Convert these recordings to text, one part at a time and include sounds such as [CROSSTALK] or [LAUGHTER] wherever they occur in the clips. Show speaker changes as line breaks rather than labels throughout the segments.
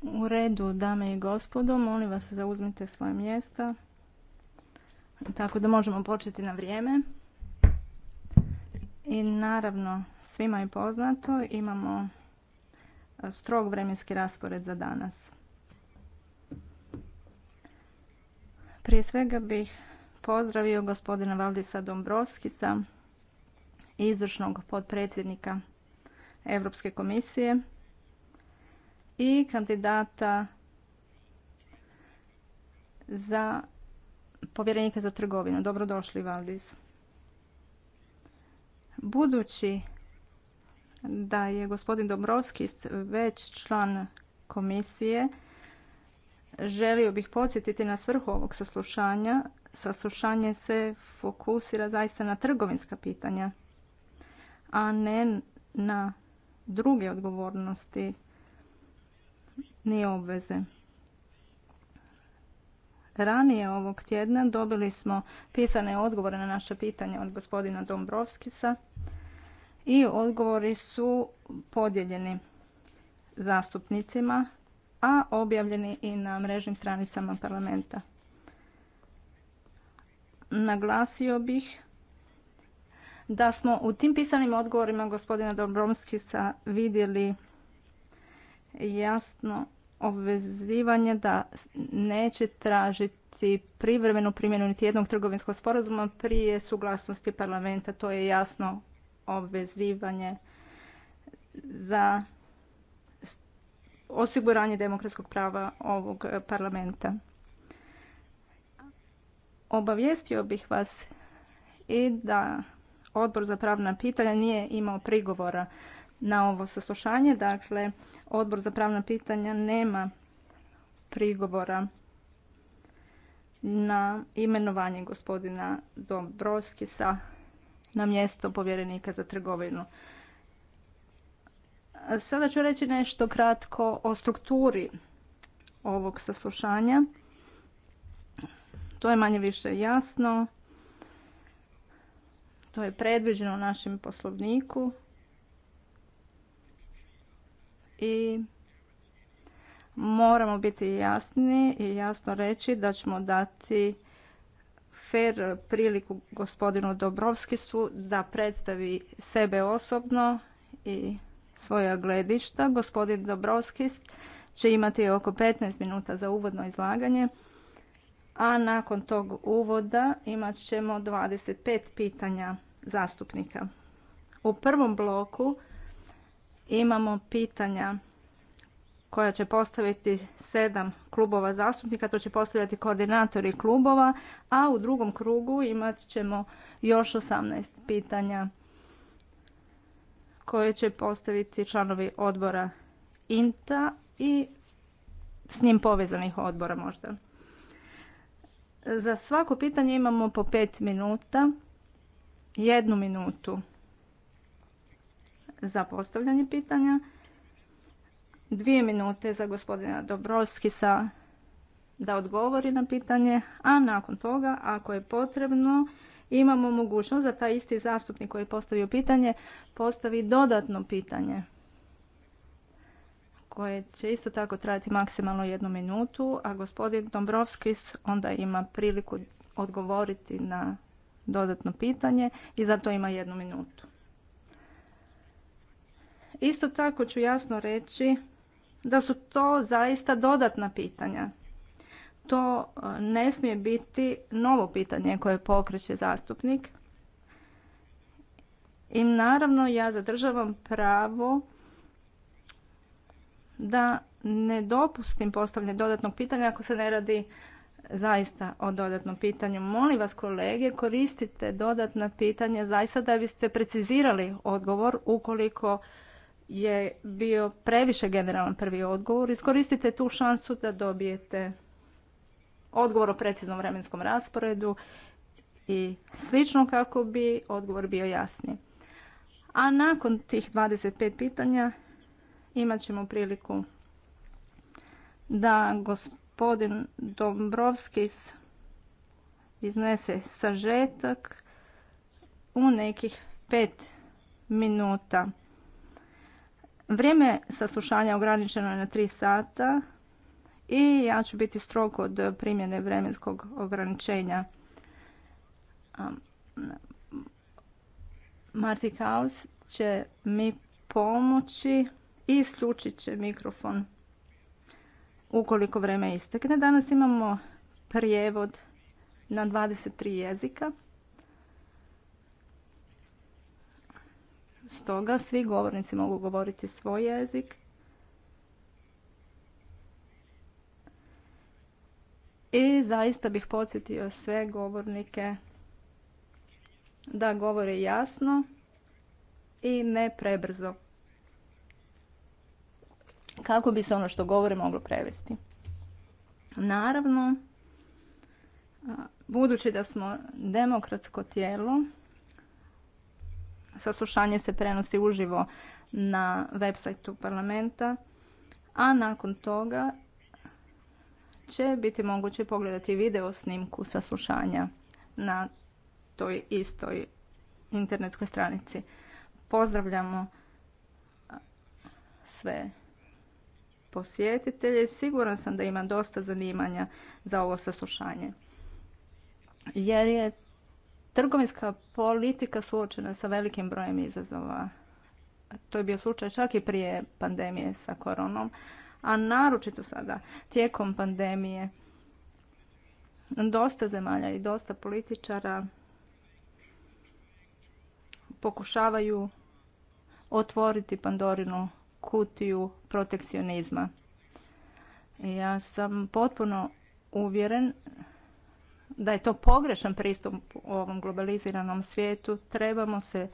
U redu, dame i gospodo, molim vas zauzmite svoje mjesta. Tako da možemo početi na vrijeme. I naravno, svima je poznato, imamo strog vremenski raspored za danas. Prije svega bih pozdravio gospodina Valdisa Dombrovskisa, izvršnog podpredsjednika Europske komisije i kandidata za povjerenika za trgovinu. Dobrodošli, Valdis. Budući da je gospodin Dobrovski već član komisije, želio bih podsjetiti na svrhu ovog saslušanja. Saslušanje se fokusira zaista na trgovinska pitanja, a ne na druge odgovornosti ni obveze. Ranije ovog tjedna dobili smo pisane odgovore na naše pitanje od gospodina Dombrovskisa i odgovori su podijeljeni zastupnicima, a objavljeni i na mrežnim stranicama parlamenta. Naglasio bih da smo u tim pisanim odgovorima gospodina Dobromskisa vidjeli jasno obvezivanje da neće tražiti privremenu primjenu niti jednog trgovinskog sporazuma prije suglasnosti parlamenta. To je jasno obvezivanje za osiguranje demokratskog prava ovog parlamenta. Obavijestio bih vas i da odbor za pravna pitanja nije imao prigovora na ovo saslušanje. Dakle, odbor za pravna pitanja nema prigovora na imenovanje gospodina Dobrovskisa na mjesto povjerenika za trgovinu. Sada ću reći nešto kratko o strukturi ovog saslušanja. To je manje više jasno. To je predviđeno u našem poslovniku. I moramo biti jasni i jasno reći da ćemo dati fer priliku gospodinu Dobrovskisu da predstavi sebe osobno i svoja gledišta. Gospodin Dobrovskis će imati oko 15 minuta za uvodno izlaganje a nakon tog uvoda imat ćemo 25 pitanja zastupnika. U prvom bloku imamo pitanja koja će postaviti sedam klubova zastupnika, to će postavljati koordinatori klubova, a u drugom krugu imat ćemo još 18 pitanja koje će postaviti članovi odbora INTA i s njim povezanih odbora možda. Za svako pitanje imamo po pet minuta, jednu minutu za postavljanje pitanja, dvije minute za gospodina Dobrovskisa da odgovori na pitanje, a nakon toga, ako je potrebno, imamo mogućnost da taj isti zastupnik koji je postavio pitanje postavi dodatno pitanje koje će isto tako trajati maksimalno jednu minutu, a gospodin Dombrovskis onda ima priliku odgovoriti na dodatno pitanje i zato ima jednu minutu. Isto tako ću jasno reći da su to zaista dodatna pitanja. To e, ne smije biti novo pitanje koje pokreće zastupnik. I naravno ja zadržavam pravo da ne dopustim postavljanje dodatnog pitanja ako se ne radi zaista o dodatnom pitanju. Molim vas kolege, koristite dodatna pitanja zaista da biste precizirali odgovor ukoliko je bio previše generalan prvi odgovor. Iskoristite tu šansu da dobijete odgovor o preciznom vremenskom rasporedu i slično kako bi odgovor bio jasniji. A nakon tih 25 pitanja imat ćemo priliku da gospodin Dombrovskis iznese sažetak u nekih pet minuta. Vrijeme saslušanja ograničeno je na tri sata i ja ću biti strog od primjene vremenskog ograničenja. Marti Kaus će mi pomoći i isključit će mikrofon ukoliko vreme istekne. Danas imamo prijevod na 23 jezika. Stoga svi govornici mogu govoriti svoj jezik. I zaista bih podsjetio sve govornike da govore jasno i ne prebrzo kako bi se ono što govore moglo prevesti. Naravno, budući da smo demokratsko tijelo, saslušanje se prenosi uživo na web sajtu parlamenta, a nakon toga će biti moguće pogledati video snimku saslušanja na toj istoj internetskoj stranici. Pozdravljamo sve posjetitelje. Siguran sam da ima dosta zanimanja za ovo saslušanje. Jer je trgovinska politika suočena sa velikim brojem izazova. To je bio slučaj čak i prije pandemije sa koronom, a naročito sada tijekom pandemije dosta zemalja i dosta političara pokušavaju otvoriti Pandorinu kutiju protekcionizma. Ja sam potpuno uvjeren da je to pogrešan pristup u ovom globaliziranom svijetu. Trebamo se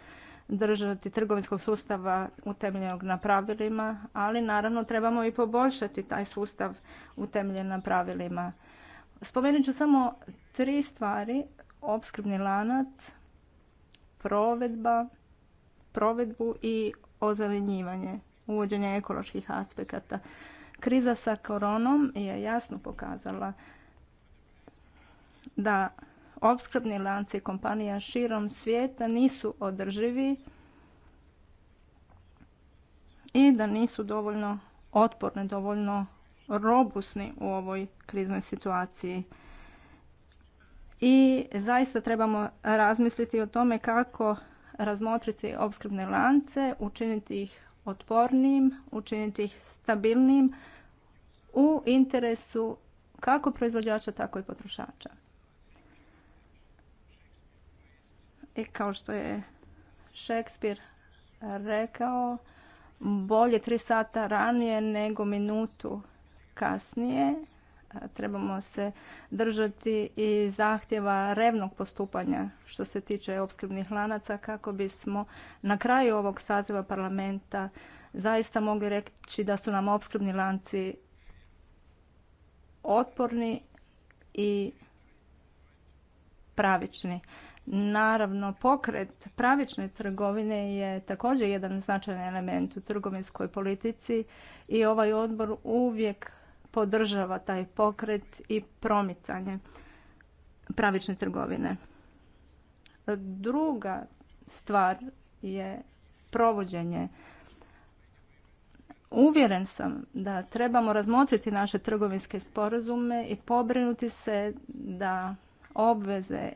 držati trgovinskog sustava utemljenog na pravilima, ali naravno trebamo i poboljšati taj sustav utemeljen na pravilima. Spomenut ću samo tri stvari. Opskrbni lanac, provedba, provedbu i ozelenjivanje uvođenja ekoloških aspekata. Kriza sa koronom je jasno pokazala da opskrbni lanci kompanija širom svijeta nisu održivi i da nisu dovoljno otporni, dovoljno robusni u ovoj kriznoj situaciji. I zaista trebamo razmisliti o tome kako razmotriti opskrbne lance, učiniti ih otpornijim, učiniti ih stabilnijim u interesu kako proizvođača, tako i potrošača. I kao što je Šekspir rekao, bolje tri sata ranije nego minutu kasnije trebamo se držati i zahtjeva revnog postupanja što se tiče opskrbnih lanaca kako bismo na kraju ovog saziva parlamenta zaista mogli reći da su nam opskrbni lanci otporni i pravični. Naravno, pokret pravične trgovine je također jedan značajan element u trgovinskoj politici i ovaj odbor uvijek podržava taj pokret i promicanje pravične trgovine. Druga stvar je provođenje. Uvjeren sam da trebamo razmotriti naše trgovinske sporazume i pobrinuti se da obveze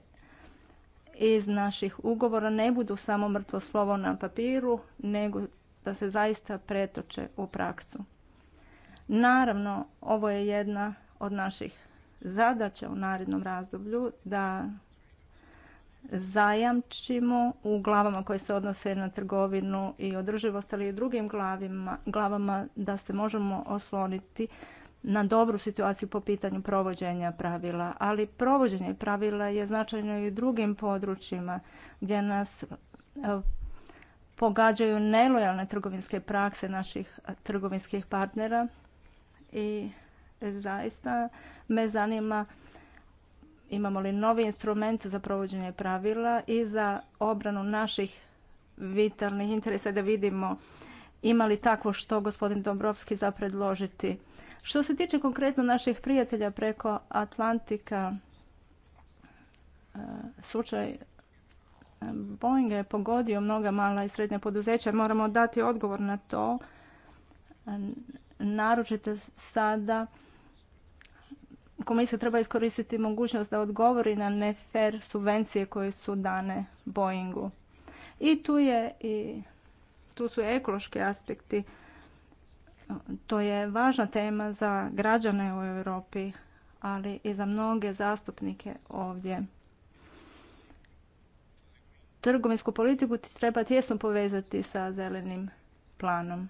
iz naših ugovora ne budu samo mrtvo slovo na papiru, nego da se zaista pretoče u praksu. Naravno, ovo je jedna od naših zadaća u narednom razdoblju da zajamčimo u glavama koje se odnose na trgovinu i održivost, ali i u drugim glavama da se možemo osloniti na dobru situaciju po pitanju provođenja pravila. Ali provođenje pravila je značajno i u drugim područjima gdje nas e, pogađaju nelojalne trgovinske prakse naših trgovinskih partnera i e, zaista me zanima imamo li novi instrument za provođenje pravila i za obranu naših vitalnih interesa da vidimo ima li takvo što gospodin Dombrovski za predložiti. Što se tiče konkretno naših prijatelja preko Atlantika, e, slučaj e, Boeing je pogodio mnoga mala i srednja poduzeća. Moramo dati odgovor na to naročito sada komisija treba iskoristiti mogućnost da odgovori na nefer subvencije koje su dane Boeingu. I tu je i tu su ekološki aspekti. To je važna tema za građane u Europi, ali i za mnoge zastupnike ovdje. Trgovinsku politiku treba tjesno povezati sa zelenim planom.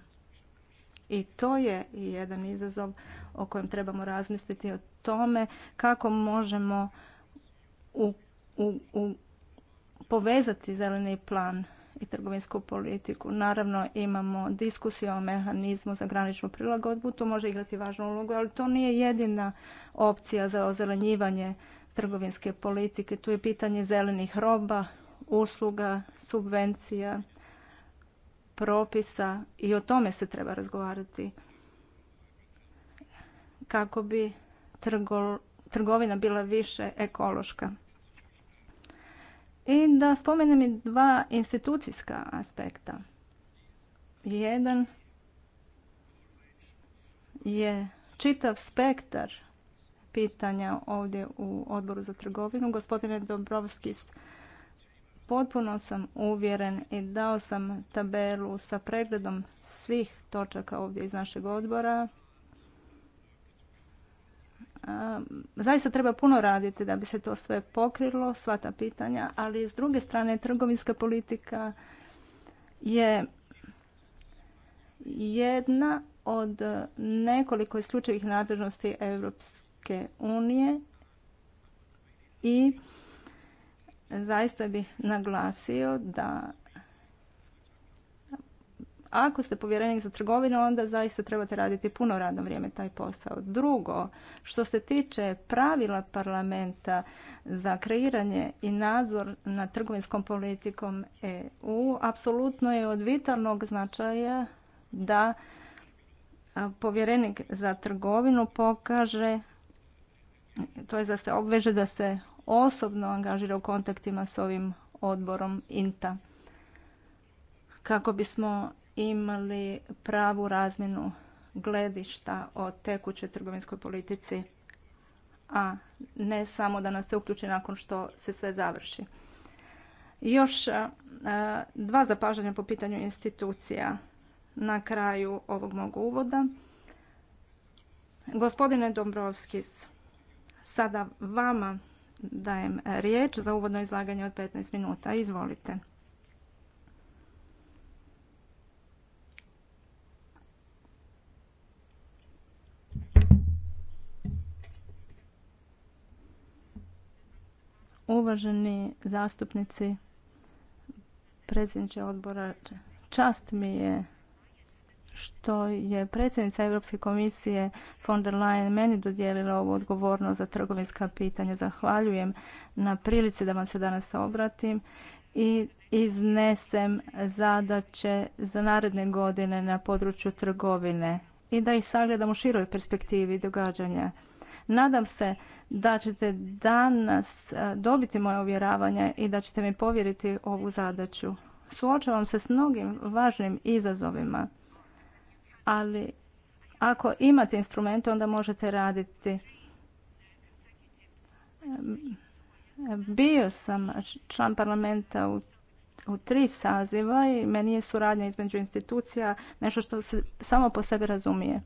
I to je jedan izazov o kojem trebamo razmisliti o tome kako možemo u, u, povezati zeleni plan i trgovinsku politiku. Naravno imamo diskusiju o mehanizmu za graničnu prilagodbu, to može igrati važnu ulogu, ali to nije jedina opcija za ozelenjivanje trgovinske politike. Tu je pitanje zelenih roba, usluga, subvencija propisa i o tome se treba razgovarati kako bi trgovina bila više ekološka. I da spomenem i dva institucijska aspekta. Jedan je čitav spektar pitanja ovdje u odboru za trgovinu. Gospodine Dobrovskis, Potpuno sam uvjeren i dao sam tabelu sa pregledom svih točaka ovdje iz našeg odbora. Zaista treba puno raditi da bi se to sve pokrilo, sva ta pitanja, ali s druge strane trgovinska politika je jedna od nekoliko isključivih nadležnosti Europske unije i zaista bih naglasio da ako ste povjerenik za trgovinu, onda zaista trebate raditi puno radno vrijeme taj posao. Drugo, što se tiče pravila parlamenta za kreiranje i nadzor nad trgovinskom politikom EU, apsolutno je od vitalnog značaja da povjerenik za trgovinu pokaže to je da se obveže da se osobno angažira u kontaktima s ovim odborom INTA kako bismo imali pravu razmjenu gledišta o tekućoj trgovinskoj politici, a ne samo da nas se uključi nakon što se sve završi. Još dva zapažanja po pitanju institucija na kraju ovog mog uvoda. Gospodine Dombrovskis, sada vama dajem riječ za uvodno izlaganje od 15 minuta. Izvolite. Uvaženi zastupnici, predsjedniče odbora, čast mi je što je predsjednica Europske komisije von der Leyen meni dodijelila ovu odgovornost za trgovinska pitanja. Zahvaljujem na prilici da vam se danas obratim i iznesem zadaće za naredne godine na području trgovine i da ih sagledam u široj perspektivi događanja. Nadam se da ćete danas e, dobiti moje uvjeravanje i da ćete mi povjeriti ovu zadaću. Suočavam se s mnogim važnim izazovima ali ako imate instrumente onda možete raditi. Bio sam član parlamenta u, u tri saziva i meni je suradnja između institucija nešto što se samo po sebi razumije.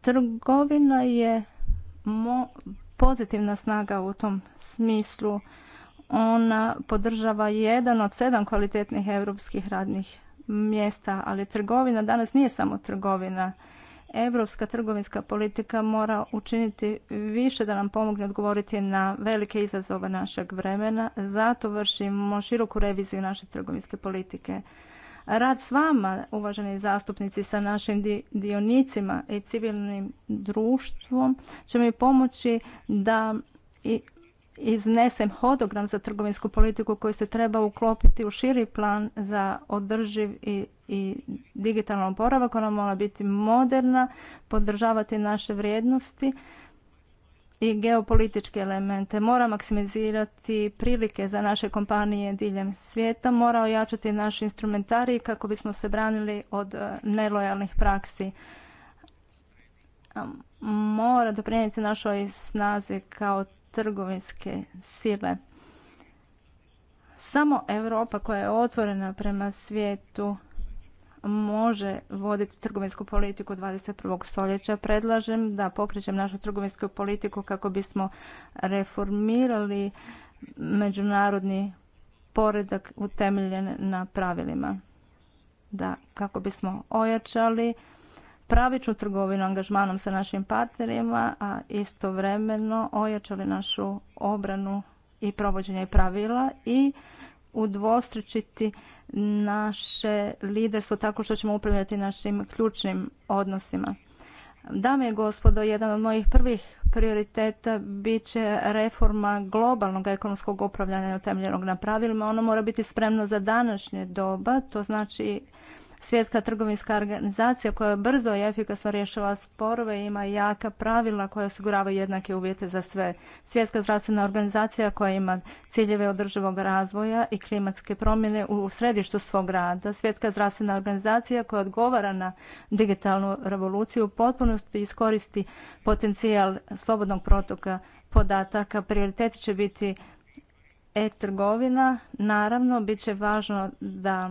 Trgovina je pozitivna snaga u tom smislu. Ona podržava jedan od sedam kvalitetnih europskih radnih mjesta, ali trgovina danas nije samo trgovina. Europska trgovinska politika mora učiniti više da nam pomogne odgovoriti na velike izazove našeg vremena. Zato vršimo široku reviziju naše trgovinske politike. Rad s vama, uvaženi zastupnici, sa našim dionicima i civilnim društvom će mi pomoći da i iznesem hodogram za trgovinsku politiku koji se treba uklopiti u širi plan za održiv i, i digitalan oporavak. Ona mora biti moderna, podržavati naše vrijednosti i geopolitičke elemente. Mora maksimizirati prilike za naše kompanije diljem svijeta. Mora ojačati naš instrumentari kako bismo se branili od e, nelojalnih praksi mora doprinijeti našoj snazi kao trgovinske sile. Samo Europa koja je otvorena prema svijetu može voditi trgovinsku politiku 21. stoljeća. Predlažem da pokrećem našu trgovinsku politiku kako bismo reformirali međunarodni poredak utemeljen na pravilima. Da, kako bismo ojačali pravičnu trgovinu angažmanom sa našim partnerima, a istovremeno ojačali našu obranu i provođenje pravila i udvostručiti naše liderstvo tako što ćemo upravljati našim ključnim odnosima. Dame i gospodo, jedan od mojih prvih prioriteta bit će reforma globalnog ekonomskog upravljanja utemljenog na pravilima. Ono mora biti spremno za današnje doba, to znači Svjetska trgovinska organizacija koja brzo i efikasno rješava sporove ima jaka pravila koja osiguravaju jednake uvjete za sve. Svjetska zdravstvena organizacija koja ima ciljeve održivog razvoja i klimatske promjene u središtu svog rada. Svjetska zdravstvena organizacija koja odgovara na digitalnu revoluciju u potpunosti iskoristi potencijal slobodnog protoka podataka. Prioriteti će biti e-trgovina. Naravno, bit će važno da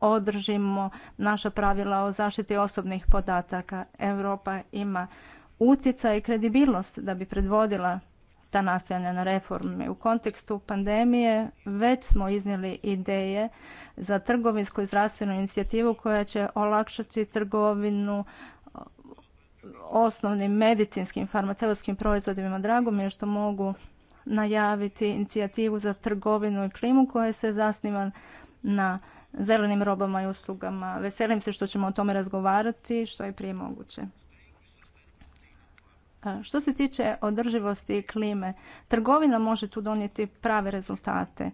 održimo naša pravila o zaštiti osobnih podataka. Europa ima utjecaj i kredibilnost da bi predvodila ta nastojanja na reforme. U kontekstu pandemije već smo iznijeli ideje za trgovinsku i zdravstvenu inicijativu koja će olakšati trgovinu uh, osnovnim medicinskim farmaceutskim proizvodima. Drago mi je što mogu najaviti inicijativu za trgovinu i klimu koja se zasniva na zelenim robama i uslugama. Veselim se što ćemo o tome razgovarati što je prije moguće. Što se tiče održivosti i klime, trgovina može tu donijeti prave rezultate.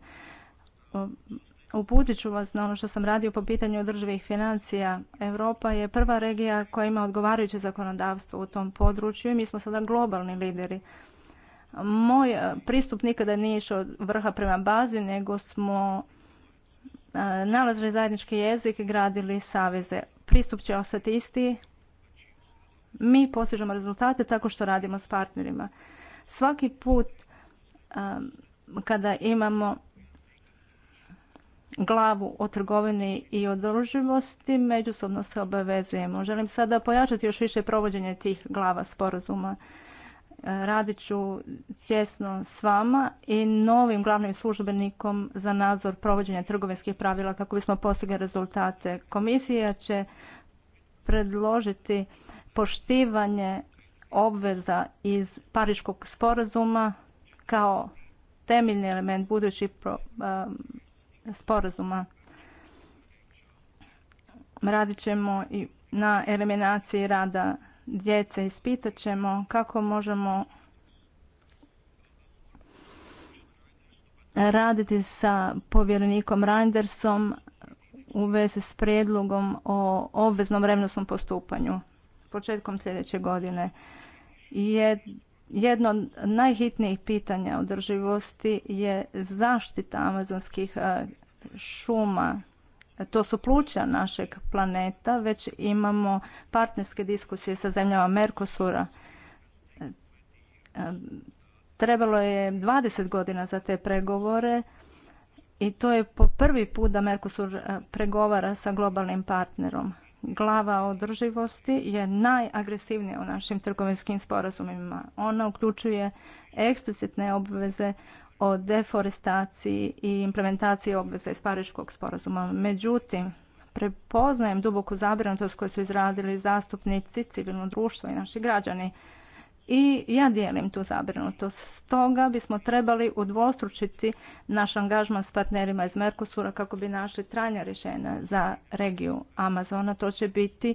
Uputit ću vas na ono što sam radio po pitanju održivih financija. Europa je prva regija koja ima odgovarajuće zakonodavstvo u tom području i mi smo sada globalni lideri. Moj pristup nikada nije išao od vrha prema bazi, nego smo E, nalazili zajednički jezik i gradili saveze. Pristup će ostati isti. Mi postižemo rezultate tako što radimo s partnerima. Svaki put e, kada imamo glavu o trgovini i održivosti, međusobno se obavezujemo. Želim sada pojačati još više provođenje tih glava sporazuma radit ću tjesno s vama i novim glavnim službenikom za nadzor provođenja trgovinskih pravila kako bismo postigli rezultate. Komisija će predložiti poštivanje obveza iz Pariškog sporazuma kao temeljni element budućih um, sporazuma. Radit ćemo i na eliminaciji rada djece. Ispitat ćemo kako možemo raditi sa povjerenikom Reindersom u vezi s prijedlogom o obveznom vremenosnom postupanju početkom sljedeće godine. jedno od najhitnijih pitanja održivosti je zaštita amazonskih e, šuma to su pluća našeg planeta, već imamo partnerske diskusije sa zemljama Merkosura. Trebalo je 20 godina za te pregovore i to je po prvi put da Merkosur eh, pregovara sa globalnim partnerom. Glava održivosti je najagresivnija u našim trgovinskim sporazumima. Ona uključuje eksplicitne obveze o deforestaciji i implementaciji obveza iz Pariškog sporazuma. Međutim, prepoznajem duboku zabrinutost koju su izradili zastupnici, civilno društvo i naši građani. I ja dijelim tu zabrinutost. Stoga bismo trebali udvostručiti naš angažman s partnerima iz Merkosura kako bi našli trajna rješenja za regiju Amazona. To će biti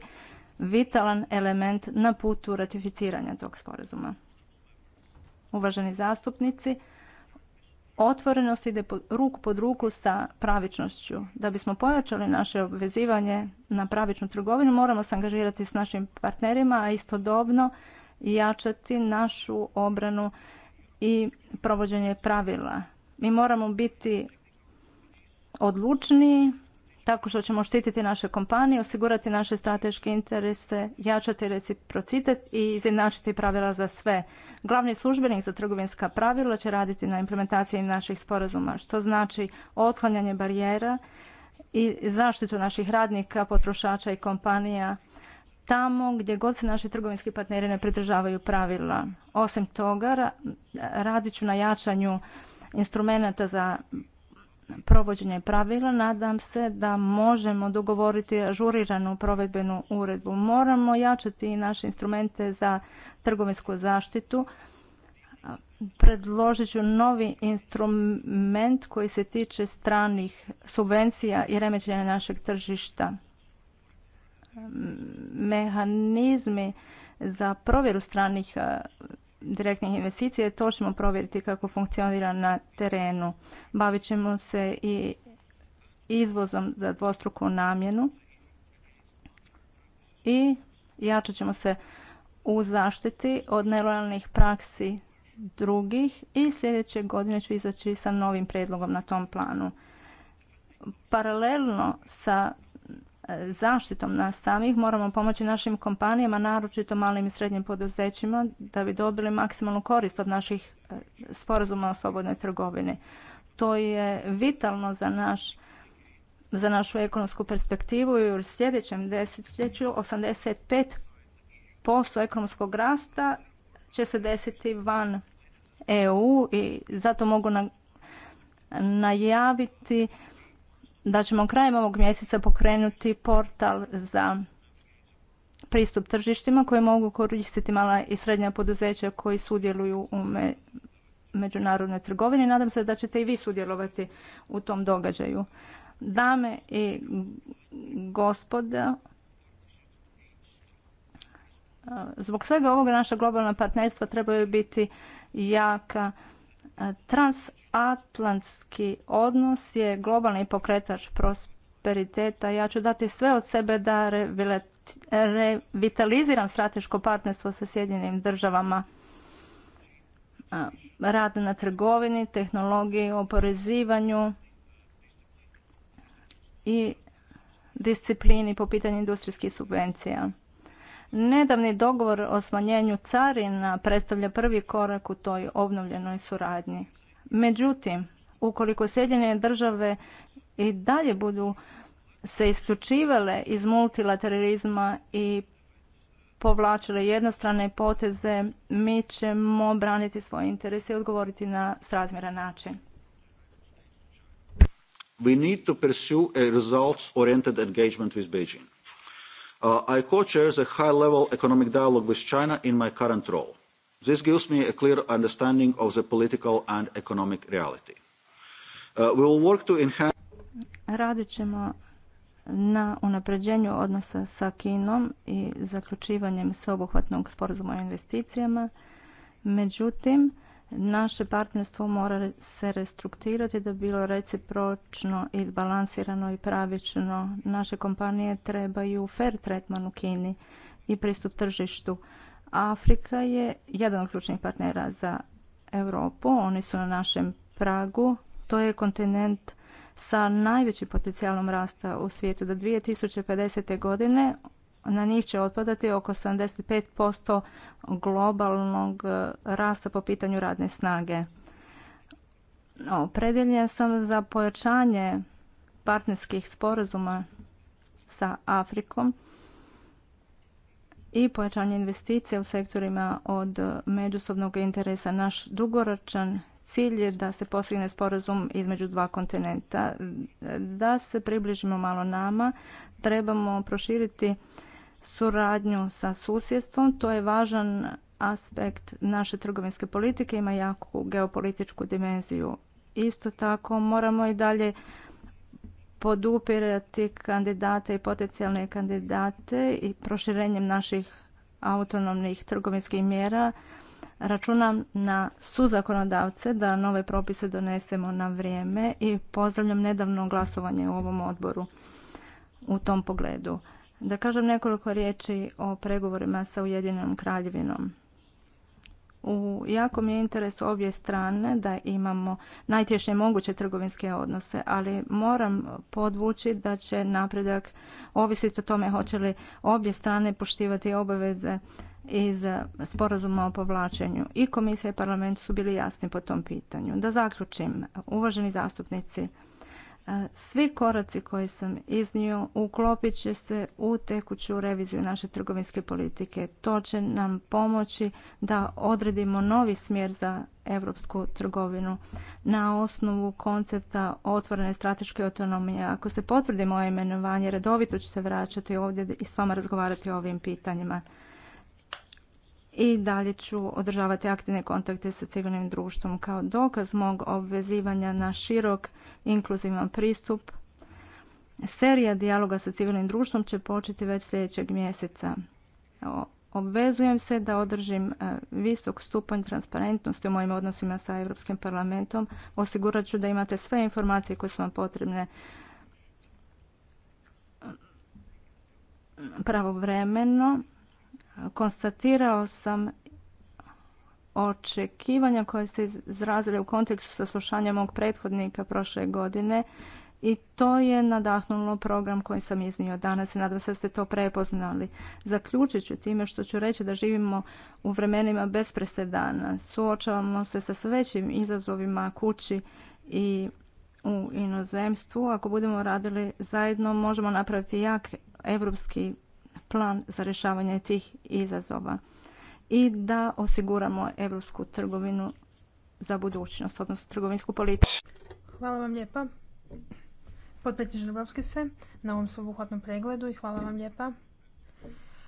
vitalan element na putu ratificiranja tog sporazuma. Uvaženi zastupnici, otvorenost ide ruku pod ruku sa pravičnošću. Da bismo pojačali naše obvezivanje na pravičnu trgovinu, moramo se angažirati s našim partnerima, a istodobno jačati našu obranu i provođenje pravila. Mi moramo biti odlučniji tako što ćemo štititi naše kompanije, osigurati naše strateške interese, jačati reciprocitet i izjednačiti pravila za sve. Glavni službenik za trgovinska pravila će raditi na implementaciji naših sporazuma, što znači otklanjanje barijera i zaštitu naših radnika, potrošača i kompanija tamo gdje god se naši trgovinski partneri ne pridržavaju pravila. Osim toga, radit ću na jačanju instrumenata za provođenje pravila. Nadam se da možemo dogovoriti ažuriranu provedbenu uredbu. Moramo jačati i naše instrumente za trgovinsku zaštitu. Predložit ću novi instrument koji se tiče stranih subvencija i remećenja našeg tržišta. Mehanizmi za provjeru stranih direktnih investicija, to ćemo provjeriti kako funkcionira na terenu. Bavit ćemo se i izvozom za dvostruku namjenu i jačat ćemo se u zaštiti od nelojalnih praksi drugih i sljedeće godine ću izaći sa novim predlogom na tom planu. Paralelno sa zaštitom nas samih moramo pomoći našim kompanijama, naročito malim i srednjim poduzećima, da bi dobili maksimalnu korist od naših e, sporazuma o slobodnoj trgovini. To je vitalno za naš za našu ekonomsku perspektivu i u sljedećem desetljeću 85% ekonomskog rasta će se desiti van EU i zato mogu najaviti da ćemo krajem ovog mjeseca pokrenuti portal za pristup tržištima koje mogu koristiti mala i srednja poduzeća koji sudjeluju u međunarodnoj trgovini. Nadam se da ćete i vi sudjelovati u tom događaju. Dame i gospoda, zbog svega ovoga naša globalna partnerstva trebaju biti jaka, trans Atlantski odnos je globalni pokretač prosperiteta. Ja ću dati sve od sebe da revitaliziram strateško partnerstvo sa Sjedinjenim državama. Rad na trgovini, tehnologiji, oporezivanju i disciplini po pitanju industrijskih subvencija. Nedavni dogovor o smanjenju carina predstavlja prvi korak u toj obnovljenoj suradnji. Međutim, ukoliko Sjedinjene države i dalje budu se isključivale iz multilateralizma i povlačile jednostrane poteze, mi ćemo braniti svoje interese i odgovoriti na srazmjeran način.
We need to pursue a results-oriented engagement with Beijing. Uh, I co chair the high-level economic dialogue with China in my current role this gives me a clear understanding of the political and economic reality. Uh, we will work to enhance...
Radit ćemo na unapređenju odnosa sa Kinom i zaključivanjem sveobuhvatnog sporazuma o investicijama. Međutim, naše partnerstvo mora se restrukturirati da bilo recipročno, izbalansirano i pravično. Naše kompanije trebaju fair tretman u Kini i pristup tržištu Afrika je jedan od ključnih partnera za Europu. Oni su na našem pragu. To je kontinent sa najvećim potencijalom rasta u svijetu. Do 2050. godine na njih će otpadati oko 75% globalnog e, rasta po pitanju radne snage. Predeljen sam za pojačanje partnerskih sporazuma sa Afrikom i pojačanje investicija u sektorima od međusobnog interesa. Naš dugoročan cilj je da se postigne sporazum između dva kontinenta. Da se približimo malo nama, trebamo proširiti suradnju sa susjedstvom. To je važan aspekt naše trgovinske politike, ima jaku geopolitičku dimenziju. Isto tako moramo i dalje podupirati kandidate i potencijalne kandidate i proširenjem naših autonomnih trgovinskih mjera računam na suzakonodavce da nove propise donesemo na vrijeme i pozdravljam nedavno glasovanje u ovom odboru u tom pogledu. Da kažem nekoliko riječi o pregovorima sa Ujedinjenom kraljevinom. U mi je interesu obje strane da imamo najtješnje moguće trgovinske odnose, ali moram podvući da će napredak ovisiti o tome hoće li obje strane poštivati obaveze iz sporazuma o povlačenju. I komisija i parlament su bili jasni po tom pitanju. Da zaključim, uvaženi zastupnici, svi koraci koji sam iznio uklopit će se u tekuću reviziju naše trgovinske politike. To će nam pomoći da odredimo novi smjer za europsku trgovinu na osnovu koncepta otvorene strateške autonomije. Ako se potvrdi moje imenovanje, redovito ću se vraćati ovdje i s vama razgovarati o ovim pitanjima. I dalje ću održavati aktivne kontakte sa civilnim društvom kao dokaz mog obvezivanja na širok inkluzivan pristup. Serija dijaloga sa civilnim društvom će početi već sljedećeg mjeseca. Obvezujem se da održim e, visok stupanj transparentnosti u mojim odnosima sa Europskim parlamentom. Osigurat ću da imate sve informacije koje su vam potrebne pravovremeno. Konstatirao sam očekivanja koje ste izrazili u kontekstu saslušanja mog prethodnika prošle godine i to je nadahnulo program koji sam iznio danas i nadam se da ste to prepoznali. Zaključit ću time što ću reći da živimo u vremenima bez presedana. Suočavamo se sa sve većim izazovima kući i u inozemstvu. Ako budemo radili zajedno, možemo napraviti jak evropski plan za rješavanje tih izazova i da osiguramo europsku trgovinu za budućnost, odnosno trgovinsku politiku.
Hvala vam lijepa. Potpredsjedniče Žrbovski se na ovom svobuhvatnom pregledu i hvala vam lijepa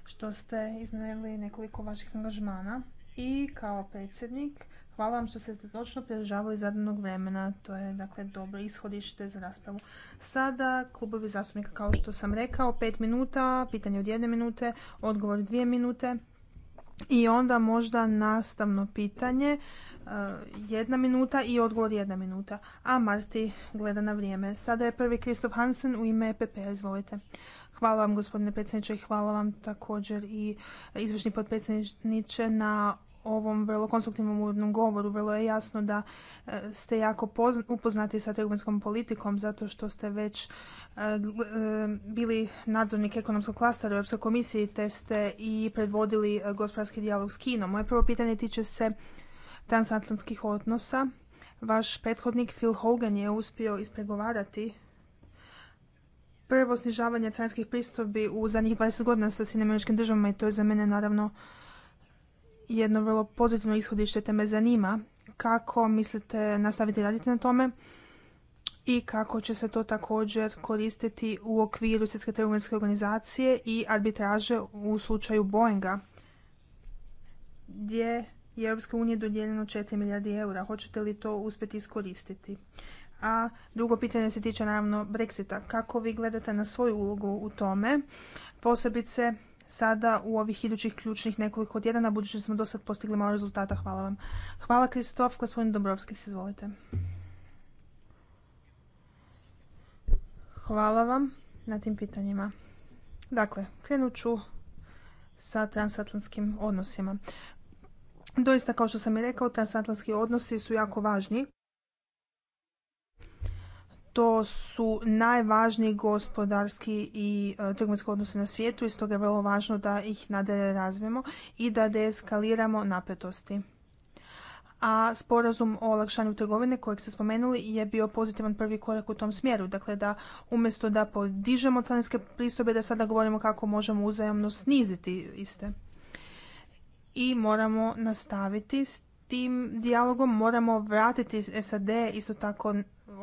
što ste iznijeli nekoliko vaših angažmana. I kao predsjednik, hvala vam što ste točno pridržavali zadanog vremena. To je dakle dobro ishodište za raspravu. Sada klubovi zastupnika, kao što sam rekao, pet minuta, pitanje od jedne minute, odgovor dvije minute. I onda možda nastavno pitanje, e, jedna minuta i odgovor jedna minuta. A Marti gleda na vrijeme. Sada je prvi Kristof Hansen u ime EPP, izvolite. Hvala vam gospodine predsjedniče i hvala vam također i izvršni potpredsjedniče na ovom vrlo konstruktivnom uvodnom govoru. Vrlo je jasno da e, ste jako upoznati sa trgovinskom politikom zato što ste već e, e, bili nadzornik ekonomskog klastera u Europskoj komisiji te ste i predvodili gospodarski dijalog s Kinom. Moje prvo pitanje tiče se transatlantskih odnosa. Vaš prethodnik Phil Hogan je uspio ispregovarati prvo snižavanje carinskih pristojbi u zadnjih 20 godina sa Sjedinjenim državama i to je za mene naravno jedno vrlo pozitivno ishodište te me zanima kako mislite nastaviti raditi na tome i kako će se to također koristiti u okviru Svjetske trgovinske organizacije i arbitraže u slučaju Boeinga gdje je Europske unije dodijeljeno 4 milijardi eura. Hoćete li to uspjeti iskoristiti? A drugo pitanje se tiče naravno Brexita. Kako vi gledate na svoju ulogu u tome? Posebice sada u ovih idućih ključnih nekoliko tjedana, budući da smo do sad postigli malo rezultata. Hvala vam. Hvala Kristof, gospodin Dobrovski, izvolite. Hvala vam na tim pitanjima. Dakle, krenut ću sa transatlantskim odnosima. Doista, kao što sam i rekao, transatlantski odnosi su jako važni to su najvažniji gospodarski i e, trgovinski odnosi na svijetu i stoga je vrlo važno da ih nadalje razvijemo i da deeskaliramo napetosti. A sporazum o olakšanju trgovine kojeg ste spomenuli je bio pozitivan prvi korak u tom smjeru. Dakle, da umjesto da podižemo carinske pristojbe, da sada govorimo kako možemo uzajamno sniziti iste. I moramo nastaviti s tim dijalogom moramo vratiti SAD isto tako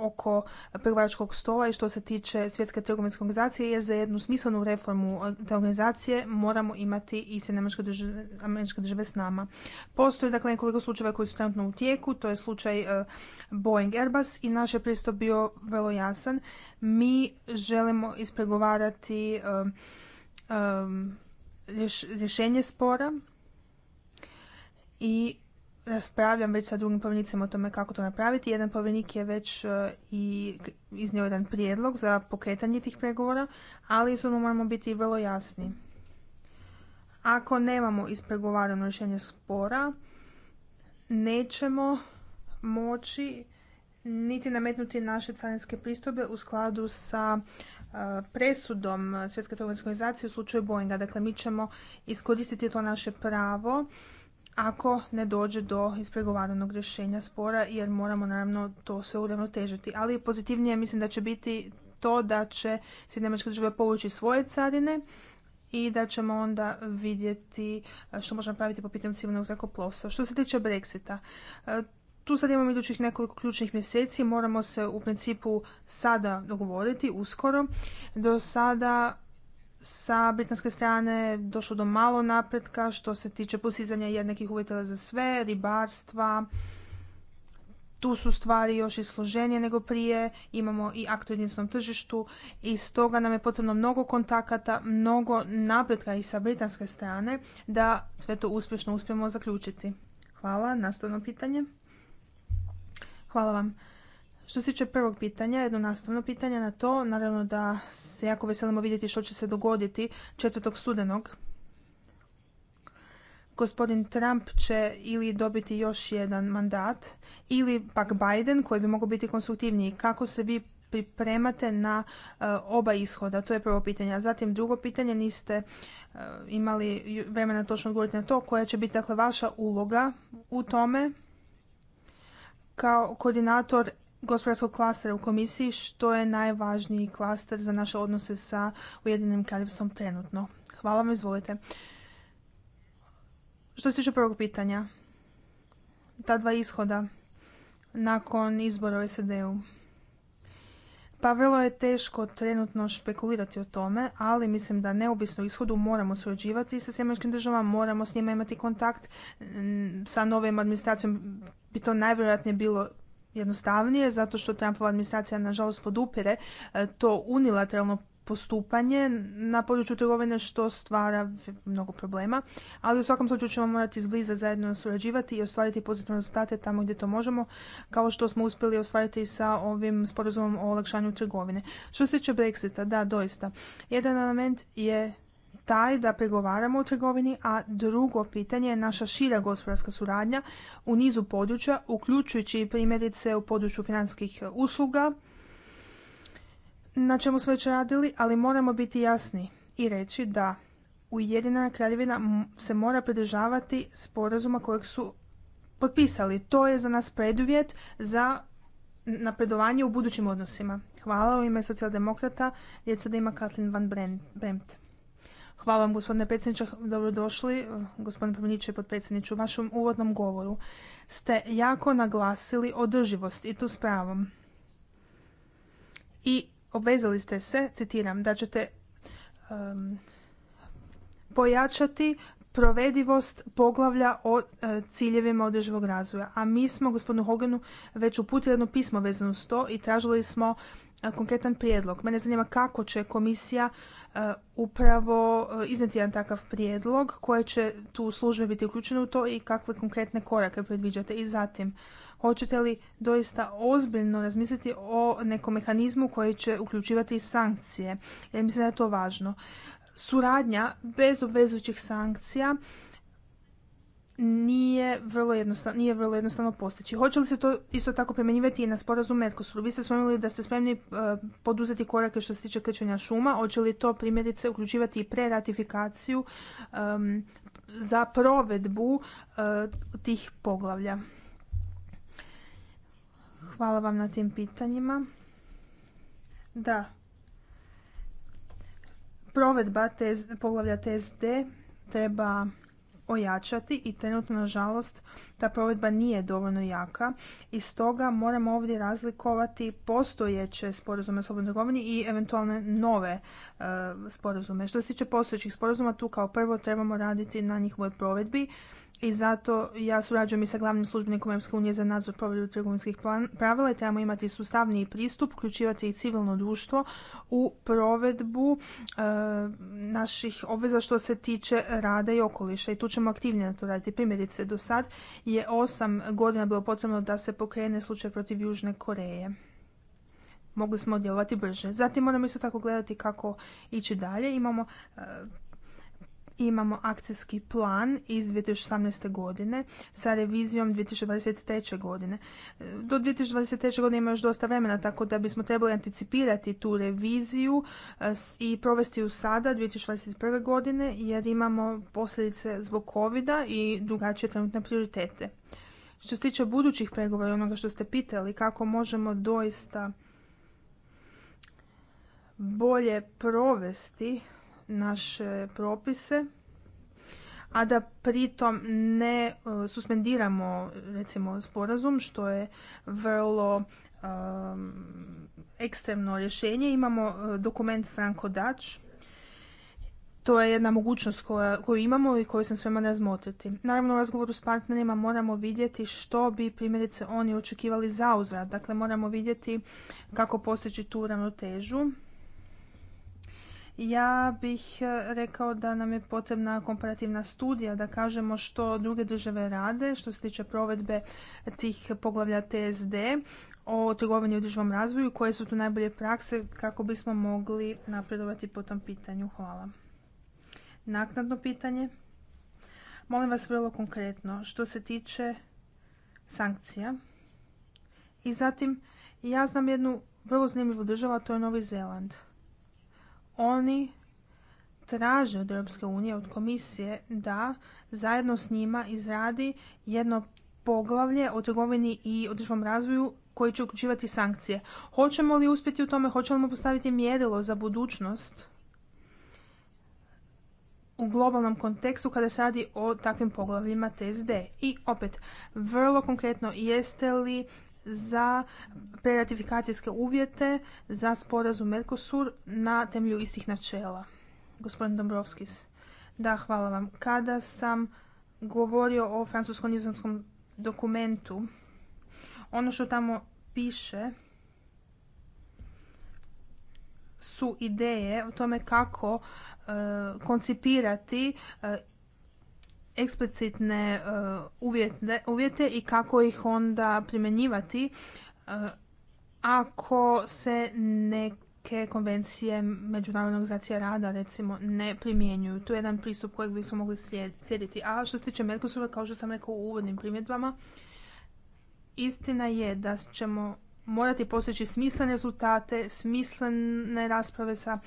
oko pregovaračkog stola i što se tiče svjetske trgovinske organizacije je za jednu smislenu reformu te organizacije moramo imati i se države, američke države s nama. Postoje dakle nekoliko slučajeva koji su trenutno u tijeku, to je slučaj e, Boeing Airbus i naš je pristup bio vrlo jasan. Mi želimo ispregovarati e, e, rješenje spora i raspravljam već sa drugim povjerenicima o tome kako to napraviti. Jedan povjerenik je već e, i iznio jedan prijedlog za pokretanje tih pregovora, ali izvorno moramo biti vrlo jasni. Ako nemamo ispregovarano rješenje spora, nećemo moći niti nametnuti naše carinske pristobe u skladu sa e, presudom Svjetske trgovinske organizacije u slučaju Boeinga. Dakle, mi ćemo iskoristiti to naše pravo ako ne dođe do ispregovaranog rješenja spora jer moramo naravno to sve uravnotežiti. Ali pozitivnije mislim da će biti to da će Sjedinjene država povući svoje carine i da ćemo onda vidjeti e, što možemo praviti po pitanju civilnog zrakoplovstva. Što se tiče Brexita, e, tu sad imamo idućih nekoliko ključnih mjeseci, moramo se u principu sada dogovoriti, uskoro. Do sada sa britanske strane došlo do malo napretka što se tiče posizanja jednakih uvjeta za sve, ribarstva. Tu su stvari još i složenije nego prije, imamo i akt u jedinstvenom tržištu i stoga nam je potrebno mnogo kontakata, mnogo napretka i sa britanske strane da sve to uspješno uspijemo zaključiti. Hvala, nastavno pitanje. Hvala vam. Što se tiče prvog pitanja, jedno nastavno pitanje na to, naravno da se jako veselimo vidjeti što će se dogoditi 4. studenog. Gospodin Trump će ili dobiti još jedan mandat ili pak Biden koji bi mogao biti konstruktivniji. Kako se vi pripremate na e, oba ishoda? To je prvo pitanje. A zatim drugo pitanje, niste e, imali vremena točno odgovoriti na to, koja će biti dakle, vaša uloga u tome kao koordinator gospodarskog klastera u komisiji, što je najvažniji klaster za naše odnose sa Ujedinim kraljevstvom trenutno? Hvala vam, izvolite. Što se tiče prvog pitanja, ta dva ishoda nakon izbora u SAD-u. Pa vrlo je teško trenutno špekulirati o tome, ali mislim da neovisno ishodu moramo surađivati sa sjemeničkim državama, moramo s njima imati kontakt. Sa novom administracijom bi to najvjerojatnije bilo jednostavnije zato što Trumpova administracija nažalost podupire e, to unilateralno postupanje na području trgovine što stvara mnogo problema, ali u svakom slučaju ćemo morati izbliza zajedno surađivati i ostvariti pozitivne rezultate tamo gdje to možemo, kao što smo uspjeli ostvariti sa ovim sporazumom o olakšanju trgovine. Što se tiče Brexita, da, doista. Jedan element je taj da pregovaramo o trgovini, a drugo pitanje je naša šira gospodarska suradnja u nizu područja, uključujući i primjerice u području financijskih usluga, na čemu smo već radili, ali moramo biti jasni i reći da Ujedinjena kraljevina se mora pridržavati sporazuma kojeg su potpisali. To je za nas preduvjet za napredovanje u budućim odnosima. Hvala u ime socijaldemokrata, se da ima Katlin van Bremt. Hvala vam gospodine predsjedniče, dobrodošli eh, gospodine premijeniče i potpredsjedniče. U vašem uvodnom govoru ste jako naglasili održivost i tu s pravom. I obvezali ste se, citiram, da ćete pojačati provedivost poglavlja o eh, ciljevima održivog razvoja. A mi smo gospodinu Hoganu već uputili jedno pismo vezano s to i tražili smo konkretan prijedlog. Mene zanima kako će komisija e, upravo e, izneti jedan takav prijedlog koje će tu službe biti uključene u to i kakve konkretne korake predviđate. I zatim, hoćete li doista ozbiljno razmisliti o nekom mehanizmu koji će uključivati sankcije? Jer mislim da je to važno. Suradnja bez obvezujućih sankcija nije vrlo, jednostavno, nije vrlo jednostavno postići. Hoće li se to isto tako primjenjivati i na sporazum MetKosuru? Vi ste spomenuli da ste spremni e, poduzeti korake što se tiče krčenja šuma. Hoće li to primjerice uključivati i preratifikaciju um, za provedbu e, tih poglavlja? Hvala vam na tim pitanjima. Da. Provedba tez, poglavlja TSD treba ojačati i trenutno nažalost ta provedba nije dovoljno jaka i stoga moramo ovdje razlikovati postojeće sporazume o slobodnoj trgovini i eventualne nove e, sporazume. Što se tiče postojećih sporazuma, tu kao prvo trebamo raditi na njihovoj provedbi i zato ja surađujem i sa glavnim službenikom EU za nadzor povredu trgovinskih pravila i trebamo imati sustavniji pristup, uključivati i civilno društvo u provedbu e, naših obveza što se tiče rada i okoliša i tu ćemo aktivnije na to raditi. Primjerice, do sad je osam godina bilo potrebno da se pokrene slučaj protiv Južne Koreje. Mogli smo djelovati brže. Zatim moramo isto tako gledati kako ići dalje. Imamo e, imamo akcijski plan iz 2018. godine sa revizijom 2023. godine. Do 2023. godine ima još dosta vremena, tako da bismo trebali anticipirati tu reviziju e, i provesti ju sada 2021. godine, jer imamo posljedice zbog covid i drugačije trenutne prioritete. Što se tiče budućih pregovora i onoga što ste pitali, kako možemo doista bolje provesti naše propise, a da pritom ne e, suspendiramo recimo sporazum što je vrlo ekstremno rješenje. Imamo e, dokument Franco Dutch. To je jedna mogućnost koju imamo i koju sam svema razmotriti. Naravno, u razgovoru s partnerima moramo vidjeti što bi primjerice oni očekivali uzrad. Dakle, moramo vidjeti kako postići tu ravnotežu ja bih e, rekao da nam je potrebna komparativna studija, da kažemo što druge države rade što se tiče provedbe tih poglavlja TSD o trgovini i održivom razvoju, koje su tu najbolje prakse kako bismo mogli napredovati po tom pitanju. Hvala. Naknadno pitanje. Molim vas vrlo konkretno što se tiče sankcija. I zatim, ja znam jednu vrlo zanimljivu državu, a to je Novi Zeland oni traže od Europske unije, od komisije da zajedno s njima izradi jedno poglavlje o trgovini i održivom razvoju koji će uključivati sankcije. Hoćemo li uspjeti u tome? Hoćemo li postaviti mjerilo za budućnost u globalnom kontekstu kada se radi o takvim poglavljima TSD? I opet, vrlo konkretno, jeste li za preratifikacijske uvjete za sporazum Mercosur na temelju istih načela. Gospodin Dombrovskis, da, hvala vam. Kada sam govorio o francusko-nizomskom dokumentu, ono što tamo piše su ideje o tome kako e, koncipirati e, eksplicitne e, uvjete, uvjete i kako ih onda primjenjivati e, ako se neke konvencije međunarodnog organizacija rada recimo ne primjenjuju. To je jedan pristup kojeg bismo mogli slijediti. A što se tiče Mercosura, kao što sam rekao u uvodnim primjedbama, istina je da ćemo morati postići smislene rezultate, smislene rasprave sa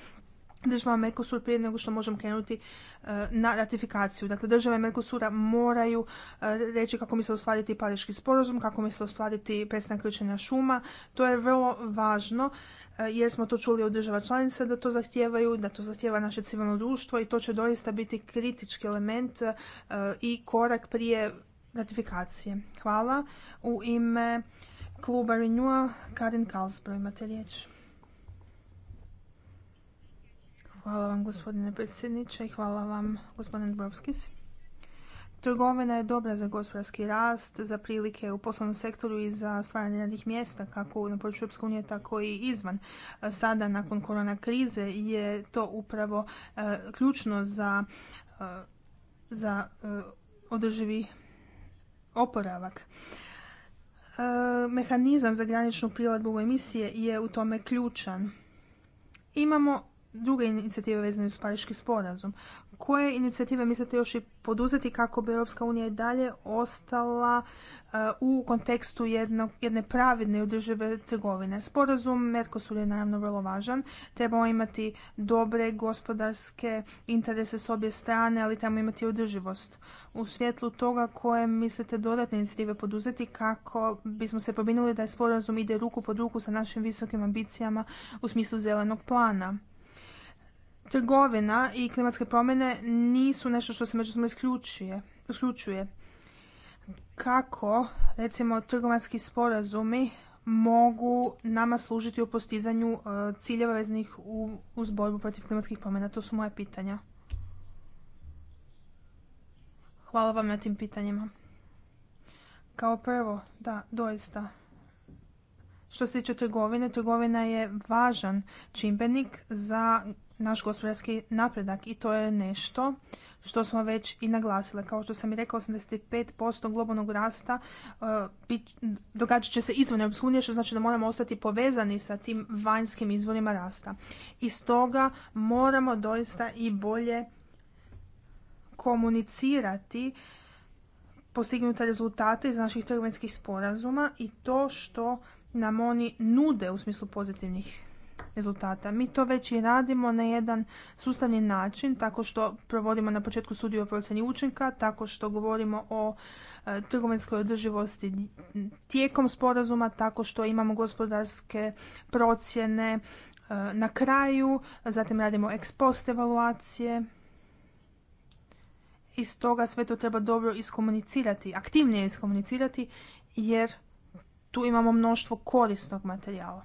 država Mercosur prije nego što možemo krenuti e, na ratifikaciju. Dakle, države Mercosura moraju e, reći kako misle ostvariti pariški sporazum, kako misle ostvariti prestanak krčenja šuma. To je vrlo važno e, jer smo to čuli od država članica da to zahtijevaju, da to zahtijeva naše civilno društvo i to će doista biti kritički element i korak prije ratifikacije. Hvala. U ime kluba Renewal, Karin Kalsbro imate riječ. Hvala vam gospodine predsjedniče i hvala vam gospodine Brovskis. Trgovina je dobra za gospodarski rast, za prilike u poslovnom sektoru i za stvaranje radnih mjesta kako na području Europske unije tako i izvan. Sada nakon korona krize je to upravo e, ključno za, e, e, održivi oporavak. Mehanizam za graničnu prilagodbu emisije je u tome ključan. Imamo druge inicijative vezane uz Pariški sporazum. Koje inicijative mislite još i poduzeti kako bi Europska unija i dalje ostala uh, u kontekstu jedne pravidne i održive trgovine? Sporazum Mercosur je naravno vrlo važan. Trebamo imati dobre gospodarske interese s obje strane, ali trebamo imati održivost. U svjetlu toga koje mislite dodatne inicijative poduzeti kako bismo se pobinuli da je sporazum ide ruku pod ruku sa našim visokim ambicijama u smislu zelenog plana. Trgovina i klimatske promjene nisu nešto što se međusobno isključuje. Kako, recimo, trgovanski sporazumi mogu nama služiti u postizanju e, ciljeva veznih uz borbu protiv klimatskih promjena? To su moja pitanja. Hvala vam na tim pitanjima. Kao prvo, da, doista. Što se tiče trgovine, trgovina je važan čimbenik za naš gospodarski napredak i to je nešto što smo već i naglasile. Kao što sam i rekao, 85% globalnog rasta uh, događat će se izvan EU, što znači da moramo ostati povezani sa tim vanjskim izvorima rasta. I stoga moramo doista i bolje komunicirati postignute rezultate iz naših trgovinskih sporazuma i to što nam oni nude u smislu pozitivnih rezultata. Mi to već i radimo na jedan sustavni način, tako što provodimo na početku studiju o procjeni učinka, tako što govorimo o e, trgovinskoj održivosti tijekom sporazuma, tako što imamo gospodarske procjene e, na kraju, zatim radimo ex post evaluacije. I toga sve to treba dobro iskomunicirati, aktivnije iskomunicirati jer tu imamo mnoštvo korisnog materijala.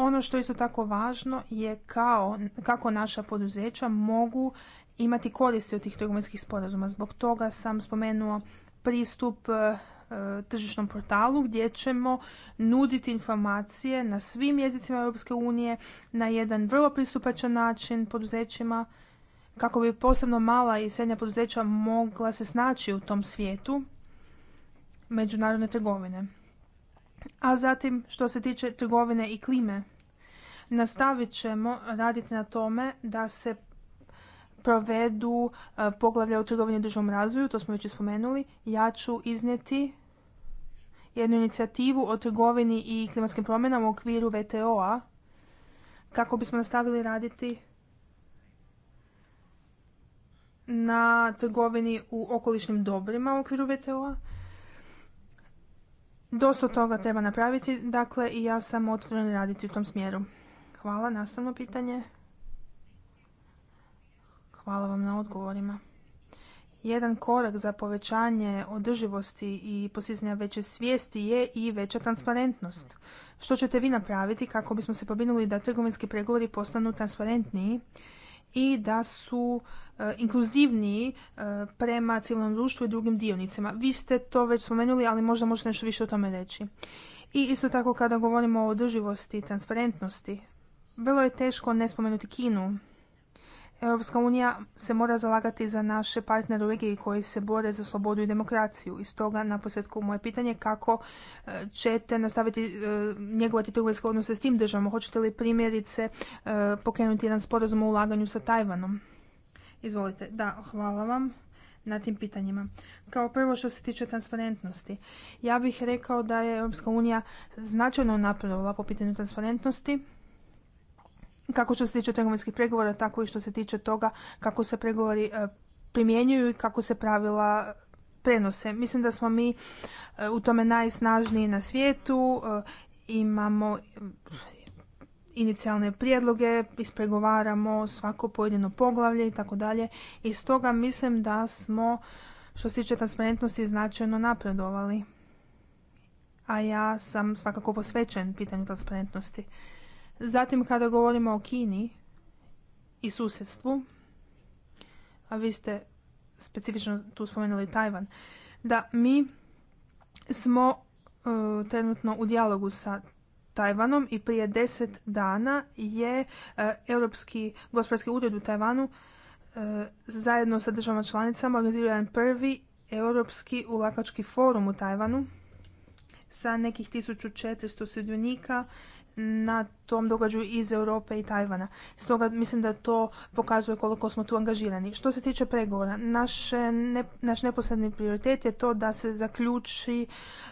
Ono što je isto tako važno je kao, kako naša poduzeća mogu imati koristi od tih trgovinskih sporazuma. Zbog toga sam spomenuo pristup eh, tržišnom portalu gdje ćemo nuditi informacije na svim jezicima Europske unije na jedan vrlo pristupačan način poduzećima kako bi posebno mala i srednja poduzeća mogla se snaći u tom svijetu međunarodne trgovine. A zatim, što se tiče trgovine i klime, nastavit ćemo raditi na tome da se provedu e, poglavlja o trgovini i državnom razvoju, to smo već spomenuli. Ja ću iznijeti jednu inicijativu o trgovini i klimatskim promjenama u okviru VTO-a kako bismo nastavili raditi na trgovini u okolišnim dobrima u okviru VTO-a Dosta toga treba napraviti, dakle i ja sam otvoren raditi u tom smjeru. Hvala, nastavno pitanje. Hvala vam na odgovorima. Jedan korak za povećanje održivosti i postizanja veće svijesti je i veća transparentnost. Što ćete vi napraviti kako bismo se pobinuli da trgovinski pregovori postanu transparentniji i da su e, inkluzivniji e, prema civilnom društvu i drugim dionicima. Vi ste to već spomenuli, ali možda možete nešto više o tome reći. I isto tako kada govorimo o održivosti i transparentnosti, vrlo je teško ne spomenuti Kinu Europska unija se mora zalagati za naše partnere u regiji koji se bore za slobodu i demokraciju. I stoga na posljedku moje pitanje kako e, ćete nastaviti e, njegovati trgovinske odnose s tim državama? Hoćete li primjerice e, pokrenuti jedan sporazum o ulaganju sa Tajvanom? Izvolite. Da, hvala vam na tim pitanjima. Kao prvo što se tiče transparentnosti. Ja bih rekao da je Europska unija značajno napravila po pitanju transparentnosti kako što se tiče trgovinskih pregovora, tako i što se tiče toga kako se pregovori e, primjenjuju i kako se pravila prenose. Mislim da smo mi e, u tome najsnažniji na svijetu. E, imamo inicijalne prijedloge, ispregovaramo svako pojedino poglavlje i tako dalje. I stoga mislim da smo što se tiče transparentnosti značajno napredovali. A ja sam svakako posvećen pitanju transparentnosti. Zatim kada govorimo o Kini i susjedstvu, a vi ste specifično tu spomenuli Tajvan, da mi smo e, trenutno u dijalogu sa Tajvanom i prije deset dana je e, Europski gospodarski ured u Tajvanu e, zajedno sa državama članicama jedan prvi Europski ulakački forum u Tajvanu sa nekih 1400 sudionika na tom događaju iz Europe i Tajvana. Stoga mislim da to pokazuje koliko smo tu angažirani. Što se tiče pregovora, naše naš neposredni prioritet je to da se zaključi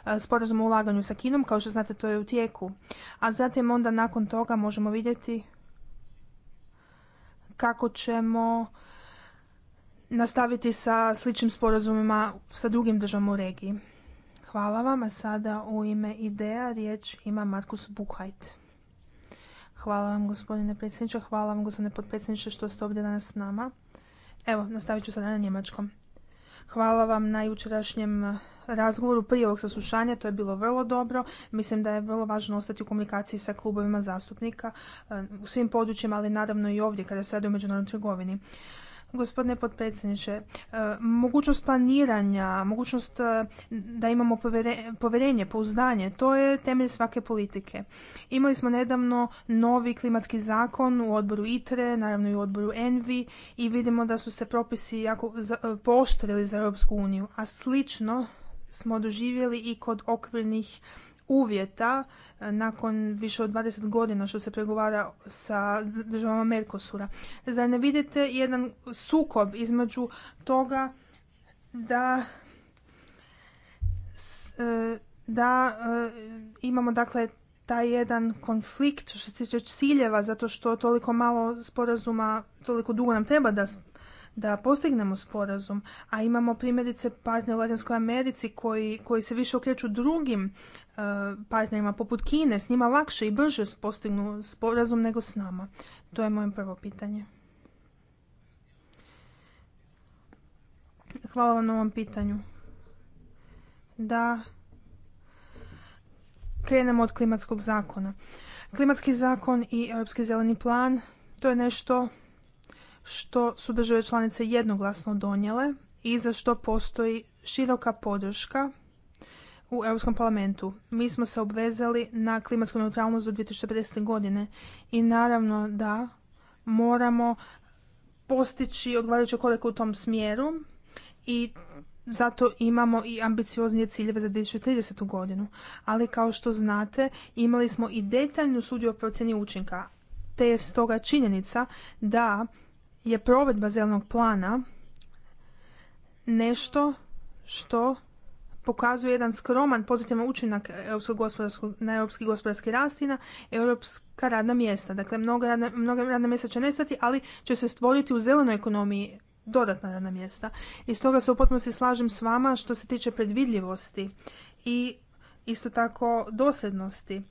e, sporazum o ulaganju sa Kinom, kao što znate to je u tijeku. A zatim onda nakon toga možemo vidjeti kako ćemo nastaviti sa sličnim sporazumima sa drugim državama u regiji. Hvala vam, a sada u ime IDEA riječ ima Markus Buhajt. Hvala vam gospodine predsjedniče, hvala vam gospodine potpredsjedniče što ste ovdje danas s nama. Evo, nastavit ću sada na njemačkom. Hvala vam na jučerašnjem eh, razgovoru prije ovog saslušanja, to je bilo vrlo dobro. Mislim da je vrlo važno ostati u komunikaciji sa klubovima zastupnika eh, u svim područjima, ali naravno i ovdje kada se radi o međunarodnoj trgovini. Gospodine potpredsjedniče, e, mogućnost planiranja, mogućnost e, da imamo povjerenje, pouzdanje, to je temelj svake politike. Imali smo nedavno novi klimatski zakon u odboru ITRE, naravno i u odboru ENVI i vidimo da su se propisi jako e, poštrili za Europsku uniju, a slično smo doživjeli i kod okvirnih uvjeta e, nakon više od 20 godina što se pregovara sa državama Merkosura. Zar ne vidite jedan sukob između toga da e, da e, imamo dakle taj jedan konflikt što se tiče ciljeva zato što toliko malo sporazuma, toliko dugo nam treba da da postignemo sporazum, a imamo primjerice partner u Latinskoj Americi koji, koji se više okreću drugim partnerima poput Kine, s njima lakše i brže postignu sporazum nego s nama? To je moje prvo pitanje. Hvala vam na ovom pitanju. Da krenemo od klimatskog zakona. Klimatski zakon i Europski zeleni plan to je nešto što su države članice jednoglasno donijele i za što postoji široka podrška u Europskom parlamentu. Mi smo se obvezali na klimatsku neutralnost do 2050. godine i naravno da moramo postići odgovarajuće korake u tom smjeru i zato imamo i ambicioznije ciljeve za 2030. godinu. Ali kao što znate, imali smo i detaljnu studiju o procjeni učinka, te je stoga činjenica da je provedba zelenog plana nešto što pokazuje jedan skroman pozitivan učinak na europski gospodarski rast i na europska radna mjesta. Dakle, mnoga radna, radna mjesta će nestati, ali će se stvoriti u zelenoj ekonomiji dodatna radna mjesta. I stoga se u potpunosti slažem s vama što se tiče predvidljivosti i isto tako dosljednosti.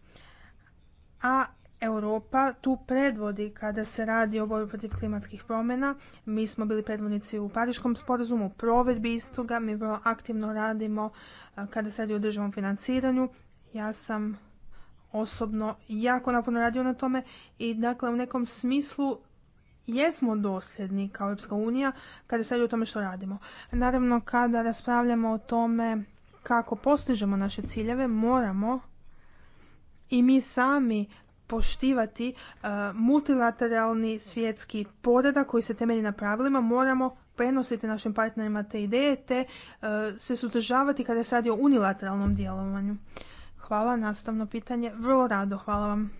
A Europa tu predvodi kada se radi o borbi protiv klimatskih promjena. Mi smo bili predvodnici u Pariškom sporazumu, u provedbi istoga. Mi vrlo aktivno radimo e, kada se radi o državnom financiranju. Ja sam osobno jako napuno radio na tome i dakle u nekom smislu jesmo dosljedni kao Europska unija kada se radi o tome što radimo. Naravno kada raspravljamo o tome kako postižemo naše ciljeve moramo i mi sami poštivati e, multilateralni svjetski poredak koji se temelji na pravilima, moramo prenositi našim partnerima te ideje te e, se sudržavati kada se radi o unilateralnom djelovanju. Hvala, nastavno pitanje. Vrlo rado, hvala vam.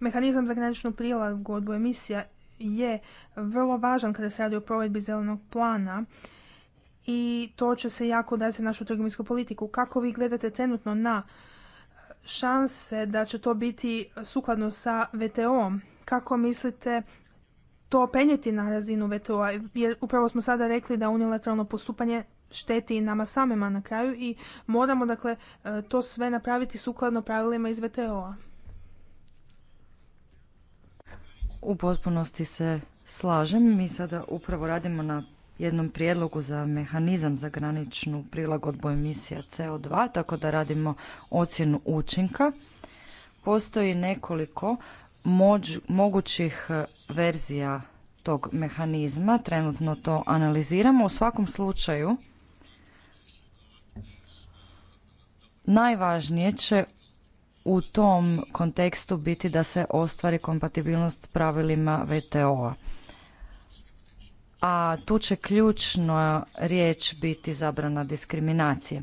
Mehanizam za graničnu prilagodbu emisija je vrlo važan kada se radi o provedbi zelenog plana i to će se jako odraziti našu trgovinsku politiku. Kako vi gledate trenutno na šanse da će to biti sukladno sa VTO-om? Kako mislite to penjeti na razinu VTO-a? Jer upravo smo sada rekli da unilateralno postupanje šteti i nama samima na kraju i moramo dakle e, to sve napraviti sukladno pravilima iz VTO-a.
U potpunosti se slažem. Mi sada upravo radimo na jednom prijedlogu za mehanizam za graničnu prilagodbu emisija CO2, tako da radimo ocjenu učinka. Postoji nekoliko mogućih e, verzija tog mehanizma, trenutno to analiziramo. U svakom slučaju, najvažnije će u tom kontekstu biti da se ostvari kompatibilnost s pravilima VTO-a a tu će ključna riječ biti zabrana diskriminacije.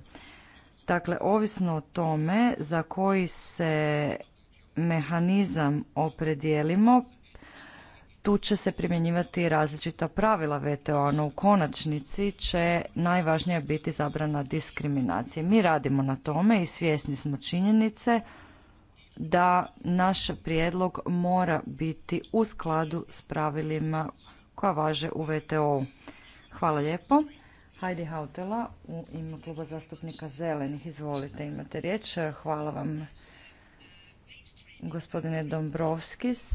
Dakle, ovisno o tome za koji se mehanizam opredijelimo, tu će se primjenjivati različita pravila VTO, no u konačnici će najvažnija biti zabrana diskriminacije. Mi radimo na tome i svjesni smo činjenice da naš prijedlog mora biti u skladu s pravilima koja važe u VTO-u. Hvala lijepo. Heidi Hautela u ime kluba zastupnika Zelenih. Izvolite, imate riječ. Hvala vam gospodine Dombrovskis.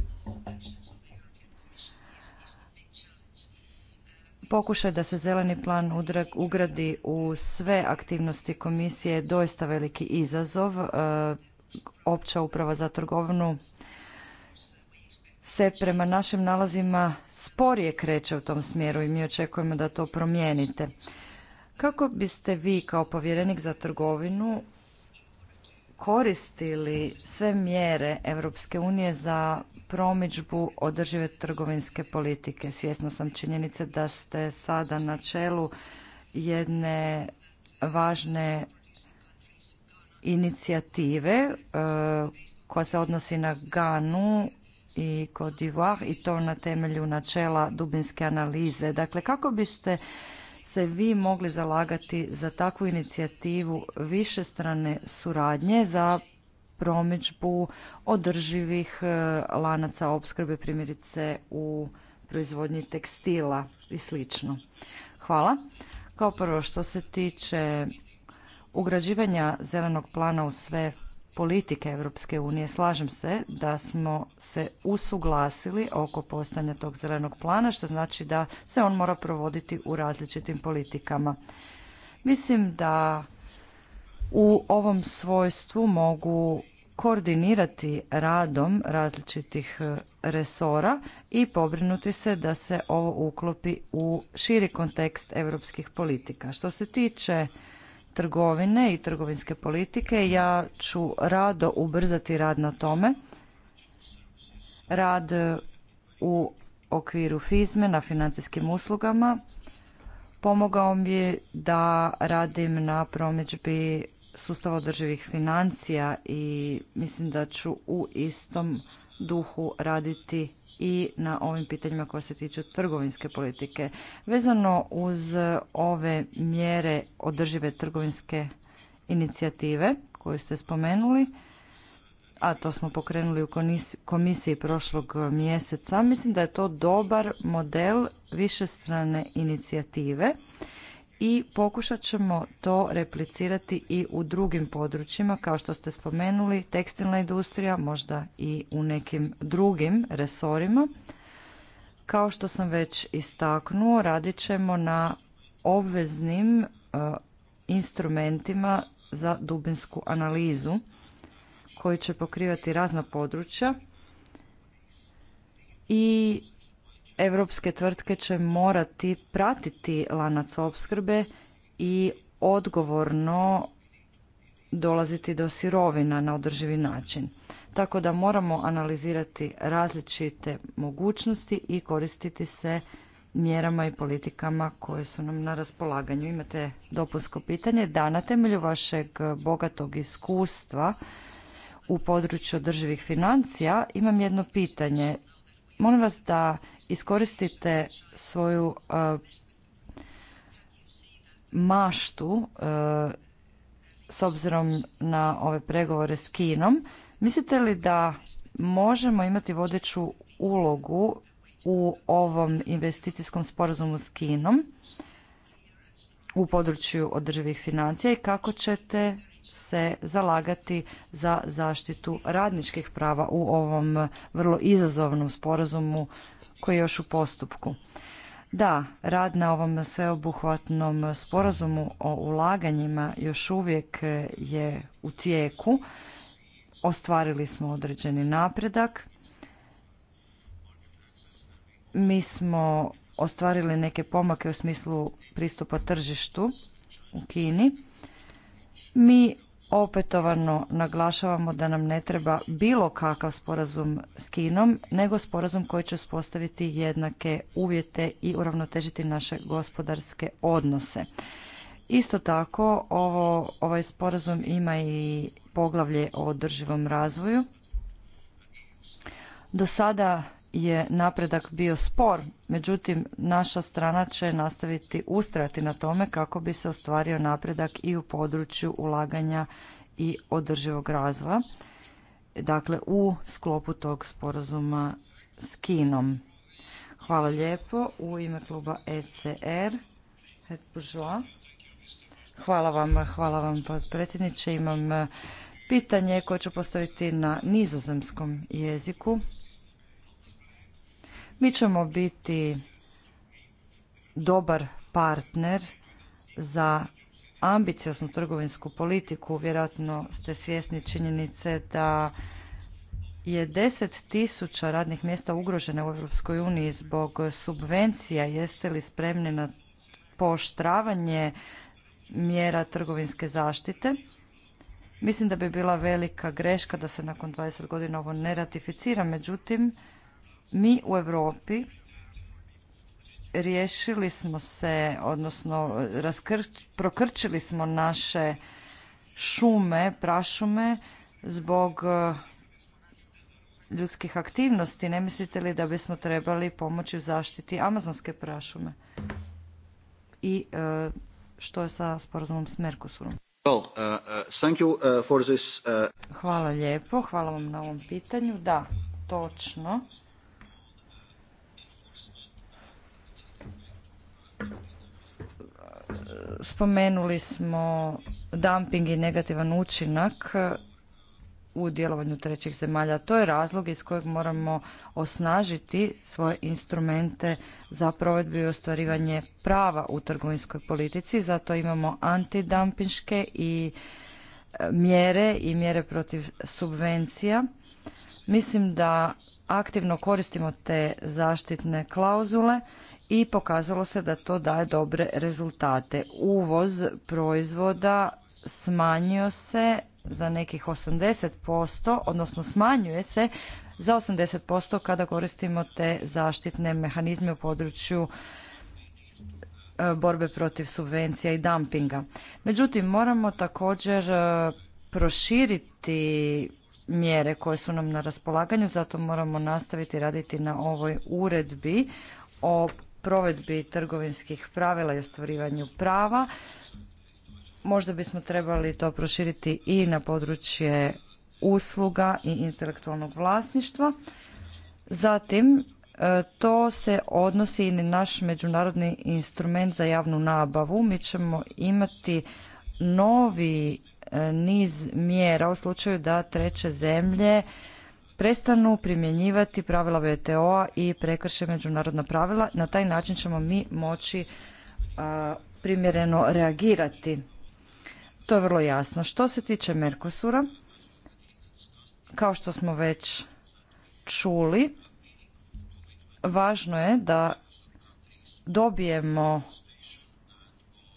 Pokušaj da se zeleni plan ugradi u sve aktivnosti komisije doista veliki izazov. E, opća uprava za trgovinu se prema našim nalazima sporije kreće u tom smjeru i mi očekujemo da to promijenite. Kako biste vi kao povjerenik za trgovinu koristili sve mjere Europske unije za promidžbu održive trgovinske politike? Svjesna sam činjenice da ste sada na čelu jedne važne inicijative e, koja se odnosi na Ganu i kod d'Ivoire i to na temelju načela dubinske analize. Dakle, kako biste se vi mogli zalagati za takvu inicijativu višestrane suradnje za promidžbu održivih e, lanaca opskrbe primjerice u proizvodnji tekstila i slično. Hvala. Kao prvo što se tiče ugrađivanja zelenog plana u sve politike Europske unije. Slažem se da smo se usuglasili oko postanja tog zelenog plana, što znači da se on mora provoditi u različitim politikama. Mislim da u ovom svojstvu mogu koordinirati radom različitih e, resora i pobrinuti se da se ovo uklopi u širi kontekst europskih politika. Što se tiče trgovine i trgovinske politike. Ja ću rado ubrzati rad na tome. Rad e, u okviru FIZME na financijskim uslugama pomogao mi je da radim na promjeđbi sustava održivih financija i mislim da ću u istom duhu raditi i na ovim pitanjima koje se tiču trgovinske politike. Vezano uz ove mjere održive trgovinske inicijative koje ste spomenuli, a to smo pokrenuli u komisiji prošlog mjeseca, mislim da je to dobar model višestrane inicijative i pokušat ćemo to replicirati i u drugim područjima kao što ste spomenuli, tekstilna industrija, možda i u nekim drugim resorima. Kao što sam već istaknuo, radit ćemo na obveznim e, instrumentima za dubinsku analizu koji će pokrivati razna područja i europske tvrtke će morati pratiti lanac opskrbe i odgovorno dolaziti do sirovina na održivi način. Tako da moramo analizirati različite mogućnosti i koristiti se mjerama i politikama koje su nam na raspolaganju. Imate dopunsko pitanje. Da, na temelju vašeg bogatog iskustva u području održivih financija imam jedno pitanje. Molim vas da iskoristite svoju e, maštu e, s obzirom na ove pregovore s Kinom. Mislite li da možemo imati vodeću ulogu u ovom investicijskom sporazumu s Kinom u području održivih financija i kako ćete se zalagati za zaštitu radničkih prava u ovom vrlo izazovnom sporazumu koji je još u postupku. Da, rad na ovom sveobuhvatnom sporazumu o ulaganjima još uvijek je u tijeku. Ostvarili smo određeni napredak. Mi smo ostvarili neke pomake u smislu pristupa tržištu u Kini. Mi opetovano naglašavamo da nam ne treba bilo kakav sporazum s Kinom, nego sporazum koji će uspostaviti jednake uvjete i uravnotežiti naše gospodarske odnose. Isto tako, ovo, ovaj sporazum ima i poglavlje o održivom razvoju. Do sada je napredak bio spor, međutim naša strana će nastaviti ustrajati na tome kako bi se ostvario napredak i u području ulaganja i održivog razvoja. Dakle, u sklopu tog sporazuma s Kinom. Hvala lijepo. U ime kluba ECR. Hvala vam, hvala vam potpredsjedniče. Imam eh, pitanje koje ću postaviti na nizozemskom jeziku. Mi ćemo biti dobar partner za ambicioznu trgovinsku politiku. Vjerojatno ste svjesni činjenice da je deset tisuća radnih mjesta ugrožena u Europskoj uniji zbog subvencija. Jeste li spremni na poštravanje mjera trgovinske zaštite? Mislim da bi bila velika greška da se nakon 20 godina ovo ne ratificira, međutim mi u Europi riješili smo se, odnosno prokrčili smo naše šume, prašume zbog e, ljudskih aktivnosti. Ne mislite li da bismo trebali pomoći u zaštiti amazonske prašume? I e, što je sa sporazumom s Mercosurom?
Uh, uh, uh,
hvala lijepo, hvala vam na ovom pitanju. Da, točno. Spomenuli smo dumping i negativan učinak u djelovanju trećih zemalja. To je razlog iz kojeg moramo osnažiti svoje instrumente za provedbu i ostvarivanje prava u trgovinskoj politici. Zato imamo antidampinške i e, mjere i mjere protiv subvencija. Mislim da aktivno koristimo te zaštitne klauzule i pokazalo se da to daje dobre rezultate. Uvoz proizvoda smanjio se za nekih 80%, odnosno smanjuje se za 80% kada koristimo te zaštitne mehanizme u području e, borbe protiv subvencija i dumpinga. Međutim, moramo također e, proširiti mjere koje su nam na raspolaganju, zato moramo nastaviti raditi na ovoj uredbi o provedbi trgovinskih pravila i ostvarivanju prava. Možda bismo trebali to proširiti i na područje usluga i intelektualnog vlasništva. Zatim, e, to se odnosi i na naš međunarodni instrument za javnu nabavu. Mi ćemo imati novi e, niz mjera u slučaju da treće zemlje prestanu primjenjivati pravila VTO-a i prekrše međunarodna pravila. Na taj način ćemo mi moći primjereno reagirati. To je vrlo jasno. Što se tiče Merkosura, kao što smo već čuli, važno je da dobijemo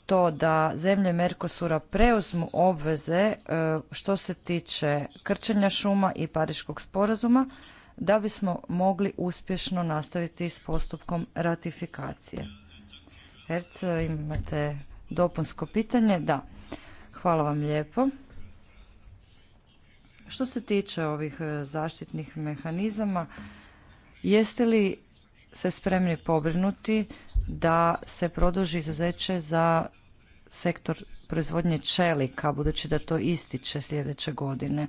to da zemlje Merkosura preuzmu obveze e, što se tiče krčenja šuma i Pariškog sporazuma da bismo mogli uspješno nastaviti s postupkom ratifikacije. Herce, imate dopunsko pitanje? Da. Hvala vam lijepo. Što se tiče ovih e, zaštitnih mehanizama, jeste li se spremni pobrinuti da se produži izuzeće za sektor proizvodnje čelika, budući da to ističe sljedeće godine.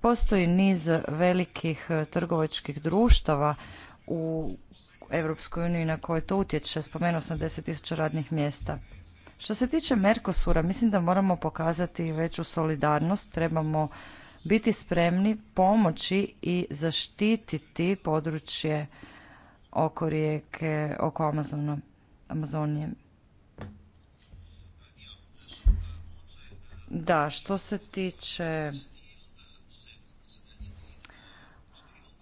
Postoji niz velikih trgovačkih društava u Europskoj uniji na koje to utječe. Spomenuo sam 10.000 radnih mjesta. Što se tiče Merkosura, mislim da moramo pokazati veću solidarnost. Trebamo biti spremni pomoći i zaštititi područje oko rijeke, oko Amazona, Amazonije. Da, što se tiče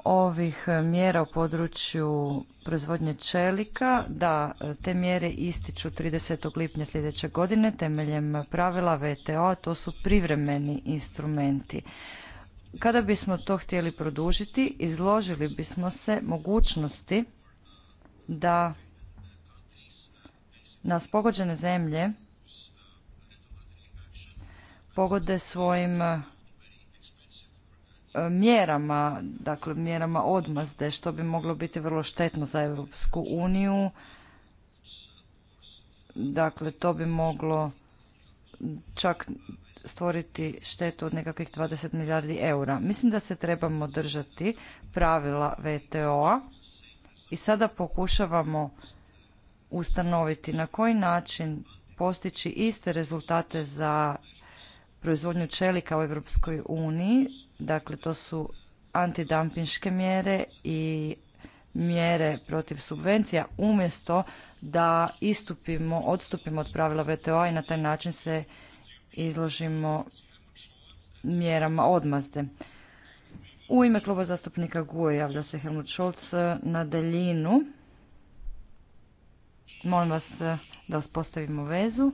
ovih mjera u području proizvodnje čelika, da te mjere ističu 30. lipnja sljedeće godine temeljem pravila VTO, a to su privremeni instrumenti. Kada bismo to htjeli produžiti, izložili bismo se mogućnosti da nas pogođene zemlje pogode svojim e, mjerama, dakle mjerama odmazde, što bi moglo biti vrlo štetno za Europsku uniju. Dakle, to bi moglo čak stvoriti štetu od nekakvih 20 milijardi eura. Mislim da se trebamo držati pravila VTO-a i sada pokušavamo ustanoviti na koji način postići iste rezultate za proizvodnju čelika u Europskoj uniji. Dakle, to su antidampinške mjere i mjere protiv subvencija umjesto da istupimo, odstupimo od pravila VTO-a i na taj način se izložimo mjerama odmazde. U ime kluba zastupnika GUE javlja se Helmut Scholz e, na daljinu. Molim vas e, da uspostavimo vezu.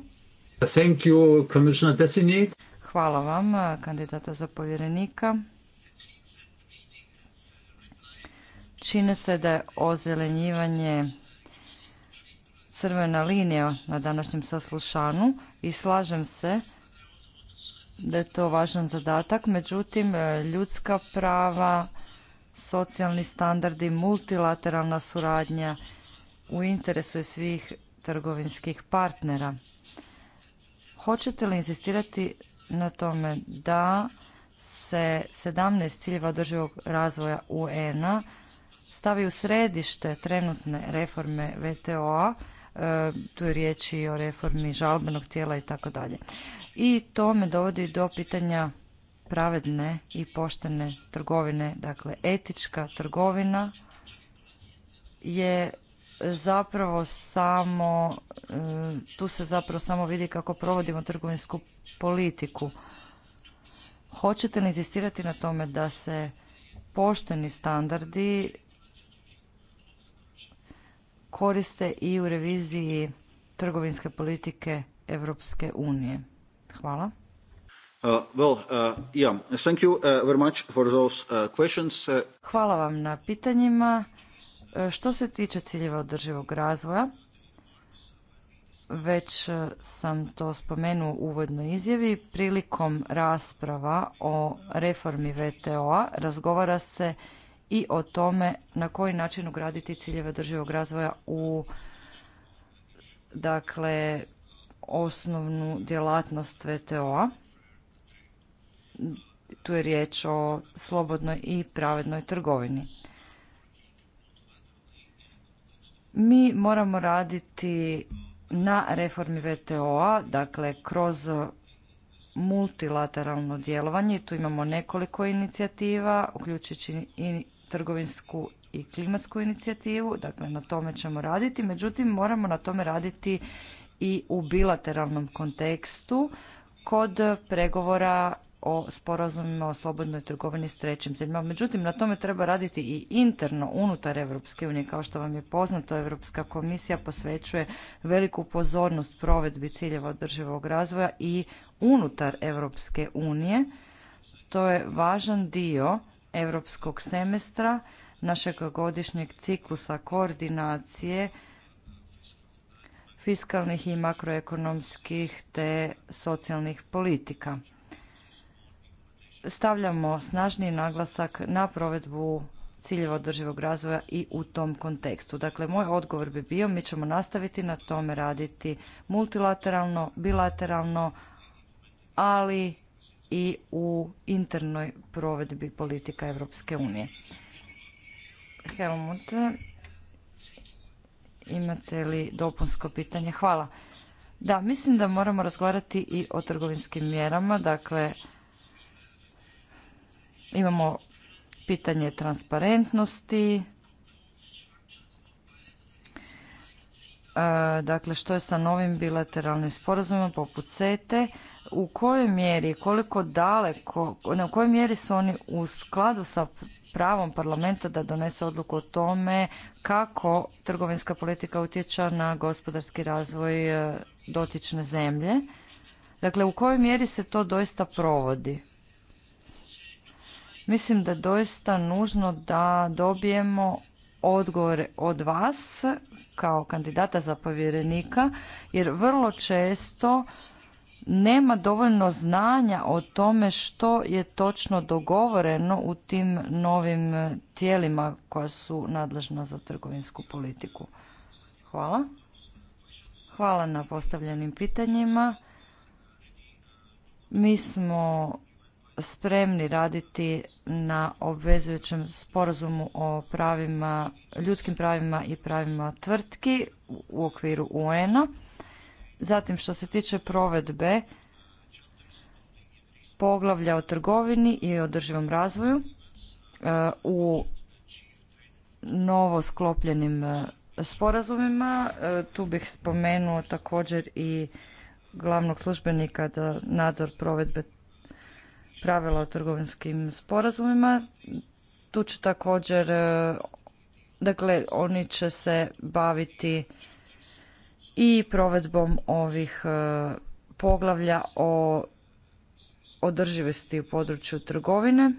Thank you, Commissioner
Hvala vam, e, kandidata za povjerenika. Čine se da je ozelenjivanje crvena linija na današnjem saslušanu i slažem se da je to važan zadatak, međutim e, ljudska prava, socijalni standardi, multilateralna suradnja u interesu je svih trgovinskih partnera. Hoćete li insistirati na tome da se 17 ciljeva održivog razvoja UN-a stavi u središte trenutne reforme VTO-a, e, tu je riječ i o reformi žalbenog tijela i tako dalje i to me dovodi do pitanja pravedne i poštene trgovine. Dakle, etička trgovina je zapravo samo, e, tu se zapravo samo vidi kako provodimo trgovinsku politiku. Hoćete li insistirati na tome da se pošteni standardi koriste i u reviziji trgovinske politike Europske unije? Hvala. Hvala vam na pitanjima. Uh, što se tiče ciljeva održivog razvoja, već uh, sam to spomenuo u uvodnoj izjavi, prilikom rasprava o reformi VTO-a razgovara se i o tome na koji način ugraditi ciljeve održivog razvoja u dakle osnovnu djelatnost VTO-a. Tu je riječ o slobodnoj i pravednoj trgovini. Mi moramo raditi na reformi VTO-a, dakle kroz multilateralno djelovanje. Tu imamo nekoliko inicijativa, uključujući i trgovinsku i klimatsku inicijativu, dakle na tome ćemo raditi, međutim moramo na tome raditi i u bilateralnom kontekstu kod pregovora o sporazumima o slobodnoj trgovini s trećim zemljama. Međutim, na tome treba raditi i interno unutar Europske unije. Kao što vam je poznato, Europska komisija posvećuje veliku pozornost provedbi ciljeva održivog razvoja i unutar Europske unije. To je važan dio europskog semestra, našeg godišnjeg ciklusa koordinacije fiskalnih i makroekonomskih te socijalnih politika. Stavljamo snažni naglasak na provedbu ciljeva održivog razvoja i u tom kontekstu. Dakle, moj odgovor bi bio, mi ćemo nastaviti na tome raditi multilateralno, bilateralno, ali i u internoj provedbi politika Europske unije. Imate li dopunsko pitanje? Hvala. Da, mislim da moramo razgovarati i o trgovinskim mjerama. Dakle, imamo pitanje transparentnosti. E, dakle, što je sa novim bilateralnim sporazumima poput CETE? U kojoj mjeri, koliko daleko, na kojoj mjeri su oni u skladu sa pravom parlamenta da donese odluku o tome kako trgovinska politika utječe na gospodarski razvoj e, dotične zemlje. Dakle, u kojoj mjeri se to doista provodi? Mislim da je doista nužno da dobijemo odgovor od vas kao kandidata za povjerenika, jer vrlo često nema dovoljno znanja o tome što je točno dogovoreno u tim novim e, tijelima koja su nadležna za trgovinsku politiku. Hvala. Hvala na postavljenim pitanjima. Mi smo spremni raditi na obvezujućem sporazumu o pravima, ljudskim pravima i pravima tvrtki u okviru UN-a. Zatim što se tiče provedbe poglavlja o trgovini i održivom razvoju e, u novo sklopljenim e, sporazumima. E, tu bih spomenuo također i glavnog službenika da nadzor provedbe pravila o trgovinskim sporazumima. Tu će također, dakle, oni će se baviti i provedbom ovih e, poglavlja o održivosti u području trgovine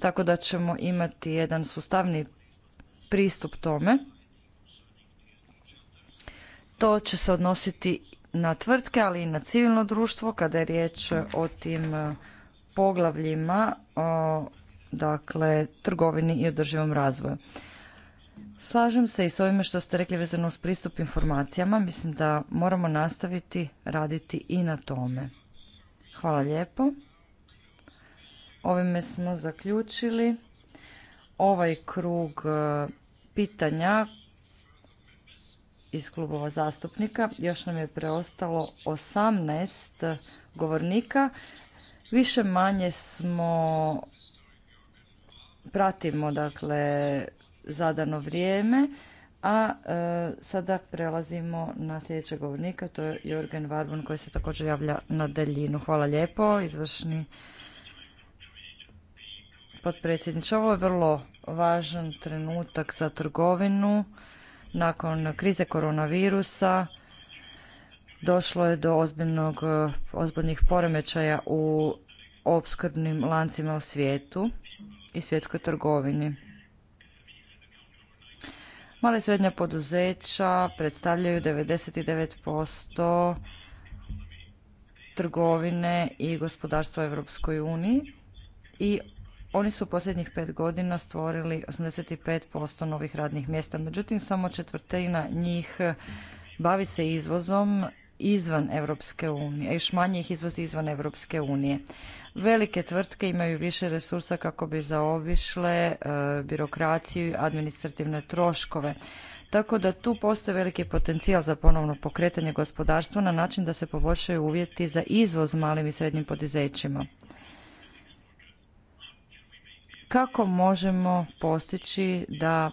tako da ćemo imati jedan sustavni pristup tome. To će se odnositi na tvrtke, ali i na civilno društvo kada je riječ o tim e, poglavljima, dakle, trgovini i održivom razvoju. Slažem se i s ovime što ste rekli vezano uz pristup informacijama. Mislim da moramo nastaviti raditi i na tome. Hvala lijepo. Ovime smo zaključili ovaj krug e, pitanja iz klubova zastupnika. Još nam je preostalo 18 govornika. Više manje smo pratimo dakle zadano vrijeme. A e, sada prelazimo na sljedećeg govornika, to je Jorgen Warbon koji se također javlja na daljinu. Hvala lijepo, izvršni potpredsjedniče. Ovo je vrlo važan trenutak za trgovinu. Nakon krize koronavirusa došlo je do ozbiljnog, ozbiljnih poremećaja u opskrbnim lancima u svijetu i svjetskoj trgovini. Male i srednja poduzeća predstavljaju 99% trgovine i gospodarstva u Europskoj uniji i oni su u posljednjih pet godina stvorili 85% novih radnih mjesta. Međutim, samo četvrtina njih bavi se izvozom izvan Europske unije, a još manje ih izvozi izvan Europske unije. Velike tvrtke imaju više resursa kako bi zaobišle e, birokraciju i administrativne troškove. Tako da tu postoji veliki potencijal za ponovno pokretanje gospodarstva na način da se poboljšaju uvjeti za izvoz malim i srednjim poduzećima. Kako možemo postići da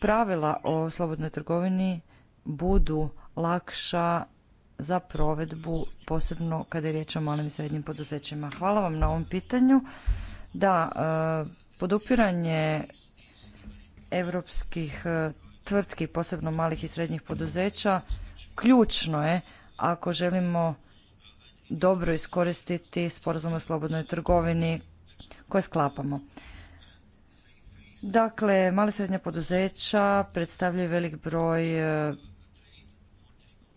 pravila o slobodnoj trgovini budu lakša za provedbu, posebno kada je riječ o malim i srednjim poduzećima. Hvala vam na ovom pitanju. Da, e, podupiranje europskih e, tvrtki, posebno malih i srednjih poduzeća, ključno je ako želimo dobro iskoristiti sporazum o slobodnoj trgovini koje sklapamo. Dakle, mala i srednja poduzeća predstavljaju velik broj e,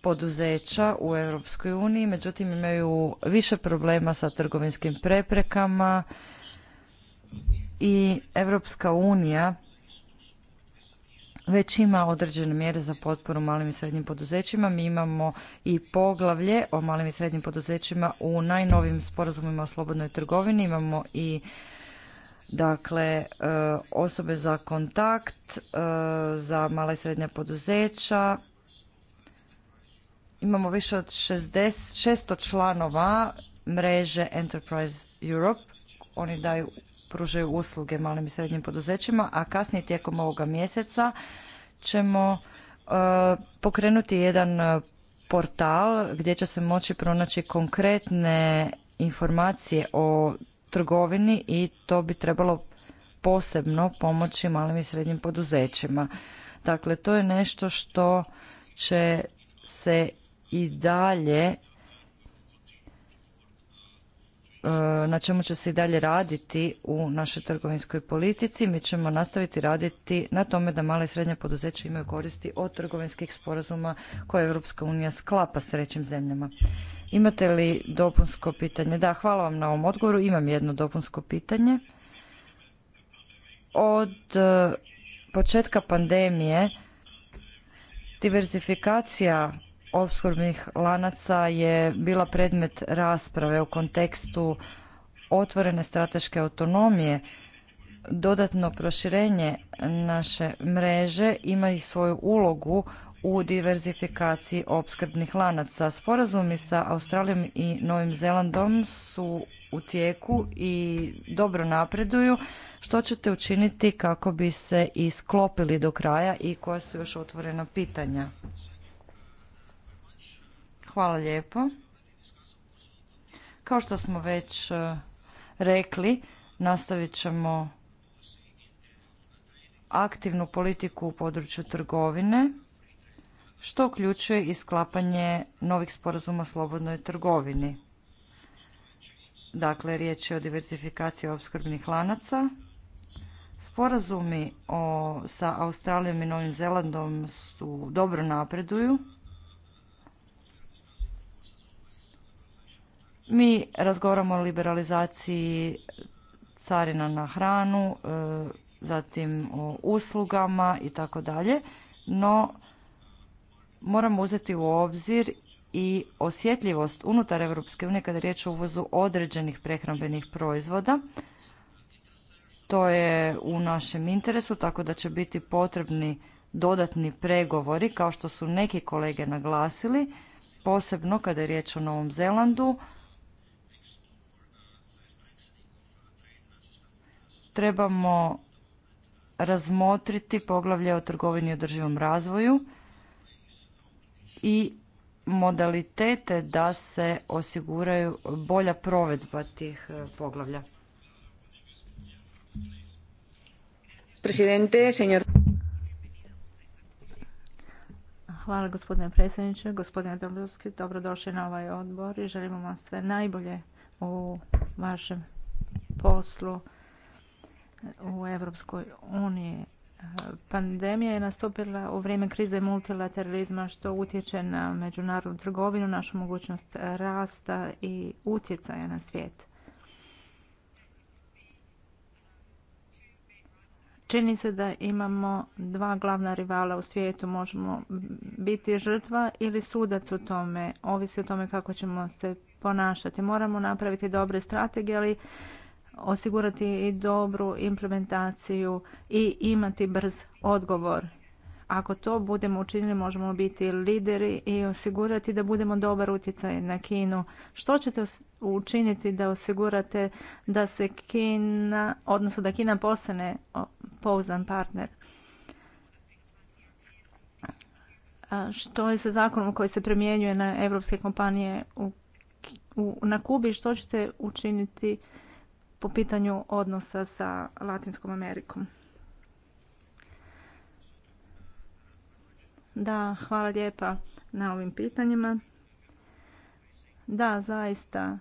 poduzeća u Europskoj uniji, međutim imaju više problema sa trgovinskim preprekama i Europska unija već ima određene mjere za potporu malim i srednjim poduzećima. Mi imamo i poglavlje o malim i srednjim poduzećima u najnovim sporazumima o slobodnoj trgovini. Imamo i dakle e, osobe za kontakt e, za mala i srednja poduzeća imamo više od 60, 600 članova mreže Enterprise Europe. Oni daju, pružaju usluge malim i srednjim poduzećima, a kasnije tijekom ovoga mjeseca ćemo e, pokrenuti jedan e, portal gdje će se moći pronaći konkretne informacije o trgovini i to bi trebalo posebno pomoći malim i srednjim poduzećima. Dakle, to je nešto što će se i dalje e, na čemu će se i dalje raditi u našoj trgovinskoj politici. Mi ćemo nastaviti raditi na tome da male i srednje poduzeće imaju koristi od trgovinskih sporazuma koje Europska unija sklapa s trećim zemljama. Imate li dopunsko pitanje? Da, hvala vam na ovom odgovoru. Imam jedno dopunsko pitanje. Od e, početka pandemije diversifikacija opskrbnih lanaca je bila predmet rasprave u kontekstu otvorene strateške autonomije. Dodatno proširenje naše mreže ima i svoju ulogu u diverzifikaciji opskrbnih lanaca. Sporazumi sa Australijom i Novim Zelandom su u tijeku i dobro napreduju. Što ćete učiniti kako bi se isklopili do kraja i koja su još otvorena pitanja? Hvala lijepo. Kao što smo već e, rekli, nastavit ćemo aktivnu politiku u području trgovine, što uključuje i sklapanje novih sporazuma o slobodnoj trgovini. Dakle, riječ je o diversifikaciji opskrbnih lanaca. Sporazumi sa Australijom i Novim Zelandom su dobro napreduju Mi razgovaramo o liberalizaciji carina na hranu, e, zatim o uslugama i tako dalje, no moramo uzeti u obzir i osjetljivost unutar Europske unije kada je riječ o uvozu određenih prehrambenih proizvoda. To je u našem interesu, tako da će biti potrebni dodatni pregovori, kao što su neki kolege naglasili, posebno kada je riječ o Novom Zelandu, trebamo razmotriti poglavlje o trgovini i održivom razvoju i modalitete da se osiguraju bolja provedba tih e, poglavlja.
Hvala gospodine predsjedniče, gospodine Dobrovski, dobrodošli na ovaj odbor i želimo vam sve najbolje u vašem poslu u Europskoj uniji. Pandemija je nastupila u vrijeme krize multilateralizma što utječe na međunarodnu trgovinu, našu mogućnost rasta i utjecaja na svijet. Čini se da imamo dva glavna rivala u svijetu. Možemo biti žrtva ili sudac u tome. Ovisi o tome kako ćemo se ponašati. Moramo napraviti dobre strategije, ali osigurati i dobru implementaciju i imati brz odgovor. Ako to budemo učinili, možemo biti lideri i osigurati da budemo dobar utjecaj na Kinu. Što ćete učiniti da osigurate da se Kina, odnosno da Kina postane pouzdan partner? Što je sa zakonom koji se primjenjuje na evropske kompanije u, na Kubi? Što ćete učiniti po pitanju odnosa sa Latinskom Amerikom. Da, hvala lijepa na ovim pitanjima. Da, zaista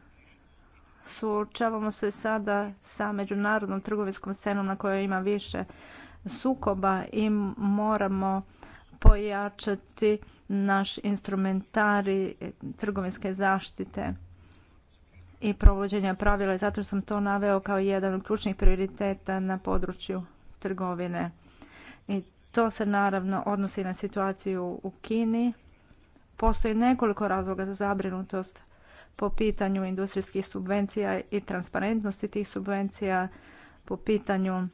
suočavamo se sada sa međunarodnom trgovinskom scenom na kojoj ima više sukoba i moramo pojačati naš instrumentari trgovinske zaštite i provođenja pravila i zato sam to naveo kao jedan od ključnih prioriteta na području trgovine. I to se naravno odnosi na situaciju u Kini. Postoji nekoliko razloga za zabrinutost po pitanju industrijskih subvencija i transparentnosti tih subvencija, po pitanju e,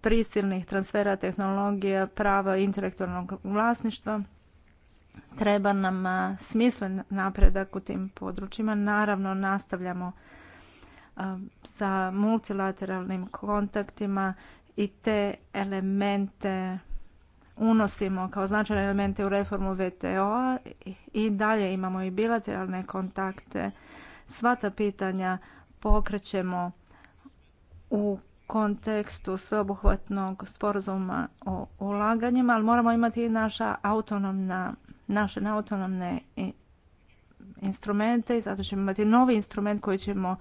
prisilnih transfera tehnologija, prava intelektualnog vlasništva. Treba nam smislen napredak u tim područjima. Naravno, nastavljamo sa multilateralnim kontaktima i te elemente unosimo kao značajne elemente u reformu VTO-a i dalje imamo i bilateralne kontakte. Sva ta pitanja pokrećemo u kontekstu sveobuhvatnog sporazuma o ulaganjima, ali moramo imati i naša autonomna naše autonomne instrumente i zato ćemo imati novi instrument koji ćemo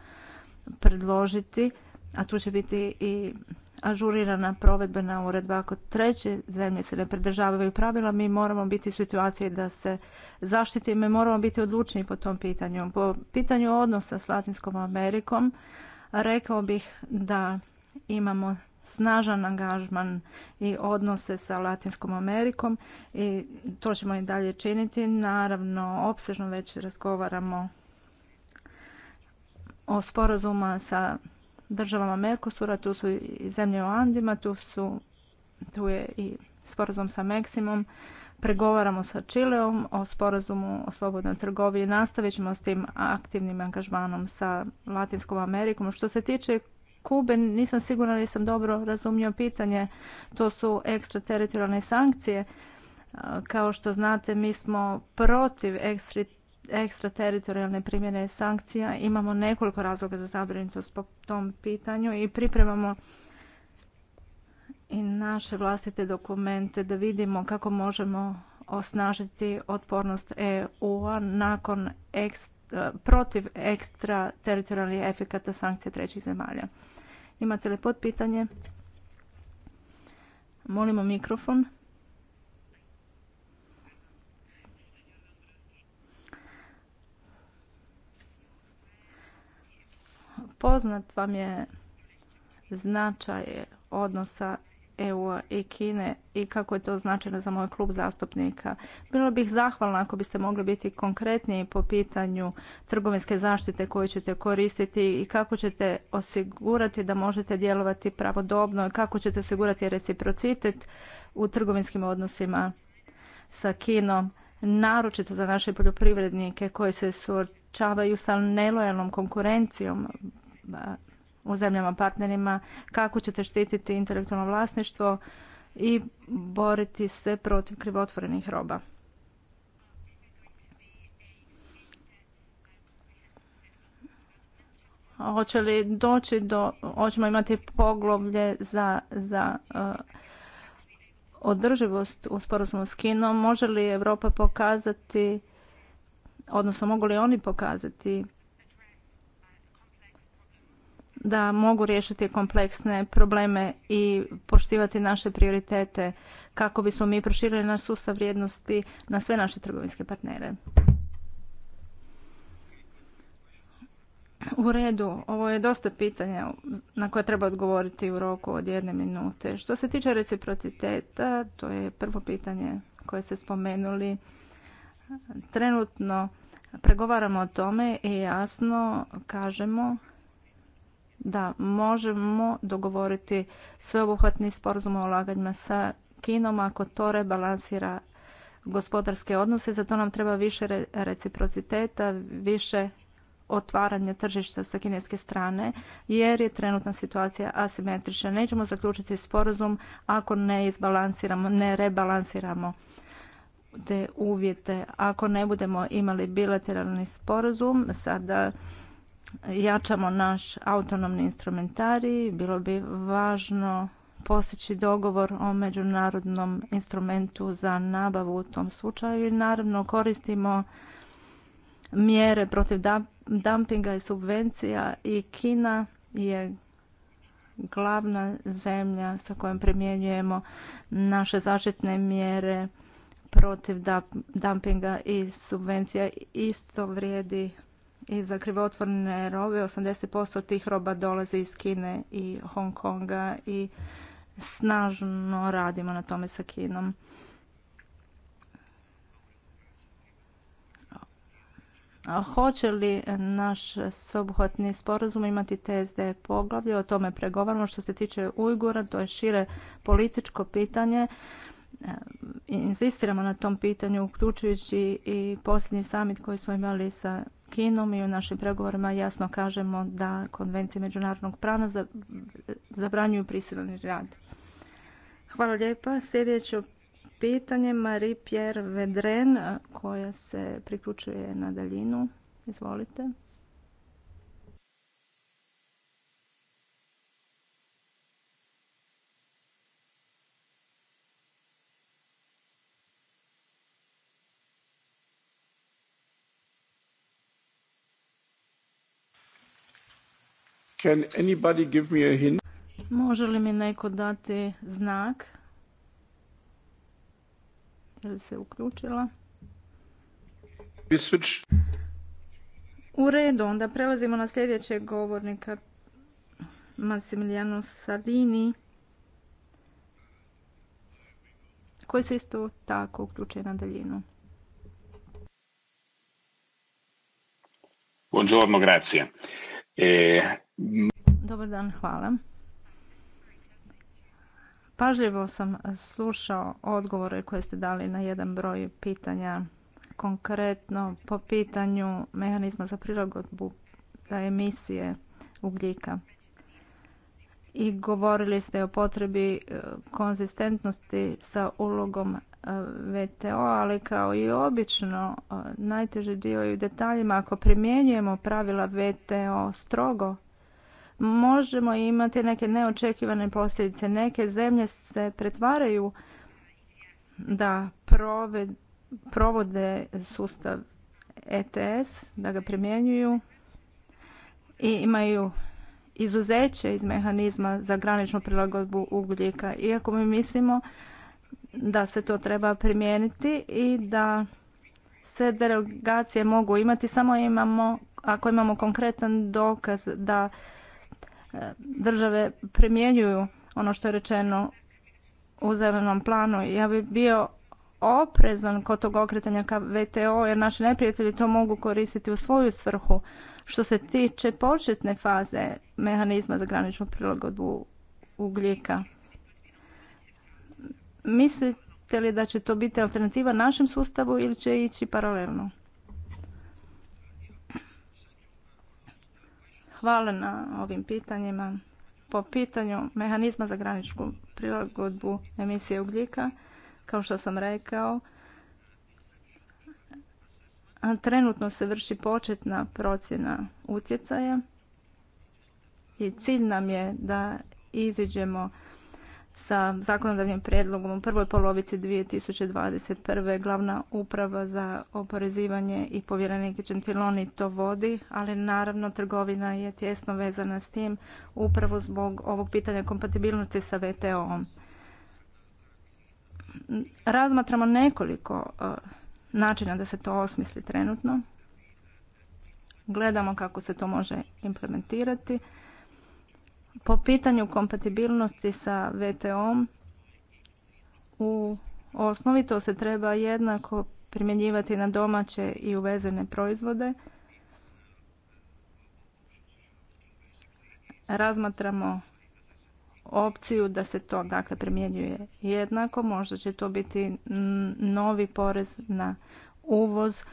predložiti, a tu će biti i ažurirana provedbena uredba. Ako treće zemlje se ne pridržavaju pravila, mi moramo biti u situaciji da se zaštitimo i moramo biti odlučni po tom pitanju. Po pitanju odnosa s Latinskom Amerikom, rekao bih da imamo snažan angažman i odnose sa Latinskom Amerikom i to ćemo i dalje činiti. Naravno, opsežno već razgovaramo o sporazuma sa državama Merkosura, tu su i zemlje u Andima, tu, su, tu je i sporazum sa Meksimom. Pregovaramo sa Čileom o sporazumu o slobodnoj trgovini. Nastavit ćemo s tim aktivnim angažmanom sa Latinskom Amerikom. Što se tiče Kube. Nisam sigurna li sam dobro razumio pitanje. To su ekstrateritorijalne sankcije. Kao što znate, mi smo protiv ekstrateritorijalne primjene sankcija. Imamo nekoliko razloga za zabrinutost po tom pitanju i pripremamo i naše vlastite dokumente da vidimo kako možemo osnažiti otpornost EU-a nakon protiv ekstra teritorijalnih efekata sankcija trećih zemalja. Imate li potpitanje? Molimo mikrofon. Poznat vam je značaj odnosa EU i Kine i kako je to značajno za moj klub zastupnika. Bilo bih zahvalna ako biste mogli biti konkretniji po pitanju trgovinske zaštite koju ćete koristiti i kako ćete osigurati da možete djelovati pravodobno i kako ćete osigurati reciprocitet u trgovinskim odnosima sa Kinom, naročito za naše poljoprivrednike koji se suočavaju sa nelojalnom konkurencijom u zemljama partnerima, kako ćete štititi intelektualno vlasništvo i boriti se protiv krivotvorenih roba. Hoće li doći do, hoćemo imati poglavlje za, za uh, održivost u sporazumu s Kinom, može li Europa pokazati, odnosno mogu li oni pokazati da mogu riješiti kompleksne probleme i poštivati naše prioritete kako bismo mi proširili naš sustav vrijednosti na sve naše trgovinske partnere. U redu, ovo je dosta pitanja na koje treba odgovoriti u roku od jedne minute. Što se tiče reciprociteta, to je prvo pitanje koje ste spomenuli. Trenutno pregovaramo o tome i jasno kažemo da možemo dogovoriti sveobuhvatni sporazum o ulaganjima sa Kinom ako to rebalansira gospodarske odnose. zato nam treba više reciprociteta, više otvaranja tržišta sa kineske strane jer je trenutna situacija asimetrična. Nećemo zaključiti sporazum ako ne izbalansiramo, ne rebalansiramo te uvjete. Ako ne budemo imali bilateralni sporazum, sada jačamo naš autonomni instrumentarij, bilo bi važno postići dogovor o međunarodnom instrumentu za nabavu u tom slučaju i naravno koristimo mjere protiv dumpinga i subvencija i Kina je glavna zemlja sa kojom primjenjujemo naše zaštitne mjere protiv dumpinga i subvencija. Isto vrijedi i za krivotvorne robe 80% tih roba dolazi iz Kine i Hong Konga i snažno radimo na tome sa Kinom. Hoće li naš sveobuhvatni sporazum imati TSD poglavlje? O tome pregovaramo. Što se tiče Ujgura, to je šire političko pitanje insistiramo na tom pitanju, uključujući i posljednji summit koji smo imali sa Kinom i u našim pregovorima jasno kažemo da konvencije međunarodnog prava zabranjuju prisilni rad. Hvala lijepa. Sljedeće pitanje Marie-Pierre Vedren koja se priključuje na daljinu. Izvolite.
Can anybody give me a hint?
Može li mi neko dati znak? Je li se uključila? U redu, onda prelazimo na sljedećeg govornika Massimiliano Salini koji se isto tako uključuje na daljinu.
Buongiorno, grazie. E...
Dobar dan, hvala. Pažljivo sam slušao odgovore koje ste dali na jedan broj pitanja, konkretno po pitanju mehanizma za prilagodbu za emisije ugljika i govorili ste o potrebi e, konzistentnosti sa ulogom e, VTO, ali kao i obično e, najteži dio je u detaljima. Ako primjenjujemo pravila VTO strogo, možemo imati neke neočekivane posljedice. Neke zemlje se pretvaraju da provode sustav ETS, da ga primjenjuju i imaju izuzeće iz mehanizma za graničnu prilagodbu ugljika, iako mi mislimo da se to treba primijeniti i da se derogacije mogu imati samo imamo, ako imamo konkretan dokaz da e, države primjenjuju ono što je rečeno u zelenom planu. Ja bi bio oprezan kod tog okretanja ka VTO jer naši neprijatelji to mogu koristiti u svoju svrhu što se tiče početne faze mehanizma za graničnu prilagodbu ugljika, mislite li da će to biti alternativa našem sustavu ili će ići paralelno? Hvala na ovim pitanjima. Po pitanju mehanizma za graničnu prilagodbu emisije ugljika, kao što sam rekao, Trenutno se vrši početna procjena utjecaja i cilj nam je da iziđemo sa zakonodavnim prijedlogom u prvoj polovici 2021. glavna uprava za oporezivanje i povjerenik Gentiloni to vodi, ali naravno trgovina je tjesno vezana s tim upravo zbog ovog pitanja kompatibilnosti sa VTO-om. Razmatramo nekoliko e, načina da se to osmisli trenutno. Gledamo kako se to može implementirati. Po pitanju kompatibilnosti sa VTO-om, u osnovi to se treba jednako primjenjivati na domaće i uvezene proizvode. Razmatramo opciju da se to dakle primjenjuje jednako. Možda će to biti novi porez na uvoz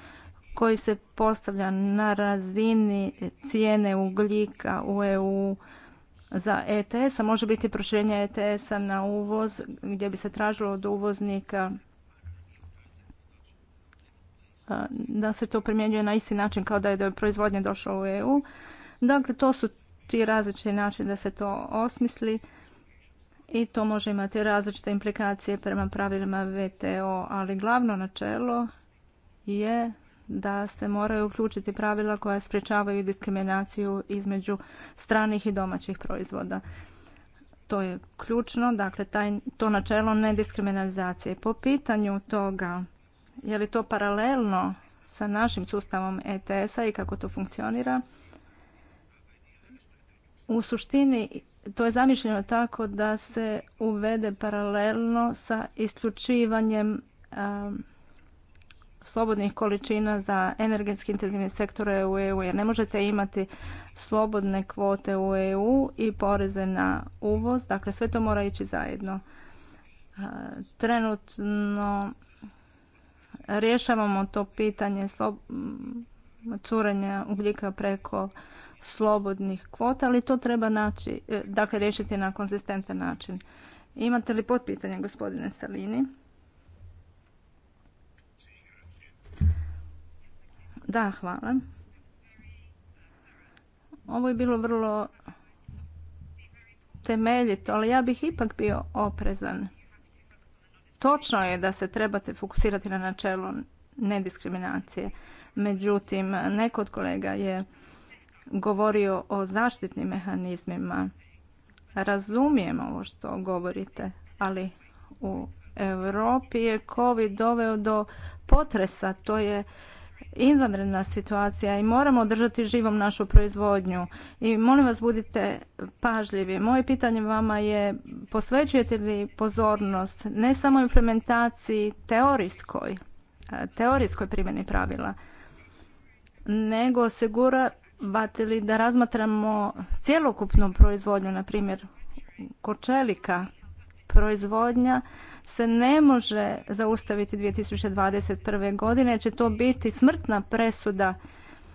koji se postavlja na razini cijene ugljika u EU za ETS, a može biti proširenje ETS-a na uvoz gdje bi se tražilo od uvoznika da se to primjenjuje na isti način kao da je do proizvodnje došlo u EU. Dakle, to su ti različiti načini da se to osmisli i to može imati različite implikacije prema pravilima VTO, ali glavno načelo je da se moraju uključiti pravila koja sprječavaju diskriminaciju između stranih i domaćih proizvoda. To je ključno, dakle taj, to načelo nediskriminalizacije. Po pitanju toga je li to paralelno sa našim sustavom ETS-a i kako to funkcionira, u suštini to je zamišljeno tako da se uvede paralelno sa isključivanjem um, slobodnih količina za energetski intenzivne sektore u EU jer ne možete imati slobodne kvote u EU i poreze na uvoz, dakle sve to mora ići zajedno. Uh, trenutno rješavamo to pitanje curenja ugljika preko slobodnih kvota, ali to treba naći, e, dakle riješiti na konzistentan način. Imate li potpitanje gospodine Salini? Da, hvala. Ovo je bilo vrlo temeljito, ali ja bih ipak bio oprezan. Točno je da se trebate fokusirati na načelo nediskriminacije. Međutim, neko od kolega je govorio o zaštitnim mehanizmima. Razumijem ovo što govorite, ali u Europi je COVID doveo do potresa. To je izvanredna situacija i moramo održati živom našu proizvodnju. I molim vas budite pažljivi. Moje pitanje vama je posvećujete li pozornost ne samo implementaciji teorijskoj, teorijskoj primjeni pravila, nego osigura, bacili da razmatramo cjelokupnu proizvodnju, na primjer kočelika, proizvodnja se ne može zaustaviti 2021. godine, će to biti smrtna presuda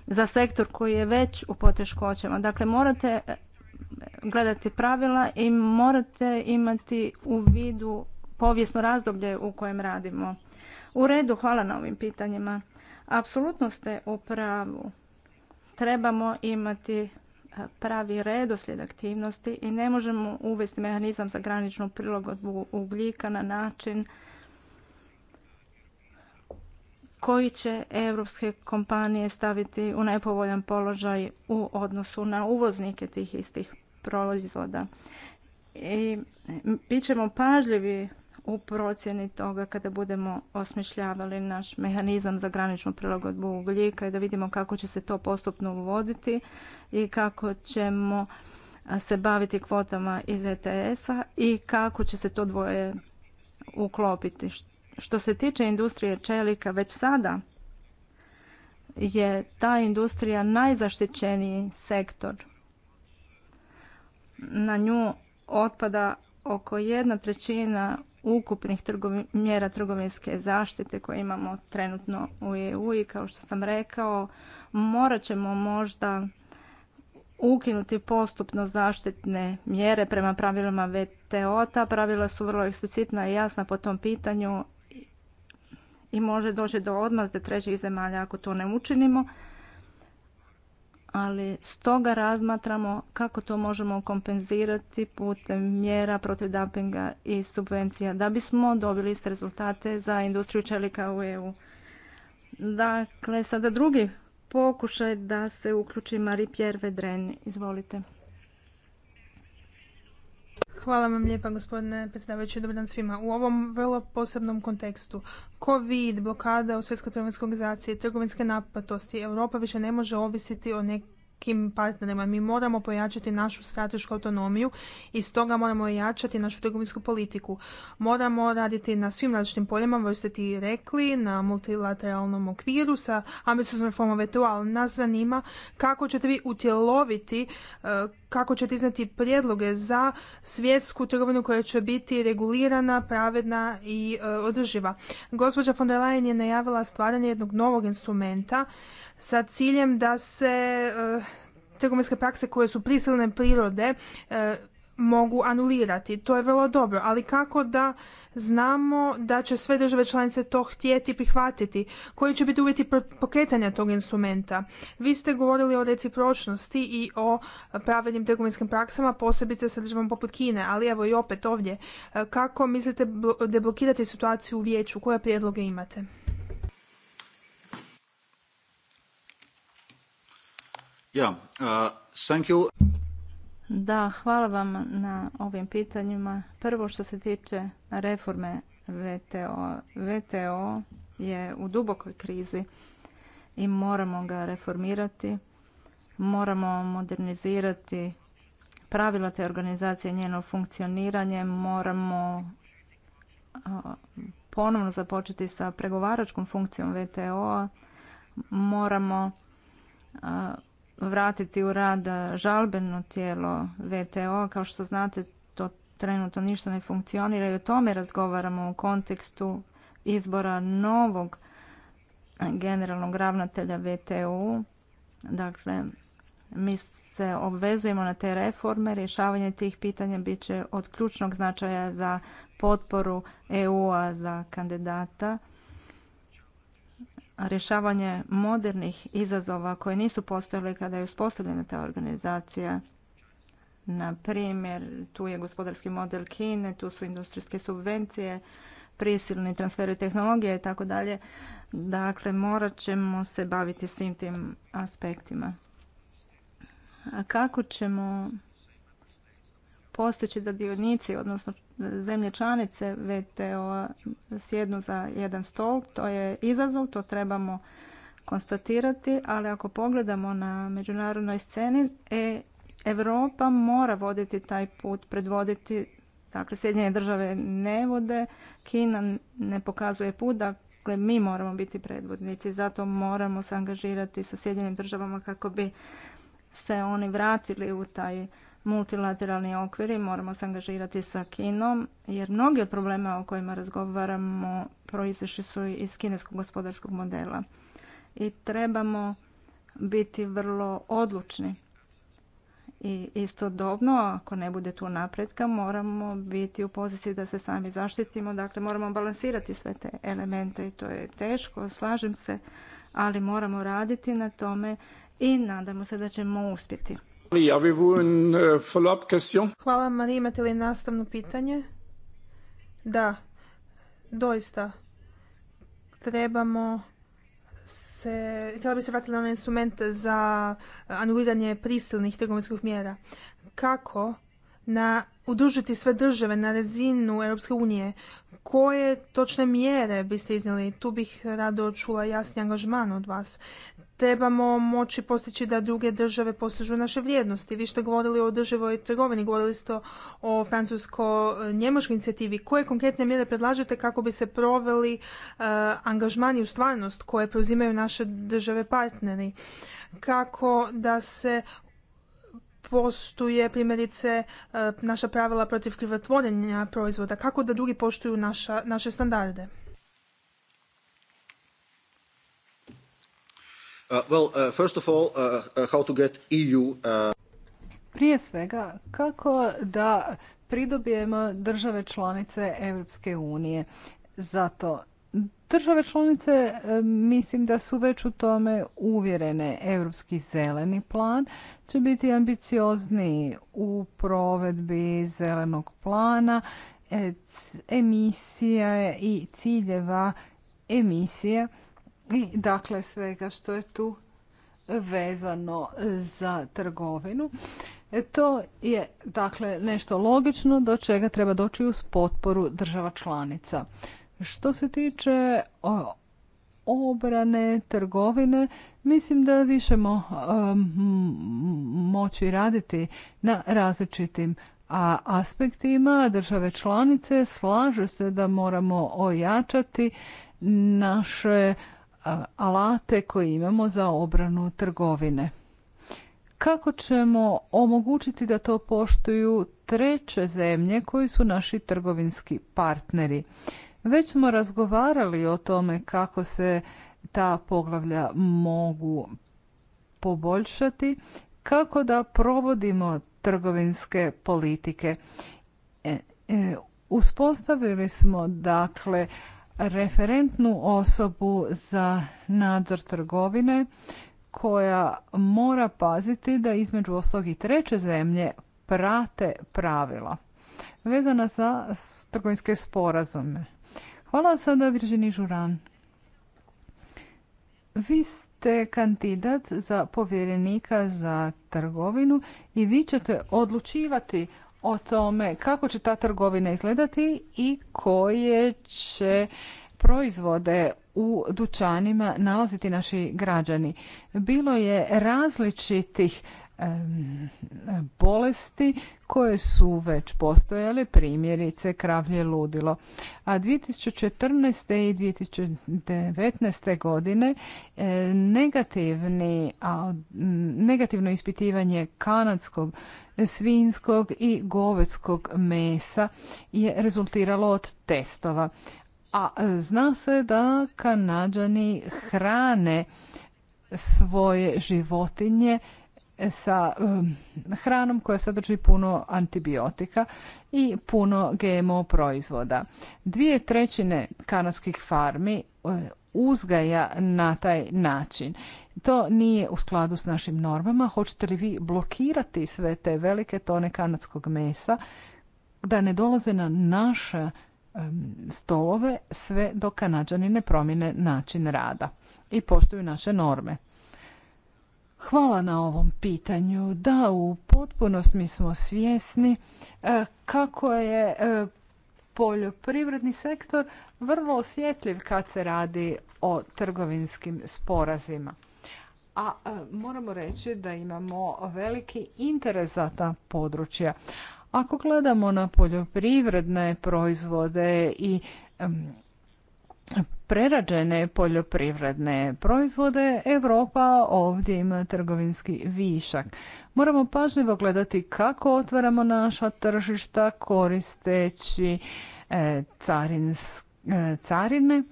za sektor koji je već u poteškoćama. Dakle, morate e, gledati pravila i morate imati u vidu povijesno razdoblje u kojem radimo. U redu, hvala na ovim pitanjima. Apsolutno ste u pravu trebamo imati e, pravi redoslijed aktivnosti i ne možemo uvesti mehanizam za graničnu prilagodbu ugljika na način koji će europske kompanije staviti u nepovoljan položaj u odnosu na uvoznike tih istih proizvoda. I bit ćemo pažljivi u procjeni toga kada budemo osmišljavali naš mehanizam za graničnu prilagodbu ugljika i da vidimo kako će se to postupno uvoditi i kako ćemo se baviti kvotama iz ETS-a i kako će se to dvoje uklopiti. Što se tiče industrije čelika, već sada je ta industrija najzaštićeniji sektor. Na nju otpada oko jedna trećina ukupnih mjera trgovinske zaštite koje imamo trenutno u EU i kao što sam rekao morat ćemo možda ukinuti postupno zaštitne mjere prema pravilima VTO. Ta pravila su vrlo eksplicitna i jasna po tom pitanju i može doći do odmazde trećih zemalja ako to ne učinimo ali stoga razmatramo kako to možemo kompenzirati putem mjera protiv dumpinga i subvencija da bismo dobili iste rezultate za industriju čelika u EU. Dakle, sada drugi pokušaj da se uključi Marie-Pierre Vedren. Izvolite.
Hvala vam lijepa gospodine predsjedavajući, dobar dan svima. U ovom vrlo posebnom kontekstu, COVID, blokada u svjetskoj trgovinskoj organizaciji, trgovinske napatosti, Europa više ne može ovisiti o nekim partnerima. Mi moramo pojačati našu stratešku autonomiju i stoga moramo jačati našu trgovinsku politiku. Moramo raditi na svim različitim poljama, već ste ti rekli, na multilateralnom okviru sa ambicioznom reformom VTU, ali nas zanima kako ćete vi utjeloviti eh, kako ćete iznati prijedloge za svjetsku trgovinu koja će biti regulirana, pravedna i e, održiva. Gospođa von der Leyen je najavila stvaranje jednog novog instrumenta sa ciljem da se e, trgovinske prakse koje su prisilne prirode e, mogu anulirati. To je vrlo dobro, ali kako da znamo da će sve države članice to htjeti prihvatiti? Koji će biti uvjeti pokretanja tog instrumenta? Vi ste govorili o recipročnosti i o pravilnim trgovinskim praksama, posebice sa državom poput Kine, ali evo i opet ovdje. E, kako mislite deblokirati situaciju u vijeću? Koje prijedloge imate?
Ja, e, thank you.
Da, hvala vam na ovim pitanjima. Prvo što se tiče reforme VTO. VTO je u dubokoj krizi i moramo ga reformirati. Moramo modernizirati pravila te organizacije, njeno funkcioniranje. Moramo ponovno započeti sa pregovaračkom funkcijom VTO-a. Moramo vratiti u rad žalbeno tijelo VTO. Kao što znate, to trenutno ništa ne funkcionira i o tome razgovaramo u kontekstu izbora novog generalnog ravnatelja VTO. Dakle, mi se obvezujemo na te reforme. Rješavanje tih pitanja bit će od ključnog značaja za potporu EU-a za kandidata rješavanje modernih izazova koje nisu postojali kada je uspostavljena ta organizacija. Na primjer, tu je gospodarski model Kine, tu su industrijske subvencije, prisilni transferi tehnologije i tako dalje. Dakle, morat ćemo se baviti svim tim aspektima. A kako ćemo postići da dionici, odnosno zemlje članice VTO sjednu za jedan stol. To je izazov, to trebamo konstatirati, ali ako pogledamo na međunarodnoj sceni, e, Europa mora voditi taj put, predvoditi, dakle Sjedinjene države ne vode, Kina ne pokazuje put, dakle mi moramo biti predvodnici, zato moramo se angažirati sa Sjedinjenim državama kako bi se oni vratili u taj multilateralni okviri, moramo se angažirati sa Kinom, jer mnogi od problema o kojima razgovaramo proizvješi su iz kineskog gospodarskog modela. I trebamo biti vrlo odlučni. I istodobno, ako ne bude tu napretka, moramo biti u poziciji da se sami zaštitimo. Dakle, moramo balansirati sve te elemente i to je teško, slažem se, ali moramo raditi na tome i nadamo se da ćemo uspjeti.
Uh,
Hvala Marija, imate li nastavno pitanje? Da, doista. Trebamo se, htjela bi se vratiti na instrument za anuliranje prisilnih trgovinskih mjera. Kako na udružiti sve države na razinu Europske unije, koje točne mjere biste iznijeli? Tu bih rado čula jasni angažman od vas. Trebamo moći postići da druge države postižu naše vrijednosti. Vi ste govorili o državoj trgovini, govorili ste o francusko-njemačkoj inicijativi. Koje konkretne mjere predlažete kako bi se proveli e, angažmani u stvarnost koje preuzimaju naše države partneri? Kako da se poštuje primjerice e, naša pravila protiv krivotvorenja proizvoda, kako da drugi poštuju naša, naše standarde? Prije svega,
kako da pridobijemo države članice Europske unije. Zato Države članice e, mislim da su već u tome uvjerene. Europski zeleni plan će biti ambiciozniji u provedbi zelenog plana, e, emisija i ciljeva emisije i dakle svega što je tu vezano za trgovinu. E, to je dakle nešto logično do čega treba doći uz potporu država članica. Što se tiče obrane, trgovine, mislim da više um, moći raditi na različitim a aspektima države članice slaže se da moramo ojačati naše alate koje imamo za obranu trgovine. Kako ćemo omogućiti da to poštuju treće zemlje koji su naši trgovinski partneri? Već smo razgovarali o tome kako se ta poglavlja mogu poboljšati, kako da provodimo trgovinske politike. E, e, uspostavili smo dakle referentnu osobu za nadzor trgovine koja mora paziti da između ostalog i treće zemlje prate pravila vezana za trgovinske sporazume. Hvala sada Viržini Žuran. Vi ste kandidat za povjerenika za trgovinu i vi ćete odlučivati o tome kako će ta trgovina izgledati i koje će proizvode u dućanima nalaziti naši građani. Bilo je različitih bolesti koje su već postojale, primjerice kravlje ludilo. A 2014. i 2019. godine e, negativni, a, negativno ispitivanje kanadskog svinskog i govedskog mesa je rezultiralo od testova. A e, zna se da kanadžani hrane svoje životinje sa hranom koja sadrži puno antibiotika i puno GMO proizvoda. Dvije trećine kanadskih farmi uzgaja na taj način. To nije u skladu s našim normama. Hoćete li vi blokirati sve te velike tone kanadskog mesa da ne dolaze na naše stolove sve dok kanadžani ne promjene način rada i poštuju naše norme. Hvala na ovom pitanju. Da, u potpunosti mi smo svjesni e, kako je e, poljoprivredni sektor vrlo osjetljiv kad se radi o trgovinskim sporazima. A e, moramo reći da imamo veliki interes za ta područja. Ako gledamo na poljoprivredne proizvode i prerađene poljoprivredne proizvode, Europa ovdje ima trgovinski višak. Moramo pažljivo gledati kako otvaramo naša tržišta koristeći e, e, carine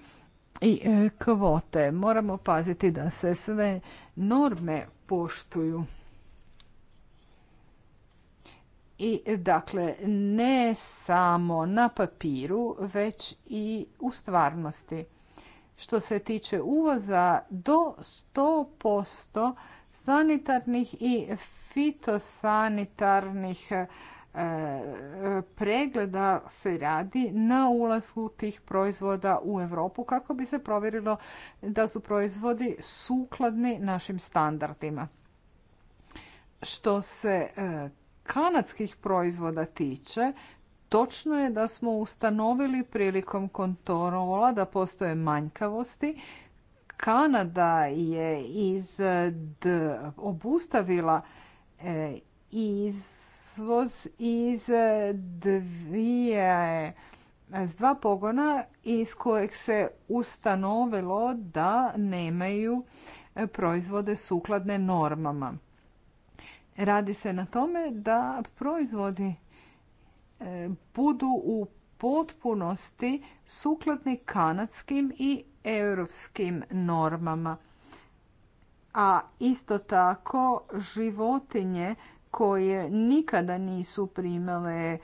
i e, kvote. Moramo paziti da se sve norme poštuju i dakle ne samo na papiru već i u stvarnosti. Što se tiče uvoza do 100% sanitarnih i fitosanitarnih e, pregleda se radi na ulasku tih proizvoda u Europu kako bi se provjerilo da su proizvodi sukladni našim standardima. Što se e, kanadskih proizvoda tiče, točno je da smo ustanovili prilikom kontrola da postoje manjkavosti. Kanada je iz obustavila e, izvoz iz dvije s dva pogona iz kojeg se ustanovilo da nemaju proizvode sukladne normama. Radi se na tome da proizvodi e, budu u potpunosti sukladni kanadskim i europskim normama. A isto tako životinje koje nikada nisu primale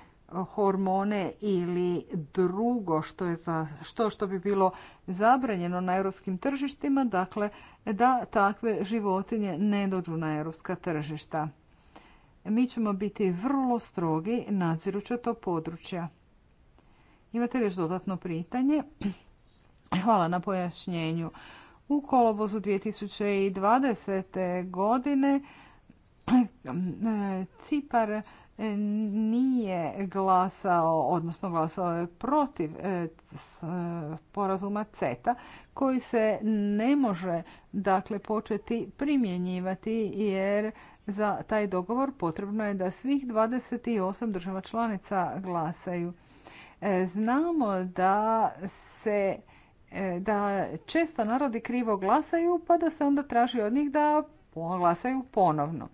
hormone ili drugo što, je za, što, što bi bilo zabranjeno na europskim tržištima, dakle da takve životinje ne dođu na europska tržišta. Mi ćemo biti vrlo strogi nadziruće to područja. Imate li još dodatno pitanje? Hvala na pojašnjenju. U kolovozu 2020. godine Cipar nije glasao, odnosno glasao je protiv e, e, porazuma CETA koji se ne može dakle početi primjenjivati jer za taj dogovor potrebno je da svih 28 država članica glasaju. E, znamo da se e, da često narodi krivo glasaju pa da se onda traži od njih da glasaju ponovno.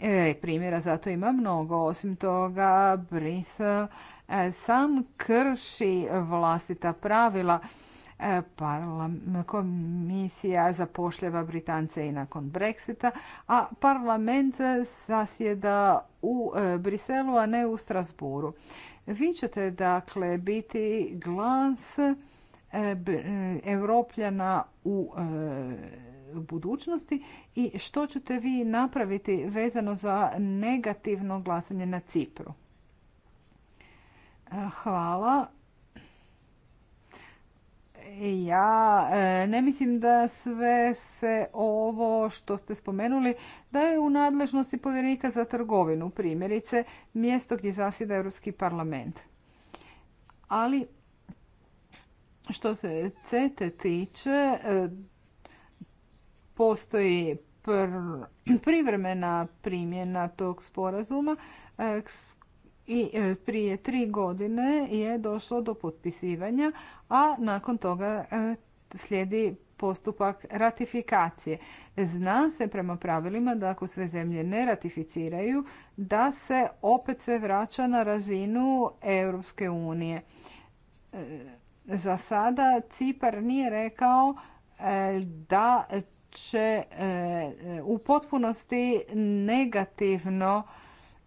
E, primjera zato ima mnogo. Osim toga, Brisa e, sam krši vlastita pravila Komisija zapošljava Britance i nakon Brexita, a parlament zasjeda u e, Briselu, a ne u Strasburu. Vi ćete dakle biti glas e, e, Evropljana u budućnosti i što ćete vi napraviti vezano za negativno glasanje na Cipru. Hvala. E, ja e, ne mislim da sve se ovo što ste spomenuli da je u nadležnosti povjerenika za trgovinu, primjerice mjesto gdje zasjeda Europski parlament. Ali što se CETE tiče, e, postoji privremena primjena tog sporazuma i e, prije tri godine je došlo do potpisivanja, a nakon toga e, slijedi postupak ratifikacije. Zna se prema pravilima da ako sve zemlje ne ratificiraju, da se opet sve vraća na razinu Europske unije. E, za sada Cipar nije rekao da će u potpunosti negativno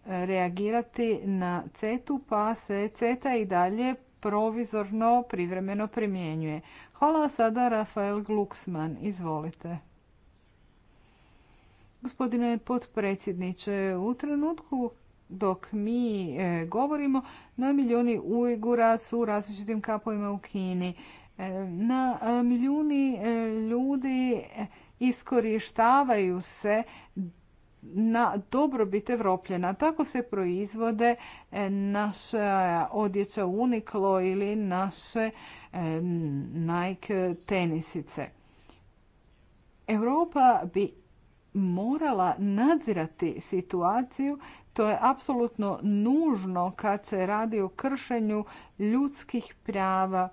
reagirati na CETU, pa se CETA i dalje provizorno privremeno primjenjuje. Hvala sada Rafael Glucksmann. Izvolite. Gospodine potpredsjedniče, u trenutku dok mi e, govorimo, na milijuni Ujgura su u različitim kapovima u Kini. E, na e, milijuni ljudi iskorištavaju se na dobrobit Evropljena. Tako se proizvode e, naše odjeća Uniklo ili naše e, Nike tenisice. Europa bi morala nadzirati situaciju. To je apsolutno nužno kad se radi o kršenju ljudskih prava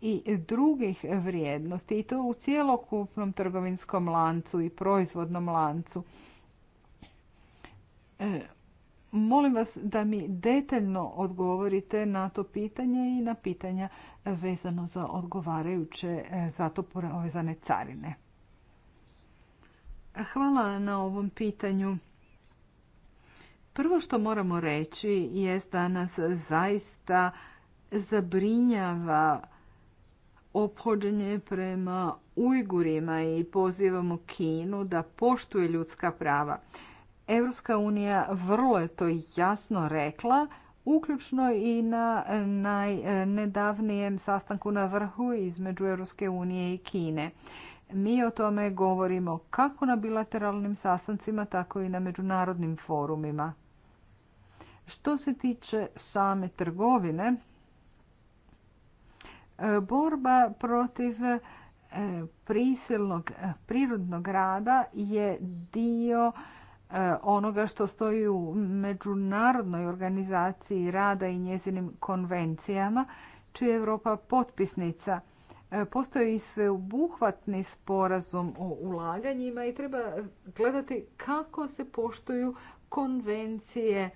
i drugih vrijednosti i to u cjelokupnom trgovinskom lancu i proizvodnom lancu. E, molim vas da mi detaljno odgovorite na to pitanje i na pitanja vezano za odgovarajuće e, za to carine. Hvala na ovom pitanju. Prvo što moramo reći je da nas zaista zabrinjava ophođenje prema Ujgurima i pozivamo Kinu da poštuje ljudska prava. Evropska unija vrlo je to jasno rekla, uključno i na najnedavnijem sastanku na vrhu između Evropske unije i Kine. Mi o tome govorimo kako na bilateralnim sastancima, tako i na međunarodnim forumima. Što se tiče same trgovine, borba protiv e, prisilnog prirodnog rada je dio E, onoga što stoji u međunarodnoj organizaciji rada i njezinim konvencijama, čija je Europa potpisnica. E, postoji i sveobuhvatni sporazum o ulaganjima i treba gledati kako se poštuju konvencije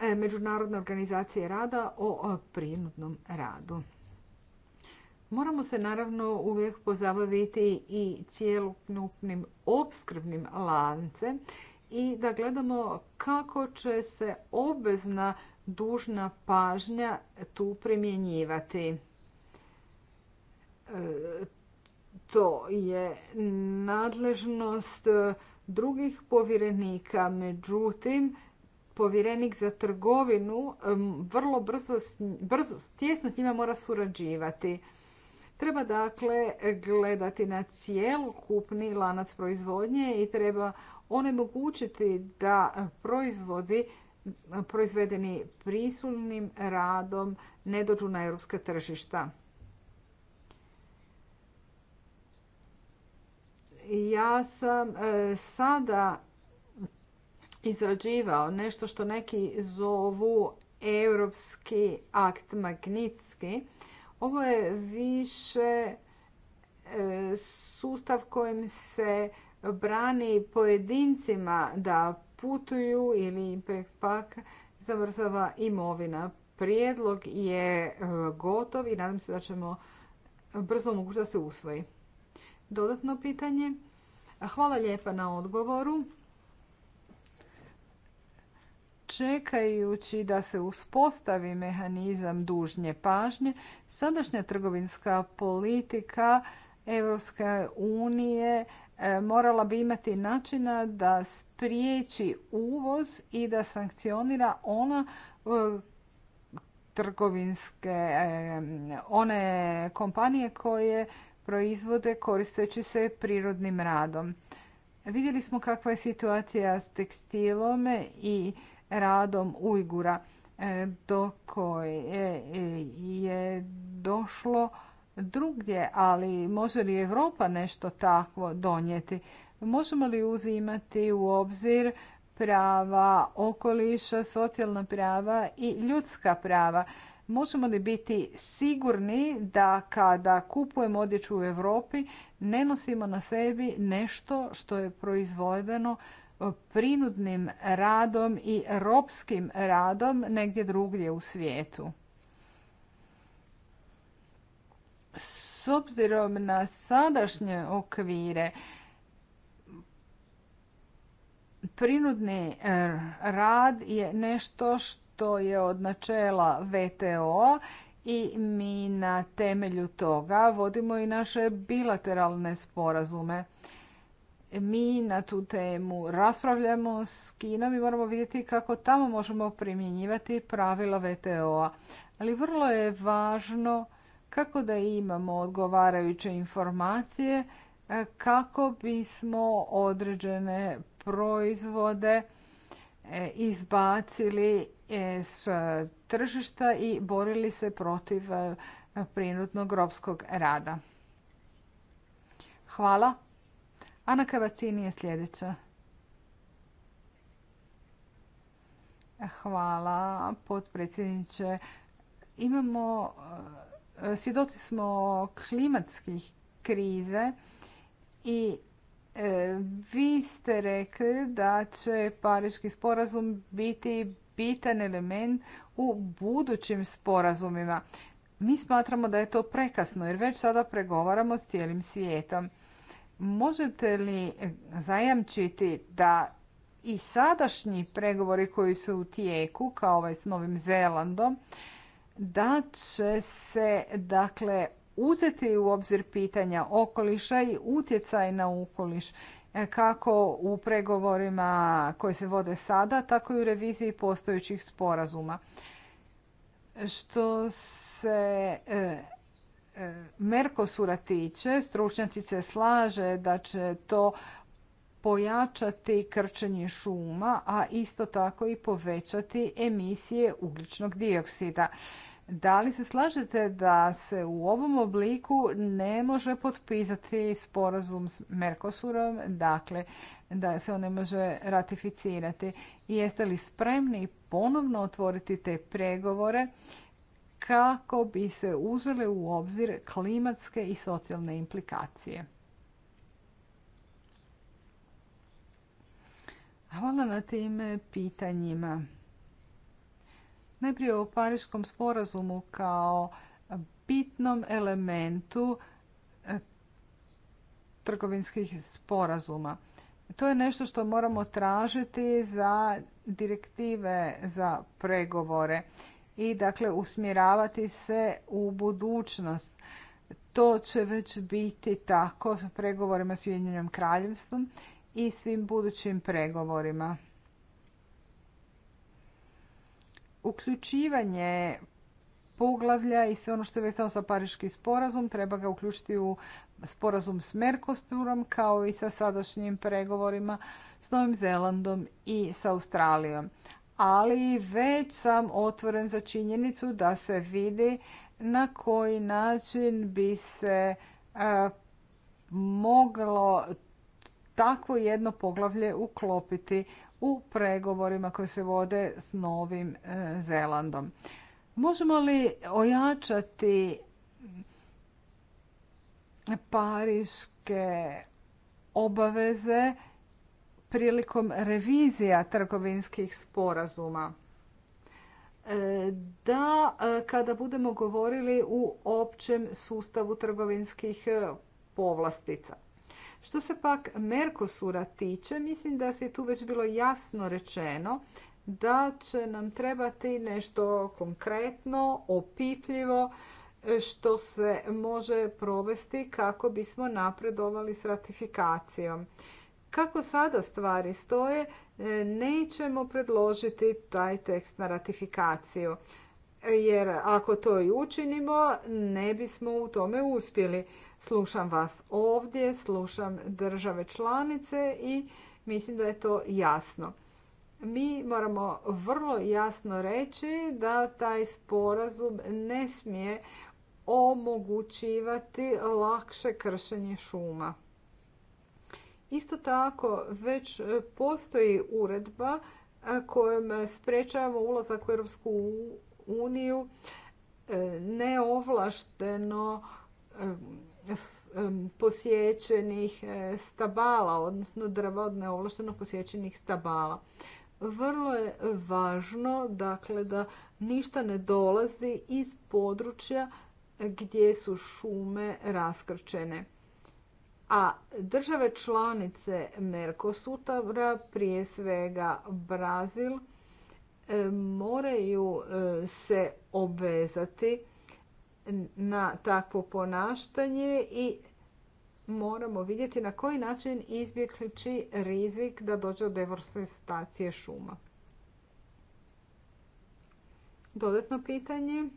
e, Međunarodne organizacije rada o prinudnom radu. Moramo se naravno uvijek pozabaviti i cjelokupnim opskrbnim lancem i da gledamo kako će se obvezna dužna pažnja tu primjenjivati. E, to je nadležnost drugih povjerenika, međutim, povjerenik za trgovinu vrlo brzo, brzo tjesno s njima mora surađivati Treba dakle gledati na cijelokupni lanac proizvodnje i treba onemogućiti da proizvodi proizvedeni prisilnim radom ne dođu na europska tržišta. Ja sam e, sada izrađivao nešto što neki zovu europski akt magnitski ovo je više e, sustav kojim se brani pojedincima da putuju ili pak zamrzava imovina. Prijedlog je e, gotov i nadam se da ćemo brzo omogućiti da se usvoji. Dodatno pitanje. Hvala lijepa na odgovoru čekajući da se uspostavi mehanizam dužnje pažnje, sadašnja trgovinska politika Europske unije e, morala bi imati načina da spriječi uvoz i da sankcionira ona e, trgovinske, e, one kompanije koje proizvode koristeći se prirodnim radom. Vidjeli smo kakva je situacija s tekstilom i radom Ujgura e, do koje e, je došlo drugdje, ali može li Europa nešto takvo donijeti? Možemo li uzimati u obzir prava, okoliša, socijalna prava i ljudska prava? Možemo li biti sigurni da kada kupujemo odjeću u Europi ne nosimo na sebi nešto što je proizvodeno prinudnim radom i ropskim radom negdje drugdje u svijetu. S obzirom na sadašnje okvire, prinudni e, rad je nešto što je od načela VTO i mi na temelju toga vodimo i naše bilateralne sporazume mi na tu temu raspravljamo s Kinom i moramo vidjeti kako tamo možemo primjenjivati pravila VTO-a. Ali vrlo je važno kako da imamo odgovarajuće informacije e, kako bismo određene proizvode e, izbacili e, s tržišta i borili se protiv prinutnog ropskog rada. Hvala. Ana Kavacini je sljedeća. Hvala, potpredsjedniče. Imamo, e, svjedoci smo klimatskih krize i e, vi ste rekli da će Pariški sporazum biti bitan element u budućim sporazumima. Mi smatramo da je to prekasno jer već sada pregovaramo s cijelim svijetom. Možete li zajamčiti da i sadašnji pregovori koji su u tijeku, kao ovaj s Novim Zelandom, da će se dakle uzeti u obzir pitanja okoliša i utjecaj na okoliš e, kako u pregovorima koji se vode sada, tako i u reviziji postojećih sporazuma. Što se e, Merkosura tiče, stručnjaci se slaže da će to pojačati krčenje šuma, a isto tako i povećati emisije ugljičnog dioksida. Da li se slažete da se u ovom obliku ne može potpisati sporazum s Merkosurom, dakle da se on ne može ratificirati? I jeste li spremni ponovno otvoriti te pregovore kako bi se uzele u obzir klimatske i socijalne implikacije. Hvala na tim pitanjima. Najprije o Pariškom sporazumu kao bitnom elementu eh, trgovinskih sporazuma. To je nešto što moramo tražiti za direktive za pregovore i dakle usmjeravati se u budućnost. To će već biti tako sa pregovorima s Ujedinjenim kraljevstvom i svim budućim pregovorima. Uključivanje poglavlja i sve ono što je vezano sa Pariški sporazum treba ga uključiti u sporazum s Merkosturom, kao i sa sadašnjim pregovorima s Novim Zelandom i sa Australijom ali već sam otvoren za činjenicu da se vidi na koji način bi se e, moglo takvo jedno poglavlje uklopiti u pregovorima koji se vode s Novim e, Zelandom. Možemo li ojačati pariške obaveze prilikom revizija trgovinskih sporazuma e, da e, kada budemo govorili u općem sustavu trgovinskih e, povlastica. Što se pak Merkosura tiče, mislim da se tu već bilo jasno rečeno da će nam trebati nešto konkretno, opipljivo, što se može provesti kako bismo napredovali s ratifikacijom. Kako sada stvari stoje, e, nećemo predložiti taj tekst na ratifikaciju. Jer ako to i učinimo, ne bismo u tome uspjeli. Slušam vas ovdje, slušam države članice i mislim da je to jasno. Mi moramo vrlo jasno reći da taj sporazum ne smije omogućivati lakše kršenje šuma. Isto tako, već e, postoji uredba e, kojom sprečavamo ulazak u Europsku uniju e, neovlašteno posjećenih stabala, odnosno drva od neovlašteno posjećenih stabala. Vrlo je važno dakle, da ništa ne dolazi iz područja gdje su šume raskrčene a države članice Mercosutavra, prije svega Brazil, e, moraju e, se obvezati na takvo ponaštanje i moramo vidjeti na koji način izbjeglići rizik da dođe do deforestacije šuma. Dodatno pitanje.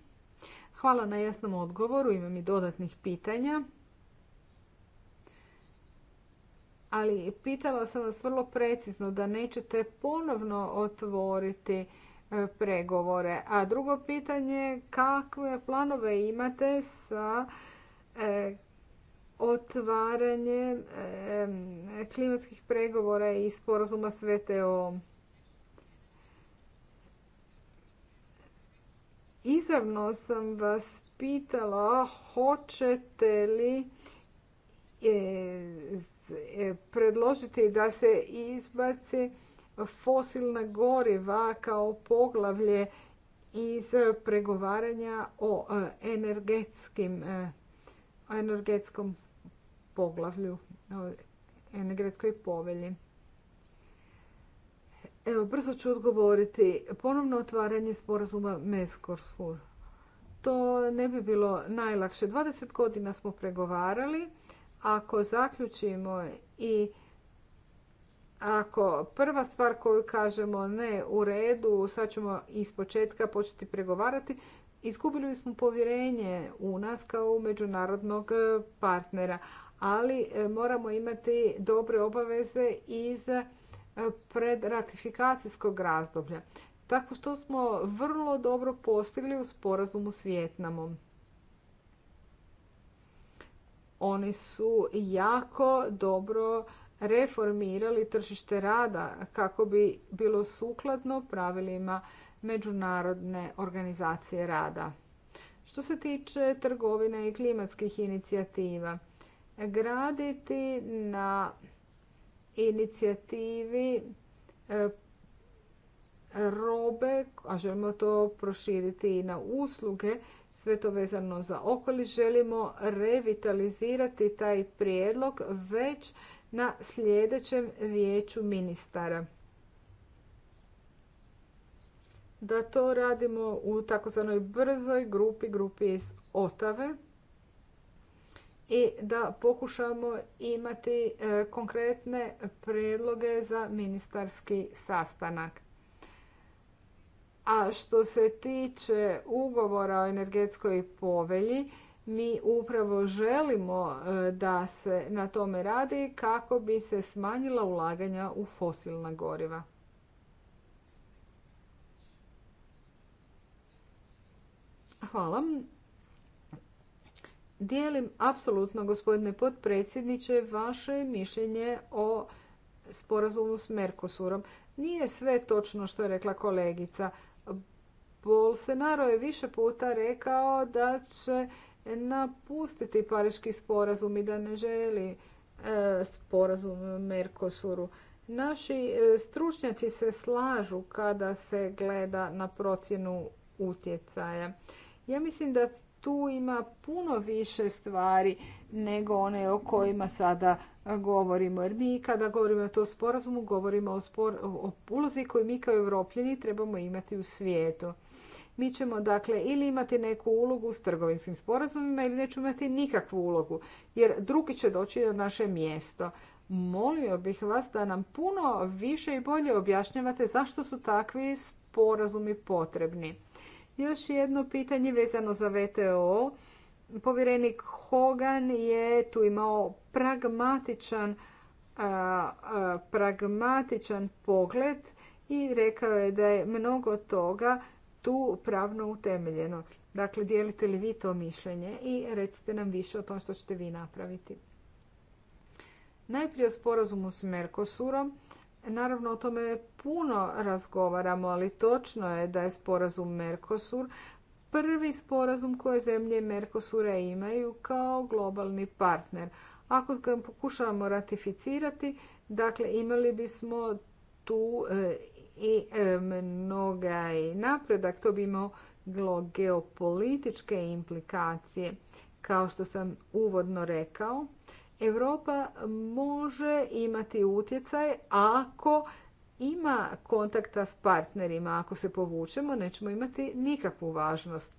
Hvala na jasnom odgovoru, imam i dodatnih pitanja. ali pitala sam vas vrlo precizno da nećete ponovno otvoriti e, pregovore. A drugo pitanje, kakve planove imate sa e, otvaranjem e, klimatskih pregovora i sporazuma s o Izravno sam vas pitala hoćete li predložiti da se izbaci fosilna goriva kao poglavlje iz pregovaranja o e, energetskim, e, energetskom poglavlju, energetskoj povelji. Evo, brzo ću odgovoriti. Ponovno otvaranje sporazuma Meskorfur. To ne bi bilo najlakše. 20 godina smo pregovarali ako zaključimo i ako prva stvar koju kažemo ne u redu, sad ćemo početka početi pregovarati, izgubili smo povjerenje u nas kao u međunarodnog e, partnera, ali e, moramo imati dobre obaveze iz e, predratifikacijskog razdoblja. Tako što smo vrlo dobro postigli u sporazumu s Vjetnamom. Oni su jako dobro reformirali tržište rada kako bi bilo sukladno pravilima Međunarodne organizacije rada. Što se tiče trgovine i klimatskih inicijativa, graditi na inicijativi e, robe, a želimo to proširiti i na usluge, sve to vezano za okoliš, želimo revitalizirati taj prijedlog već na sljedećem vijeću ministara. Da to radimo u takozvanoj brzoj grupi, grupi iz Otave i da pokušamo imati e, konkretne prijedloge za ministarski sastanak. A što se tiče ugovora o energetskoj povelji, mi upravo želimo e, da se na tome radi kako bi se smanjila ulaganja u fosilna goriva. Hvala. Dijelim apsolutno, gospodine potpredsjedniče, vaše mišljenje o sporazumu s Merkosurom. Nije sve točno što je rekla kolegica. Bolsonaro je više puta rekao da će napustiti pariški sporazum i da ne želi e, sporazum Mercosuru. Naši e, stručnjaci se slažu kada se gleda na procjenu utjecaja. Ja mislim da tu ima puno više stvari nego one o kojima sada govorimo. Jer mi kada govorimo o tom sporazumu, govorimo o, spor, o ulozi koju mi kao evropljeni trebamo imati u svijetu. Mi ćemo dakle ili imati neku ulogu s trgovinskim sporazumima ili nećemo imati nikakvu ulogu jer drugi će doći na naše mjesto. Molio bih vas da nam puno više i bolje objašnjavate zašto su takvi sporazumi potrebni. Još jedno pitanje vezano za VTO. Povjerenik Hogan je tu imao pragmatičan, pragmatičan pogled i rekao je da je mnogo toga tu pravno utemeljeno. Dakle, dijelite li vi to mišljenje i recite nam više o tom što ćete vi napraviti. Najprije o sporazumu s Merkosurom. Naravno, o tome puno razgovaramo, ali točno je da je sporazum Mercosur prvi sporazum koje zemlje Mercosura imaju kao globalni partner. Ako ga pokušavamo ratificirati, dakle imali bismo tu e, i e, mnoga i napredak, to bi imao geopolitičke implikacije. Kao što sam uvodno rekao, Europa može imati utjecaj ako ima kontakta s partnerima. Ako se povučemo, nećemo imati nikakvu važnost.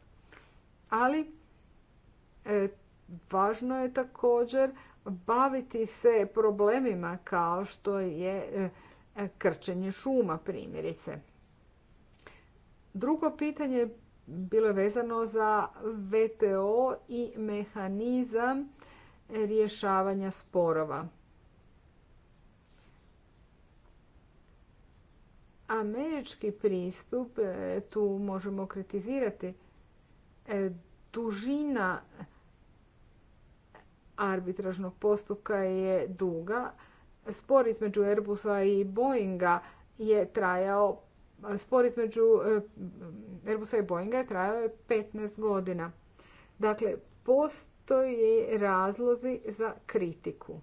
Ali e, važno je također baviti se problemima kao što je e, krčenje šuma primjerice. Drugo pitanje bilo je vezano za VTO i mehanizam rješavanja sporova. Američki pristup, e, tu možemo kritizirati, e, dužina arbitražnog postupka je duga. Spor između Airbusa i Boeinga je trajao Spor između eh, Airbusa i Boinga je trajao je 15 godina. Dakle, postoje razlozi za kritiku.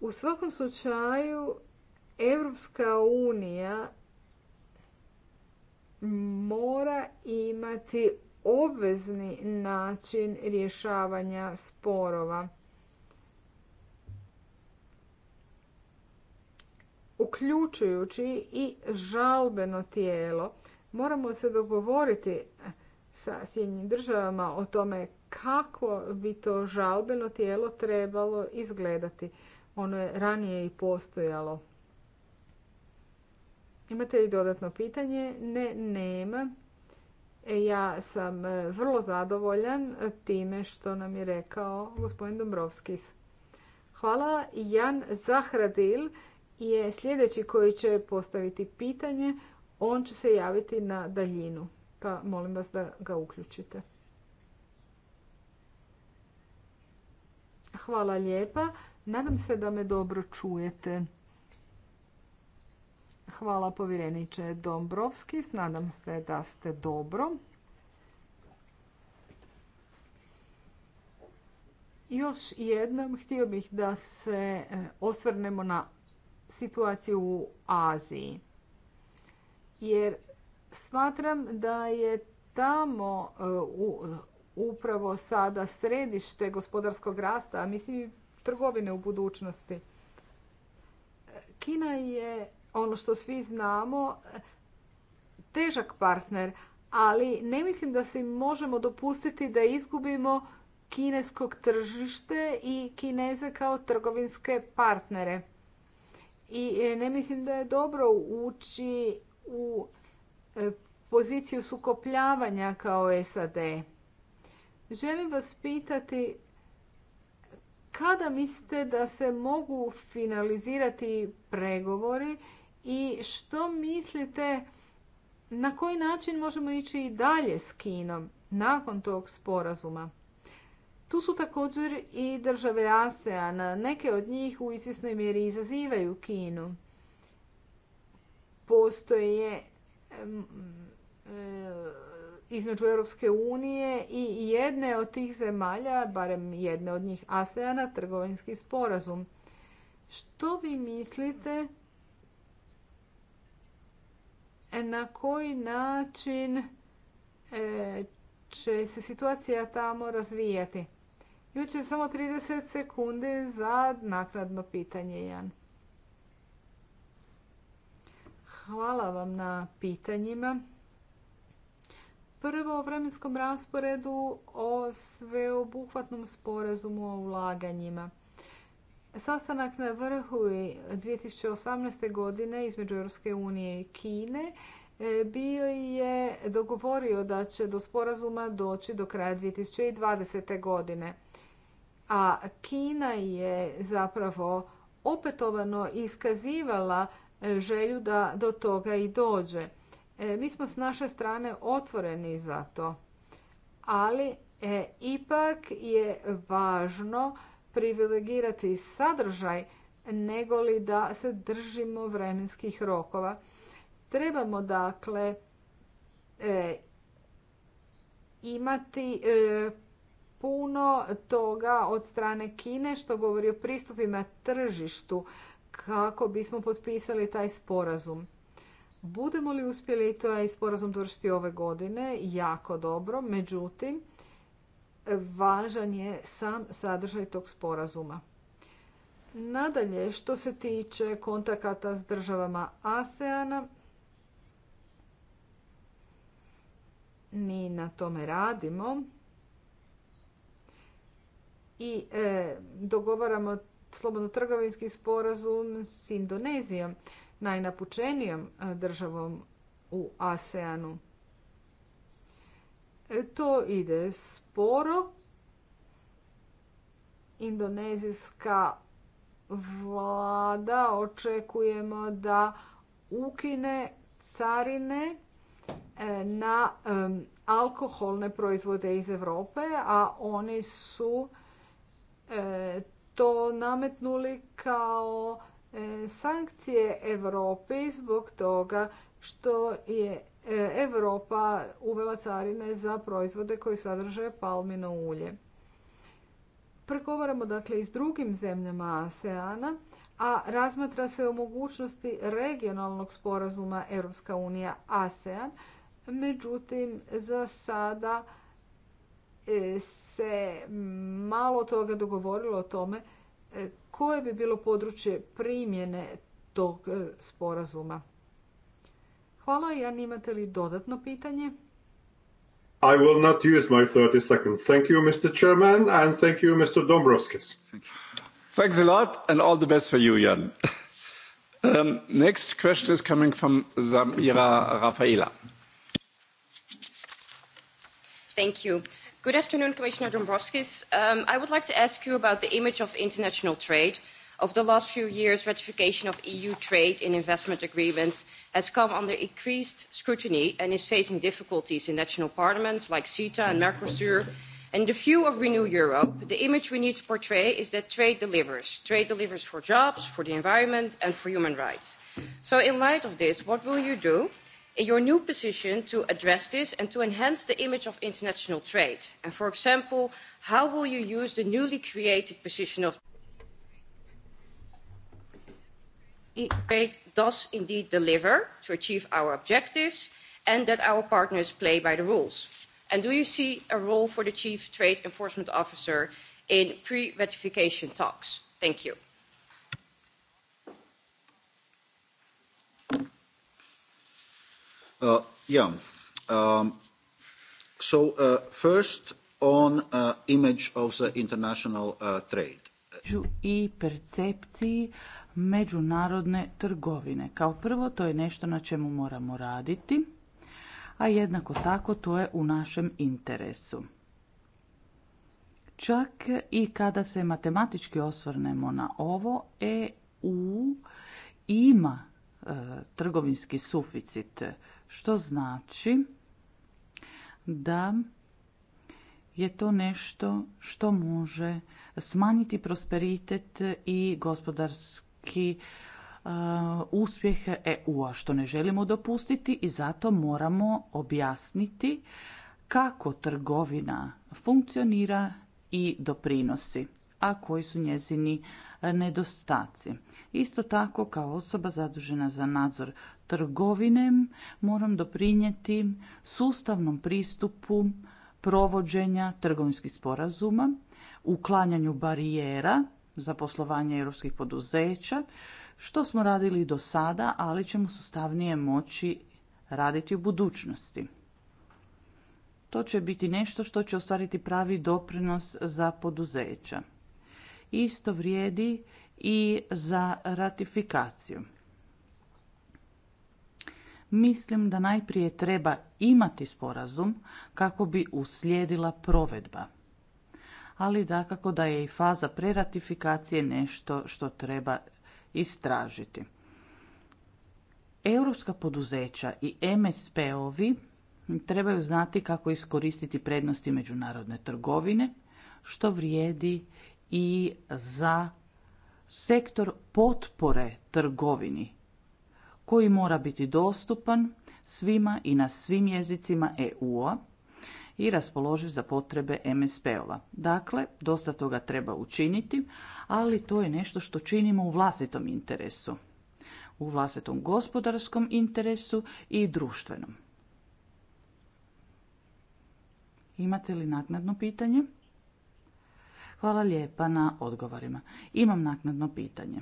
U svakom slučaju, Evropska unija mora imati obvezni način rješavanja sporova. Uključujući i žalbeno tijelo, moramo se dogovoriti sa Sjednjim državama o tome kako bi to žalbeno tijelo trebalo izgledati. Ono je ranije i postojalo. Imate li dodatno pitanje? Ne, nema. E, ja sam e, vrlo zadovoljan e, time što nam je rekao gospodin Dombrovskis. Hvala. Jan Zahradil je sljedeći koji će postaviti pitanje. On će se javiti na daljinu, pa molim vas da ga uključite. Hvala lijepa. Nadam se da me dobro čujete. Hvala povjereniče Dombrovski. Nadam se da ste dobro. Još jednom htio bih da se e, osvrnemo na situaciju u Aziji. Jer smatram da je tamo e, upravo sada središte gospodarskog rasta, a mislim i trgovine u budućnosti. Kina je ono što svi znamo, težak partner, ali ne mislim da se možemo dopustiti da izgubimo kineskog tržište i kineze kao trgovinske partnere. I e, ne mislim da je dobro ući u e, poziciju sukopljavanja kao SAD. Želim vas pitati kada mislite da se mogu finalizirati pregovori i što mislite na koji način možemo ići i dalje s Kinom nakon tog sporazuma? Tu su također i države Aseana. Neke od njih u izvjesnoj mjeri izazivaju Kinu. Postoje e, između Europske unije i jedne od tih zemalja, barem jedne od njih Aseana, trgovinski sporazum. Što vi mislite E, na koji način e, će se situacija tamo razvijati. Jučer samo 30 sekundi za naknadno pitanje, Jan. Hvala vam na pitanjima. Prvo o vremenskom rasporedu o sveobuhvatnom sporazumu o ulaganjima. Sastanak na vrhu 2018. godine između Europske unije i Kine e, bio je dogovorio da će do sporazuma doći do kraja 2020. godine. A Kina je zapravo opetovano iskazivala e, želju da do toga i dođe. E, mi smo s naše strane otvoreni za to. Ali ipak je važno privilegirati sadržaj nego li da se držimo vremenskih rokova. Trebamo dakle e, imati e, puno toga od strane Kine što govori o pristupima tržištu kako bismo potpisali taj sporazum. Budemo li uspjeli taj sporazum dovršiti ove godine, jako dobro, međutim, važan je sam sadržaj tog sporazuma. Nadalje, što se tiče kontakata s državama ASEANA, mi na tome radimo i e, dogovaramo slobodno trgovinski sporazum s Indonezijom, najnapučenijom e, državom u ASEANu. E, to ide sporo. Indonezijska vlada očekujemo da ukine carine e, na alkoholne proizvode iz Europe, a oni su e, to nametnuli kao sankcije Europe zbog toga što je Europa uvela carine za proizvode koji sadrže palmino ulje. Pregovaramo dakle i s drugim zemljama ASEANA, a razmatra se o mogućnosti regionalnog sporazuma Europska unija ASEAN. Međutim, za sada e, se malo toga dogovorilo o tome e, koje bi bilo područje primjene tog e, sporazuma. Hvala, Jan, imate li dodatno pitanje?
I will not use my 30 seconds. Thank you, Mr. Chairman, and thank you, Mr. Dombrovskis. Thank you. Thanks a lot, and all
the best for you, Jan. [LAUGHS] Um, next question is coming from Zamira Rafaela. Thank you. Good afternoon, Commissioner Dombrovskis. Um, I would like to ask you about the image of international trade. Over
the last few years, ratification of EU trade and investment agreements has come under increased scrutiny and is facing difficulties in national parliaments like ceta and mercosur and the view of renew europe the image we need to portray is that trade delivers trade delivers for jobs for the environment and for human rights. so in light of this what will you do in your new position to address this and to enhance the image of international trade and for example how will you use the newly created position of.
trade does indeed deliver to achieve our objectives and that our partners play by the rules? And do you see a role for the Chief
Trade Enforcement Officer in pre-ratification talks? Thank you.
Uh, yeah. Um, so uh, first on uh, image of the international uh, trade.
Uh, međunarodne trgovine. Kao prvo, to je nešto na čemu moramo raditi, a jednako tako to je u našem interesu. Čak i kada se matematički osvrnemo na ovo, EU ima e, trgovinski suficit, što znači da je to nešto što može smanjiti prosperitet i gospodarski neki e, uspjeh EU-a što ne želimo dopustiti i zato moramo objasniti kako trgovina funkcionira i doprinosi, a koji su njezini nedostaci. Isto tako kao osoba zadužena za nadzor trgovine moram doprinijeti sustavnom pristupu provođenja trgovinskih sporazuma, uklanjanju barijera za poslovanje europskih poduzeća, što smo radili do sada, ali ćemo sustavnije moći raditi u budućnosti. To će biti nešto što će ostvariti pravi doprinos za poduzeća. Isto vrijedi i za ratifikaciju. Mislim da najprije treba imati sporazum kako bi uslijedila provedba ali dakako da je i faza preratifikacije nešto što treba istražiti. Europska poduzeća i MSP-ovi trebaju znati kako iskoristiti prednosti međunarodne trgovine, što vrijedi i za sektor potpore trgovini, koji mora biti dostupan svima i na svim jezicima EU-a, i raspoloživ za potrebe MSP-ova. Dakle, dosta toga treba učiniti, ali to je nešto što činimo u vlastitom interesu, u vlastitom gospodarskom interesu i društvenom. Imate li naknadno pitanje? Hvala lijepa na odgovorima. Imam naknadno pitanje.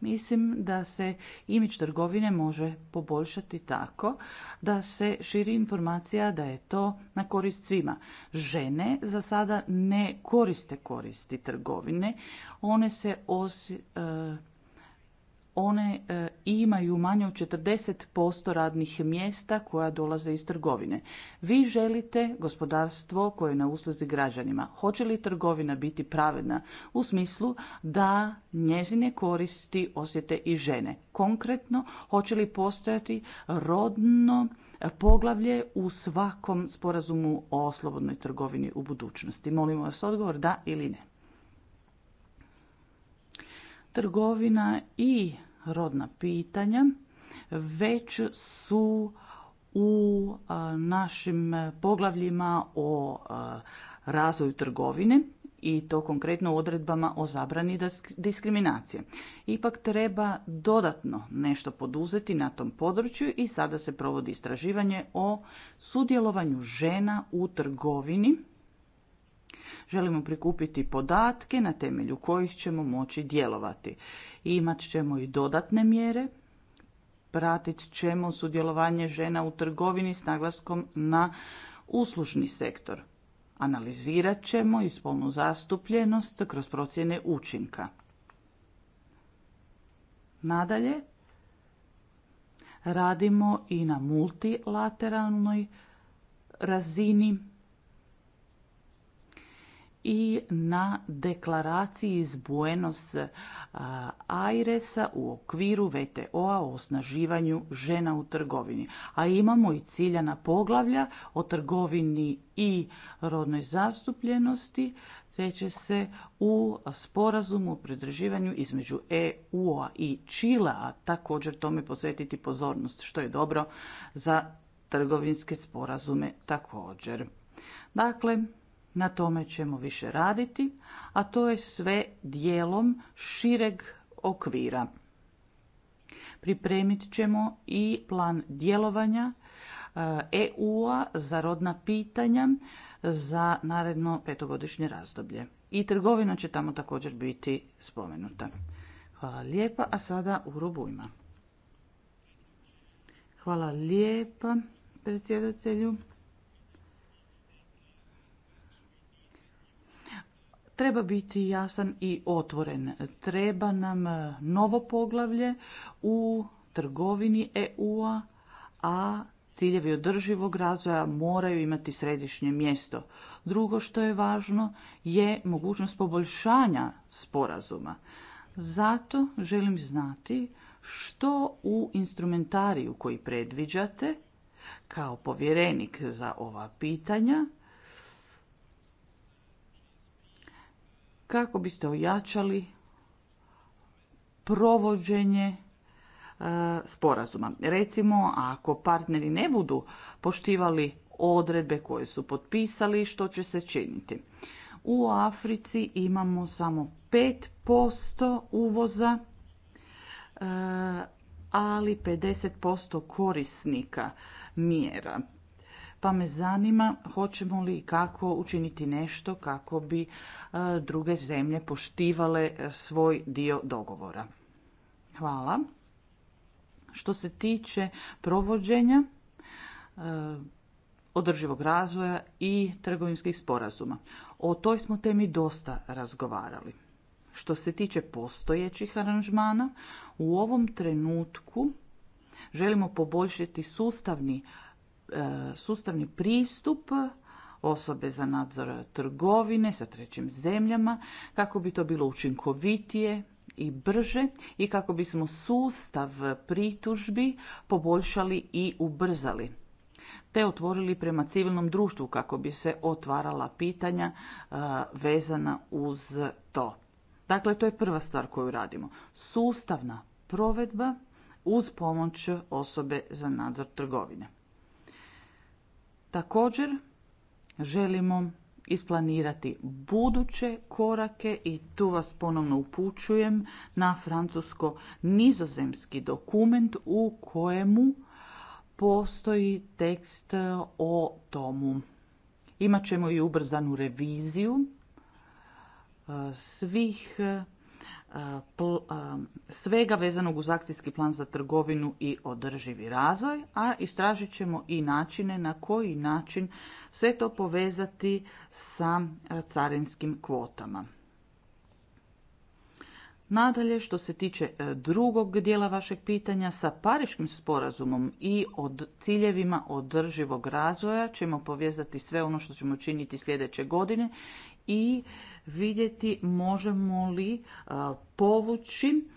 Mislim da se imidž trgovine može poboljšati tako da se širi informacija da je to na korist svima. Žene za sada ne koriste koristi trgovine, one se osi, e, one e, imaju manje od 40% radnih mjesta koja dolaze iz trgovine. Vi želite gospodarstvo koje je na usluzi građanima. Hoće li trgovina biti pravedna u smislu da njezine koristi osjete i žene? Konkretno, hoće li postojati rodno e, poglavlje u svakom sporazumu o slobodnoj trgovini u budućnosti? Molimo vas odgovor da ili ne. Trgovina i rodna pitanja, već su u našim poglavljima o razvoju trgovine i to konkretno u odredbama o zabrani diskriminacije. Ipak treba dodatno nešto poduzeti na tom području i sada se provodi istraživanje o sudjelovanju žena u trgovini Želimo prikupiti podatke na temelju kojih ćemo moći djelovati. Imat ćemo i dodatne mjere, pratit ćemo sudjelovanje žena u trgovini s naglaskom na uslužni sektor. Analizirat ćemo i spolnu zastupljenost kroz procjene učinka. Nadalje, radimo i na multilateralnoj razini i na deklaraciji iz Buenos Airesa u okviru VTO-a o osnaživanju žena u trgovini. A imamo i ciljana poglavlja o trgovini i rodnoj zastupljenosti, te će se u sporazumu o pridruživanju između EU-a i Čila također tome posvetiti pozornost, što je dobro za trgovinske sporazume također. Dakle, na tome ćemo više raditi, a to je sve dijelom šireg okvira. Pripremit ćemo i plan djelovanja EU-a eh, e za rodna pitanja za naredno petogodišnje razdoblje. I trgovina će tamo također biti spomenuta. Hvala lijepa, a sada u rubujima. Hvala lijepa predsjedatelju. treba biti jasan i otvoren. Treba nam e, novo poglavlje u trgovini EU-a, a ciljevi održivog razvoja moraju imati središnje mjesto. Drugo što je važno je mogućnost poboljšanja sporazuma. Zato želim znati što u instrumentariju koji predviđate kao povjerenik za ova pitanja kako biste ojačali provođenje e, sporazuma. Recimo, ako partneri ne budu poštivali odredbe koje su potpisali, što će se činiti? U Africi imamo samo 5% uvoza, e, ali 50% korisnika mjera pa me zanima hoćemo li i kako učiniti nešto kako bi e, druge zemlje poštivale svoj dio dogovora. Hvala. Što se tiče provođenja e, održivog razvoja i trgovinskih sporazuma. O toj smo temi dosta razgovarali. Što se tiče postojećih aranžmana, u ovom trenutku želimo poboljšati sustavni E, sustavni pristup osobe za nadzor trgovine sa trećim zemljama kako bi to bilo učinkovitije i brže i kako bismo sustav pritužbi poboljšali i ubrzali te otvorili prema civilnom društvu kako bi se otvarala pitanja e, vezana uz to. Dakle, to je prva stvar koju radimo. Sustavna provedba uz pomoć osobe za nadzor trgovine. Također želimo isplanirati buduće korake i tu vas ponovno upućujem na francusko-nizozemski dokument u kojemu postoji tekst o tomu. Imaćemo i ubrzanu reviziju eh, svih svega vezanog uz akcijski plan za trgovinu i održivi razvoj, a istražit ćemo i načine na koji način sve to povezati sa carinskim kvotama. Nadalje, što se tiče e, drugog dijela vašeg pitanja, sa Pariškim sporazumom i od ciljevima održivog razvoja ćemo povezati sve ono što ćemo činiti sljedeće godine i vidjeti možemo li povući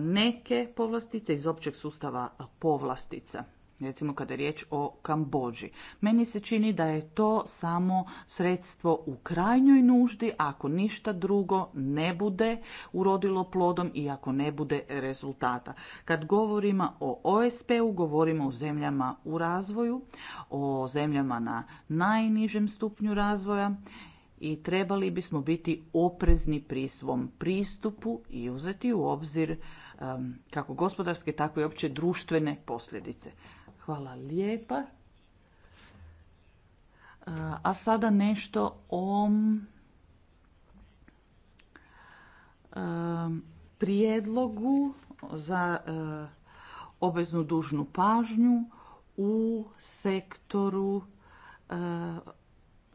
neke povlastice iz općeg sustava povlastica recimo kada je riječ o Kambođi. Meni se čini da je to samo sredstvo u krajnjoj nuždi, ako ništa drugo ne bude urodilo plodom i ako ne bude rezultata. Kad govorimo o OSP-u, govorimo o zemljama u razvoju, o zemljama na najnižem stupnju razvoja i trebali bismo biti oprezni pri svom pristupu i uzeti u obzir kako gospodarske, tako i opće društvene posljedice. Hvala lijepa. A sada nešto o prijedlogu za obveznu dužnu pažnju u sektoru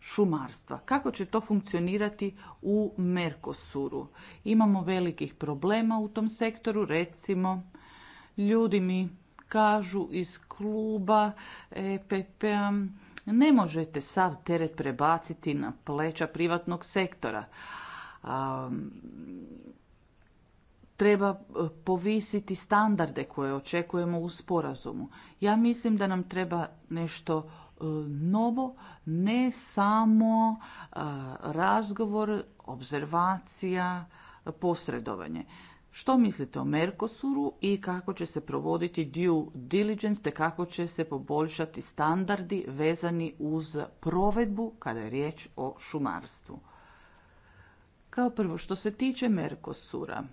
šumarstva. Kako će to funkcionirati u Merkosuru? Imamo velikih problema u tom sektoru, recimo ljudi mi kažu iz kluba EPP-a ne možete sav teret prebaciti na pleća privatnog sektora. treba e, povisiti standarde koje očekujemo u sporazumu. Ja mislim da nam treba nešto E, novo, ne samo e, razgovor, observacija, posredovanje. Što mislite o Mercosuru i kako će se provoditi due diligence te kako će se poboljšati standardi vezani uz provedbu kada je riječ o šumarstvu? Kao prvo, što se tiče Mercosura,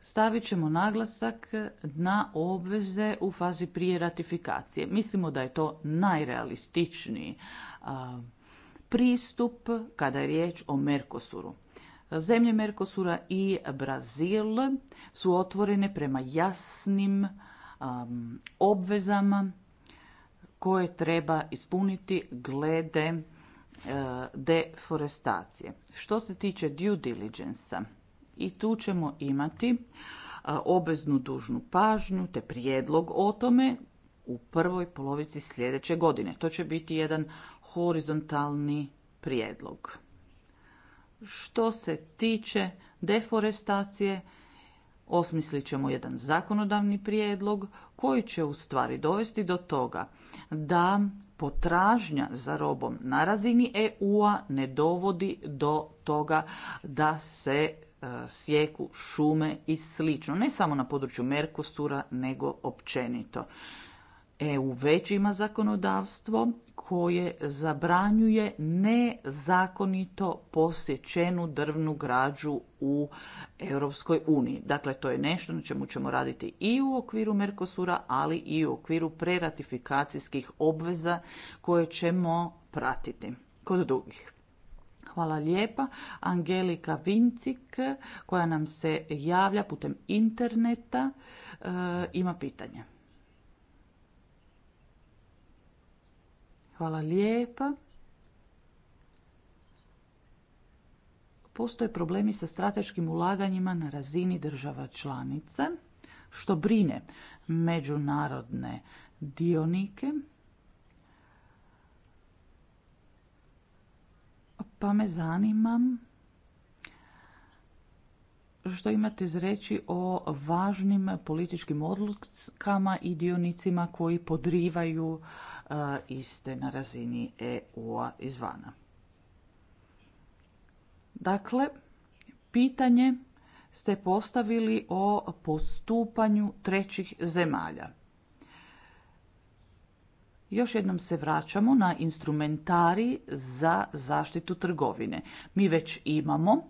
stavit ćemo naglasak na obveze u fazi prije ratifikacije. Mislimo da je to najrealističniji pristup kada je riječ o Merkosuru. Zemlje Mercosura i Brazil su otvorene prema jasnim obvezama koje treba ispuniti glede e, deforestacije. Što se tiče due diligence i tu ćemo imati obveznu dužnu pažnju te prijedlog o tome u prvoj polovici sljedeće godine. To će biti jedan horizontalni prijedlog. Što se tiče deforestacije, osmislit ćemo jedan zakonodavni prijedlog koji će u stvari dovesti do toga da potražnja za robom na razini EU-a ne dovodi do toga da se E, sjeku šume i slično. Ne samo na području Merkosura, nego općenito. EU već ima zakonodavstvo koje zabranjuje nezakonito posjećenu drvnu građu u Europskoj uniji. Dakle, to je nešto na čemu ćemo raditi i u okviru Merkosura, ali i u okviru preratifikacijskih obveza koje ćemo pratiti kod drugih. Hvala lijepa. Angelika Vincik koja nam se javlja putem interneta e, ima pitanje. Hvala lijepa. Postoje problemi sa strateškim ulaganjima na razini država članica, što brine međunarodne dionike pa me zanima što imate zreći o važnim političkim odlukama i dionicima koji podrivaju e, iste na razini EU-a izvana. Dakle, pitanje ste postavili o postupanju trećih zemalja još jednom se vraćamo na instrumentari za zaštitu trgovine. Mi već imamo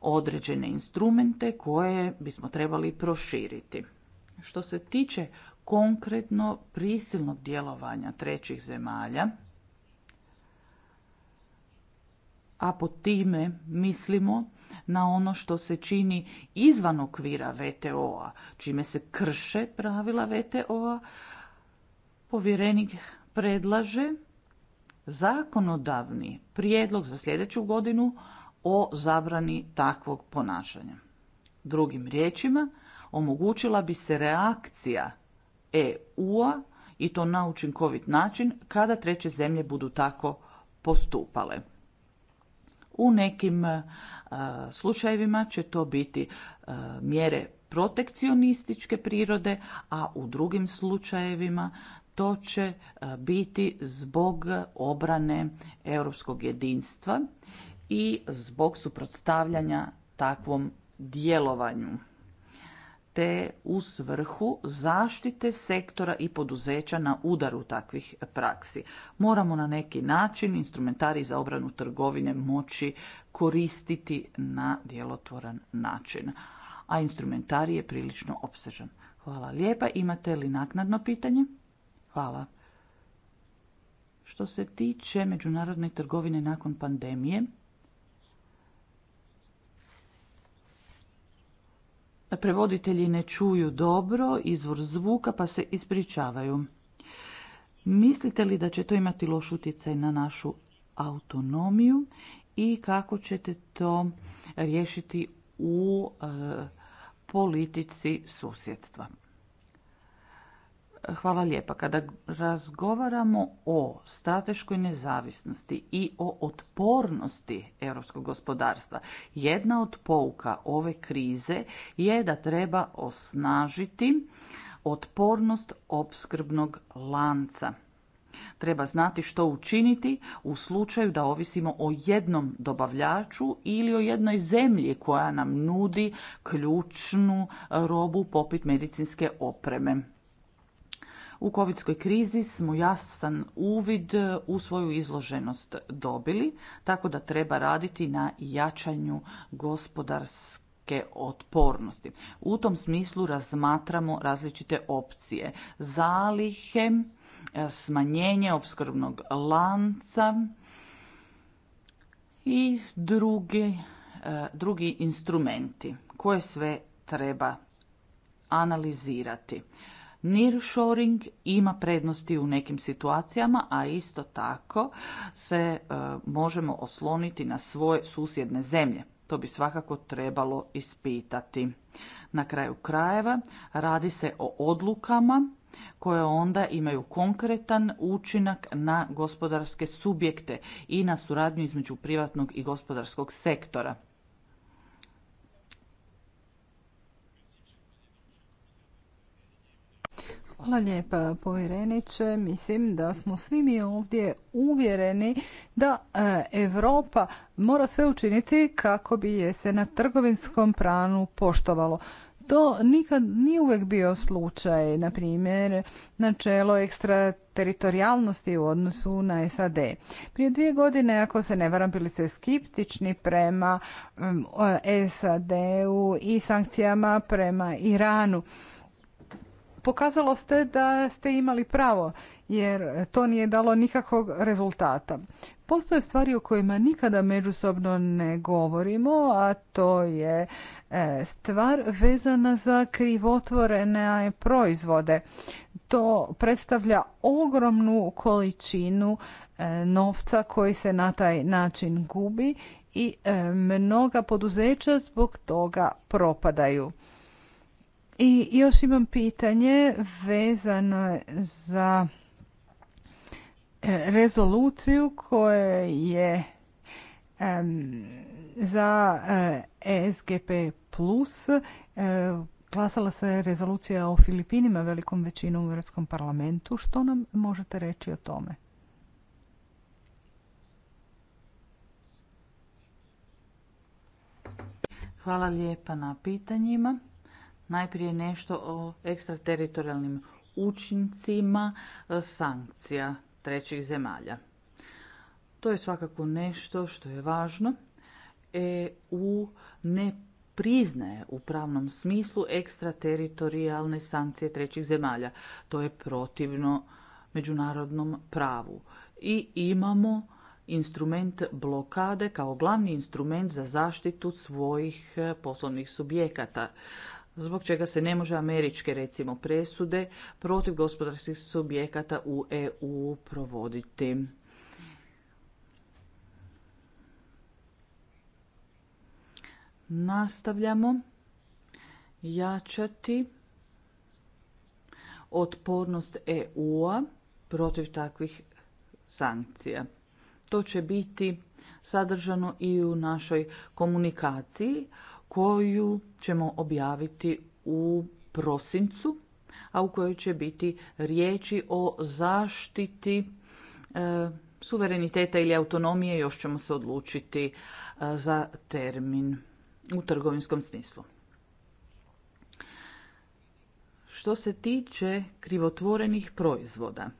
određene instrumente koje bismo trebali proširiti. Što se tiče konkretno prisilnog djelovanja trećih zemalja, a po time mislimo na ono što se čini izvan okvira VTO-a, čime se krše pravila VTO-a, povjerenik predlaže zakonodavni prijedlog za sljedeću godinu o zabrani takvog ponašanja. Drugim riječima, omogućila bi se reakcija EU-a i to na učinkovit način kada treće zemlje budu tako postupale. U nekim e, slučajevima će to biti e, mjere protekcionističke prirode, a u drugim slučajevima to će e, biti zbog obrane europskog jedinstva i zbog suprotstavljanja takvom djelovanju te u svrhu zaštite sektora i poduzeća na udaru takvih praksi. Moramo na neki način instrumentari za obranu trgovine moći koristiti na djelotvoran način. A instrumentari je prilično obsežan. Hvala lijepa. Imate li naknadno pitanje? Hvala. Što se tiče međunarodne trgovine nakon pandemije, prevoditelji ne čuju dobro izvor zvuka pa se ispričavaju. Mislite li da će to imati loš utjecaj na našu autonomiju i kako ćete to riješiti u e, politici susjedstva? Hvala lijepa. Kada razgovaramo o strateškoj nezavisnosti i o otpornosti europskog gospodarstva, jedna od pouka ove krize je da treba osnažiti otpornost opskrbnog lanca. Treba znati što učiniti u slučaju da ovisimo o jednom dobavljaču ili o jednoj zemlji koja nam nudi ključnu robu poput medicinske opreme. U kovidskoj krizi smo jasan uvid u svoju izloženost dobili, tako da treba raditi na jačanju gospodarske otpornosti. U tom smislu razmatramo različite opcije. Zalihe, e, smanjenje opskrbnog lanca i drugi, e, drugi instrumenti koje sve treba analizirati. Nearshoring ima prednosti u nekim situacijama, a isto tako se e, možemo osloniti na svoje susjedne zemlje. To bi svakako trebalo ispitati. Na kraju krajeva radi se o odlukama koje onda imaju konkretan učinak na gospodarske subjekte i na suradnju između privatnog i gospodarskog sektora.
Hvala lijepa povjereniče. Mislim da smo svi mi ovdje uvjereni da e, Europa mora sve učiniti kako bi je se na trgovinskom pranu poštovalo. To nikad nije uvijek bio slučaj, na primjer, načelo ekstrateritorijalnosti u odnosu na SAD. Prije dvije godine, ako se ne varam, bili ste skeptični prema SAD-u i sankcijama prema Iranu pokazalo ste da ste imali pravo jer to nije dalo nikakvog rezultata. Postoje stvari o kojima nikada međusobno ne govorimo, a to je e, stvar vezana za krivotvorene proizvode. To predstavlja ogromnu količinu e, novca koji se na taj način gubi i e, mnoga poduzeća zbog toga propadaju. I još imam pitanje vezano za e, rezoluciju koja je za e, e SGP plus glasala se rezolucija o Filipinima velikom većinom u Europskom parlamentu. Što nam
možete reći o tome? Hvala lijepa na pitanjima. Najprije nešto o ekstrateritorijalnim učincima e, sankcija trećih zemalja. To je svakako nešto što je važno. E u ne priznaje u pravnom smislu ekstrateritorijalne sankcije trećih zemalja. To je protivno međunarodnom pravu. I imamo instrument blokade kao glavni instrument za zaštitu svojih e, poslovnih subjekata zbog čega se ne može američke recimo presude protiv gospodarskih subjekata u EU provoditi. Nastavljamo jačati otpornost EU-a protiv takvih sankcija. To će biti sadržano i u našoj komunikaciji koju ćemo objaviti u prosincu, a u kojoj će biti riječi o zaštiti e, suvereniteta ili autonomije, još ćemo se odlučiti e, za termin u trgovinskom smislu. Što se tiče krivotvorenih proizvoda,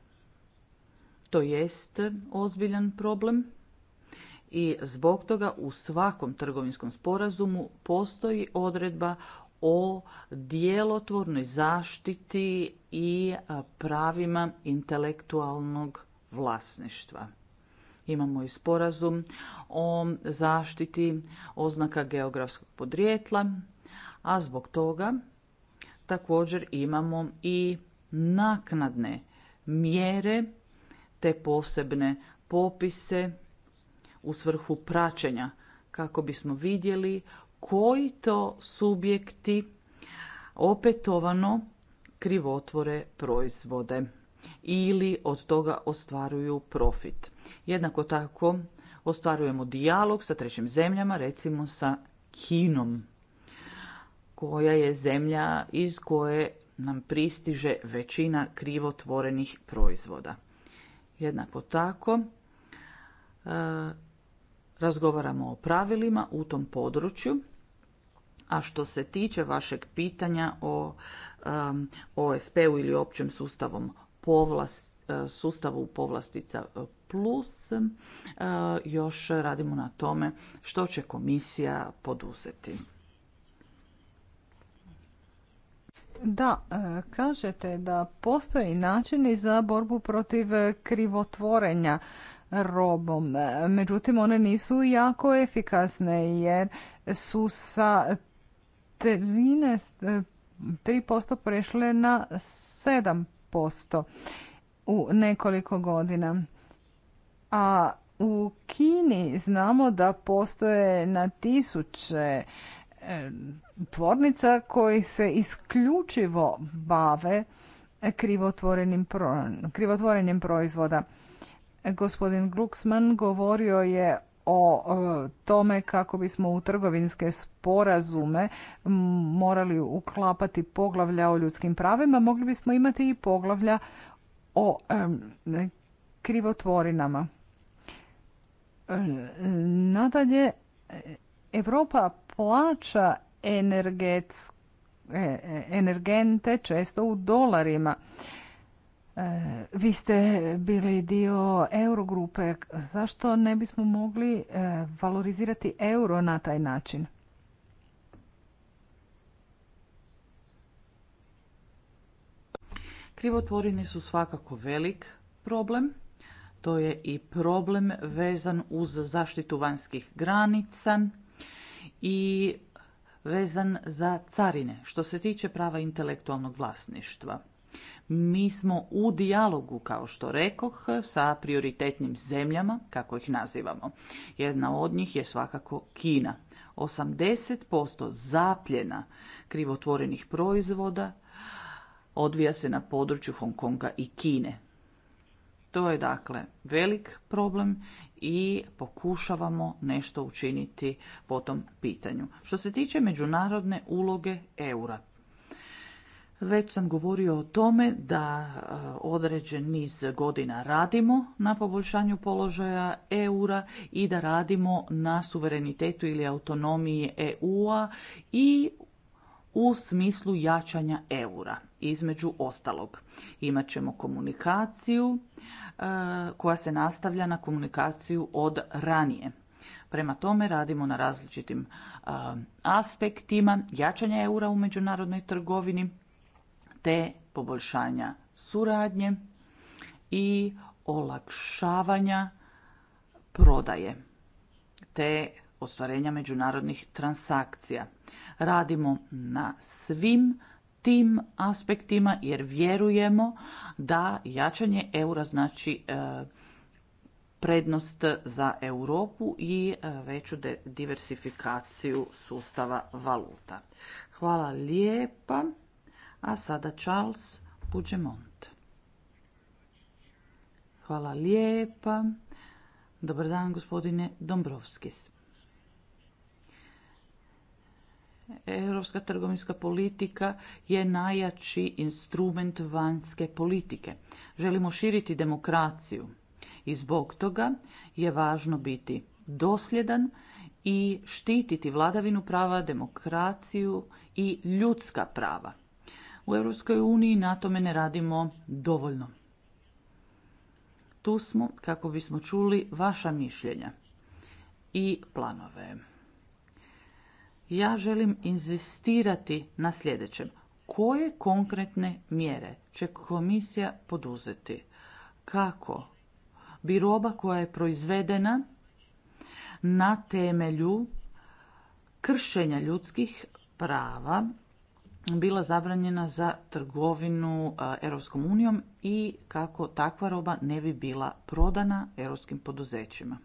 to jest ozbiljan problem i zbog toga u svakom trgovinskom sporazumu postoji odredba o djelotvornoj zaštiti i pravima intelektualnog vlasništva. Imamo i sporazum o zaštiti oznaka geografskog podrijetla, a zbog toga također imamo i naknadne mjere te posebne popise u svrhu praćenja kako bismo vidjeli koji to subjekti opetovano krivotvore proizvode ili od toga ostvaruju profit. Jednako tako ostvarujemo dijalog sa trećim zemljama, recimo sa Kinom, koja je zemlja iz koje nam pristiže većina krivotvorenih proizvoda. Jednako tako razgovaramo o pravilima u tom području. A što se tiče vašeg pitanja o um, OSP-u ili općem sustavom povlast, uh, sustavu povlastica uh, plus, uh, još radimo na tome što će komisija poduzeti.
Da, kažete da postoji načini za borbu protiv krivotvorenja robom. Međutim, one nisu jako efikasne jer su sa 13, 3% prešle na 7% u nekoliko godina. A u Kini znamo da postoje na tisuće e, tvornica koji se isključivo bave krivotvorenim, krivotvorenjem proizvoda. Gospodin Glucksmann govorio je o tome kako bismo u trgovinske sporazume morali uklapati poglavlja o ljudskim pravima, mogli bismo imati i poglavlja o krivotvorinama. Nadalje, Europa plaća e, e, energente često u dolarima. E, vi ste bili dio Eurogrupe. Zašto ne bismo mogli e,
valorizirati euro na taj način? Krivotvorine su svakako velik problem. To je i problem vezan uz zaštitu vanjskih granica i vezan za carine što se tiče prava intelektualnog vlasništva. Mi smo u dijalogu, kao što rekoh, sa prioritetnim zemljama, kako ih nazivamo. Jedna od njih je svakako Kina. 80% zapljena krivotvorenih proizvoda odvija se na području Hongkonga i Kine. To je dakle velik problem i pokušavamo nešto učiniti po tom pitanju. Što se tiče međunarodne uloge eura, već sam govorio o tome da eh, određen niz godina radimo na poboljšanju položaja eura i da radimo na suverenitetu ili autonomiji EU-a i u smislu jačanja eura. Između ostalog, imat ćemo komunikaciju eh, koja se nastavlja na komunikaciju od ranije. Prema tome radimo na različitim eh, aspektima jačanja eura u međunarodnoj trgovini te poboljšanja suradnje i olakšavanja prodaje te ostvarenja međunarodnih transakcija. Radimo na svim tim aspektima jer vjerujemo da jačanje eura znači e, prednost za Europu i e, veću diversifikaciju sustava valuta. Hvala lijepa. A sada Charles Puigdemont. Hvala lijepa. Dobar dan, gospodine Dombrovskis. Europska trgovinska politika je najjači instrument vanjske politike. Želimo širiti demokraciju i zbog toga je važno biti dosljedan i štititi vladavinu prava, demokraciju i ljudska prava. U Europskoj uniji na tome ne radimo dovoljno. Tu smo kako bismo čuli vaša mišljenja i planove. Ja želim inzistirati na sljedećem. Koje konkretne mjere će komisija poduzeti? Kako bi roba koja je proizvedena na temelju kršenja ljudskih prava bila zabranjena za trgovinu Europskom unijom i kako takva roba ne bi bila prodana europskim poduzećima.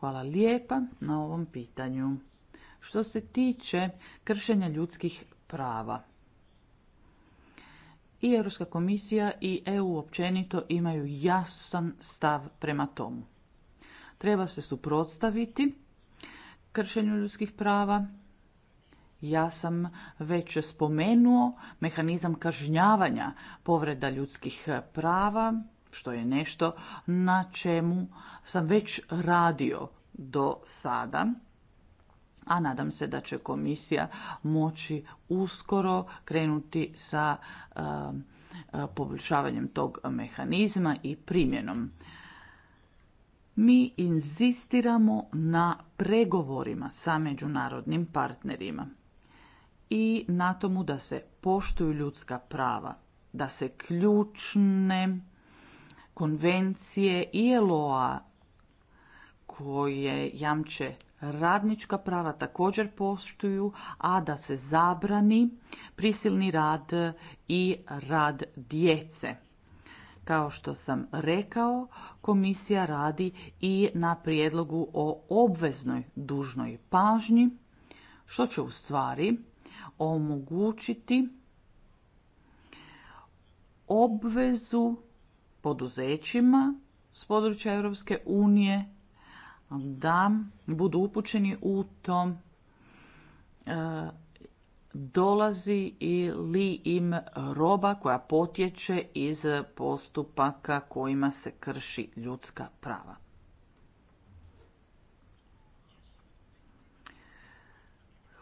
Hvala lijepa na ovom pitanju. Što se tiče kršenja ljudskih prava, i Europska komisija i EU općenito imaju jasan stav prema tomu. Treba se suprotstaviti kršenju ljudskih prava ja sam već spomenuo mehanizam kažnjavanja povreda ljudskih prava, što je nešto na čemu sam već radio do sada a nadam se da će komisija moći uskoro krenuti sa eh, poboljšavanjem tog mehanizma i primjenom. Mi inzistiramo na pregovorima sa međunarodnim partnerima i na tomu da se poštuju ljudska prava, da se ključne konvencije ILO-a koje jamče radnička prava također poštuju, a da se zabrani prisilni rad i rad djece. Kao što sam rekao, komisija radi i na prijedlogu o obveznoj dužnoj pažnji, što će u stvari omogućiti obvezu poduzećima s područja Europske unije da budu upućeni u to e, dolazi ili im roba koja potječe iz postupaka kojima se krši ljudska prava.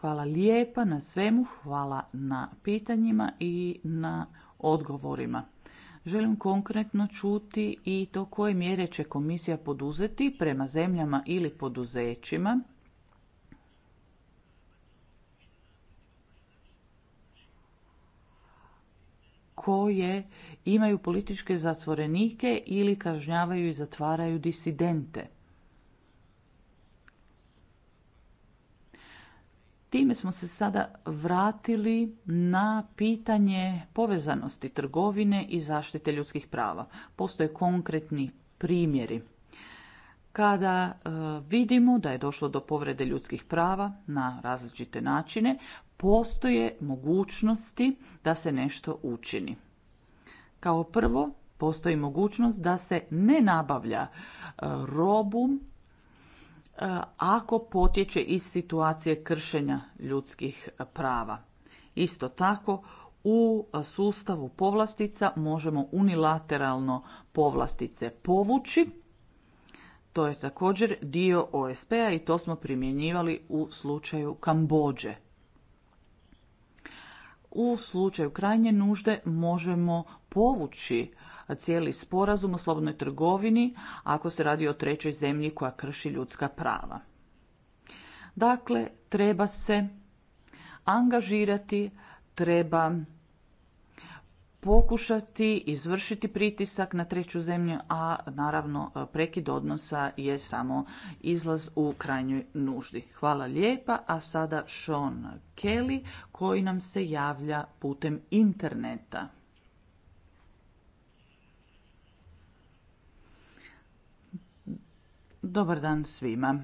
Hvala lijepa na svemu, hvala na pitanjima i na odgovorima. Želim konkretno čuti i to koje mjere će komisija poduzeti prema zemljama ili poduzećima koje imaju političke zatvorenike ili kažnjavaju i zatvaraju disidente. Time smo se sada vratili na pitanje povezanosti trgovine i zaštite ljudskih prava. Postoje konkretni primjeri. Kada e, vidimo da je došlo do povrede ljudskih prava na različite načine, postoje mogućnosti da se nešto učini. Kao prvo, postoji mogućnost da se ne nabavlja e, robu E, ako potječe iz situacije kršenja ljudskih prava. Isto tako, u sustavu povlastica možemo unilateralno povlastice povući. To je također dio OSP-a i to smo primjenjivali u slučaju Kambođe. U slučaju krajnje nužde možemo povući cijeli sporazum o slobodnoj trgovini ako se radi o trećoj zemlji koja krši ljudska prava. Dakle, treba se angažirati, treba pokušati izvršiti pritisak na treću zemlju, a naravno prekid odnosa je samo izlaz u krajnjoj nuždi. Hvala lijepa, a sada Sean Kelly koji nam se javlja putem interneta. Dobar dan svima.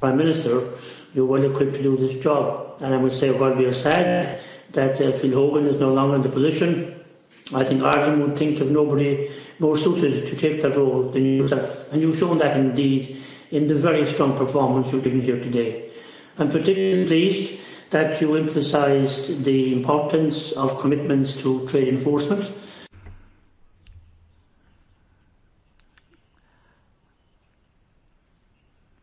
Prime Minister, you're well equipped to do this job. And I would say, while we are sad that uh, Phil Hogan is
no longer in the position, I think Ireland would think of nobody more suited to take that role than yourself. And you've shown that indeed in the very strong performance you've given here today. I'm particularly pleased that you the importance of
commitments to enforcement.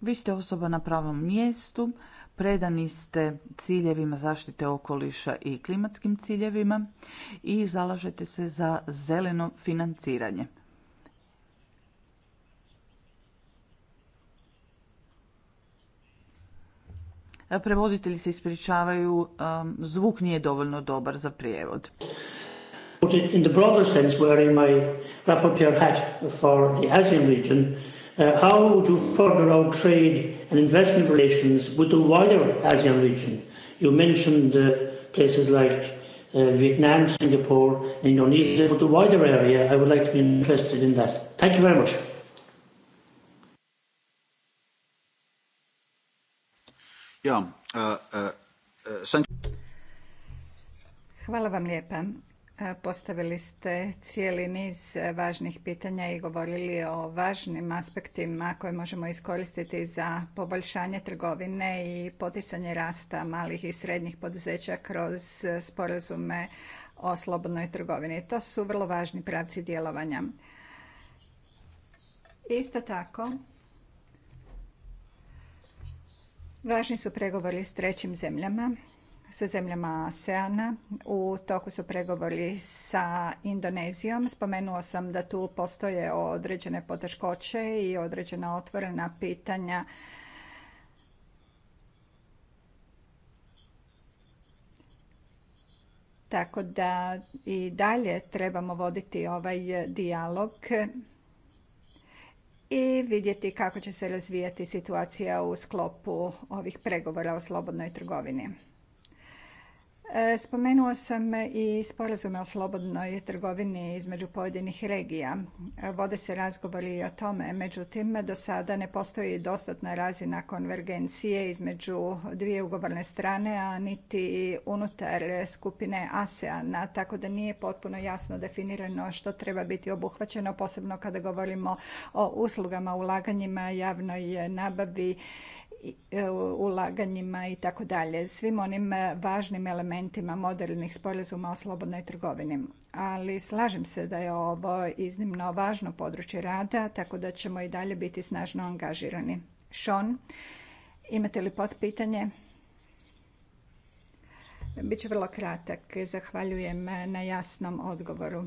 Vi ste osoba na pravom mjestu, predani ste ciljevima zaštite okoliša i klimatskim ciljevima i zalažete se za zeleno financiranje. prevoditelji se ispričavaju, um, zvuk nije dovoljno dobar za prijevod. In the broader sense, wearing my rapporteur hat for the ASEAN region, uh, how would you further out trade and investment relations with the wider ASEAN region? You mentioned uh, places like uh, Vietnam, Singapore, Indonesia, but the wider area, I would like to be interested in that. Thank you very much.
E, e, e,
Hvala vam lijepa. Postavili ste cijeli niz važnih pitanja i govorili o važnim aspektima koje možemo iskoristiti za poboljšanje trgovine i poticanje rasta malih i srednjih poduzeća kroz sporazume o slobodnoj trgovini. To su vrlo važni pravci djelovanja. Isto tako, Važni su pregovori s trećim zemljama, sa zemljama ASEANA. U toku su pregovori sa Indonezijom. Spomenuo sam da tu postoje određene poteškoće i određena otvorena pitanja Tako da i dalje trebamo voditi ovaj dijalog i vidjeti kako će se razvijati situacija u sklopu ovih pregovora o slobodnoj trgovini. Spomenuo sam i sporazume o slobodnoj trgovini između pojedinih regija. Vode se razgovori o tome, međutim do sada ne postoji dostatna razina konvergencije između dvije ugovorne strane, a niti unutar skupine ASEAN-a. tako da nije potpuno jasno definirano što treba biti obuhvaćeno, posebno kada govorimo o uslugama, ulaganjima, javnoj nabavi E, ulaganjima i tako dalje, svim onim e, važnim elementima modernih sporazuma o slobodnoj trgovini. Ali slažem se da je ovo iznimno važno područje rada, tako da ćemo i dalje biti snažno angažirani. Sean, imate li potpitanje? Biće vrlo kratak. Zahvaljujem na jasnom odgovoru.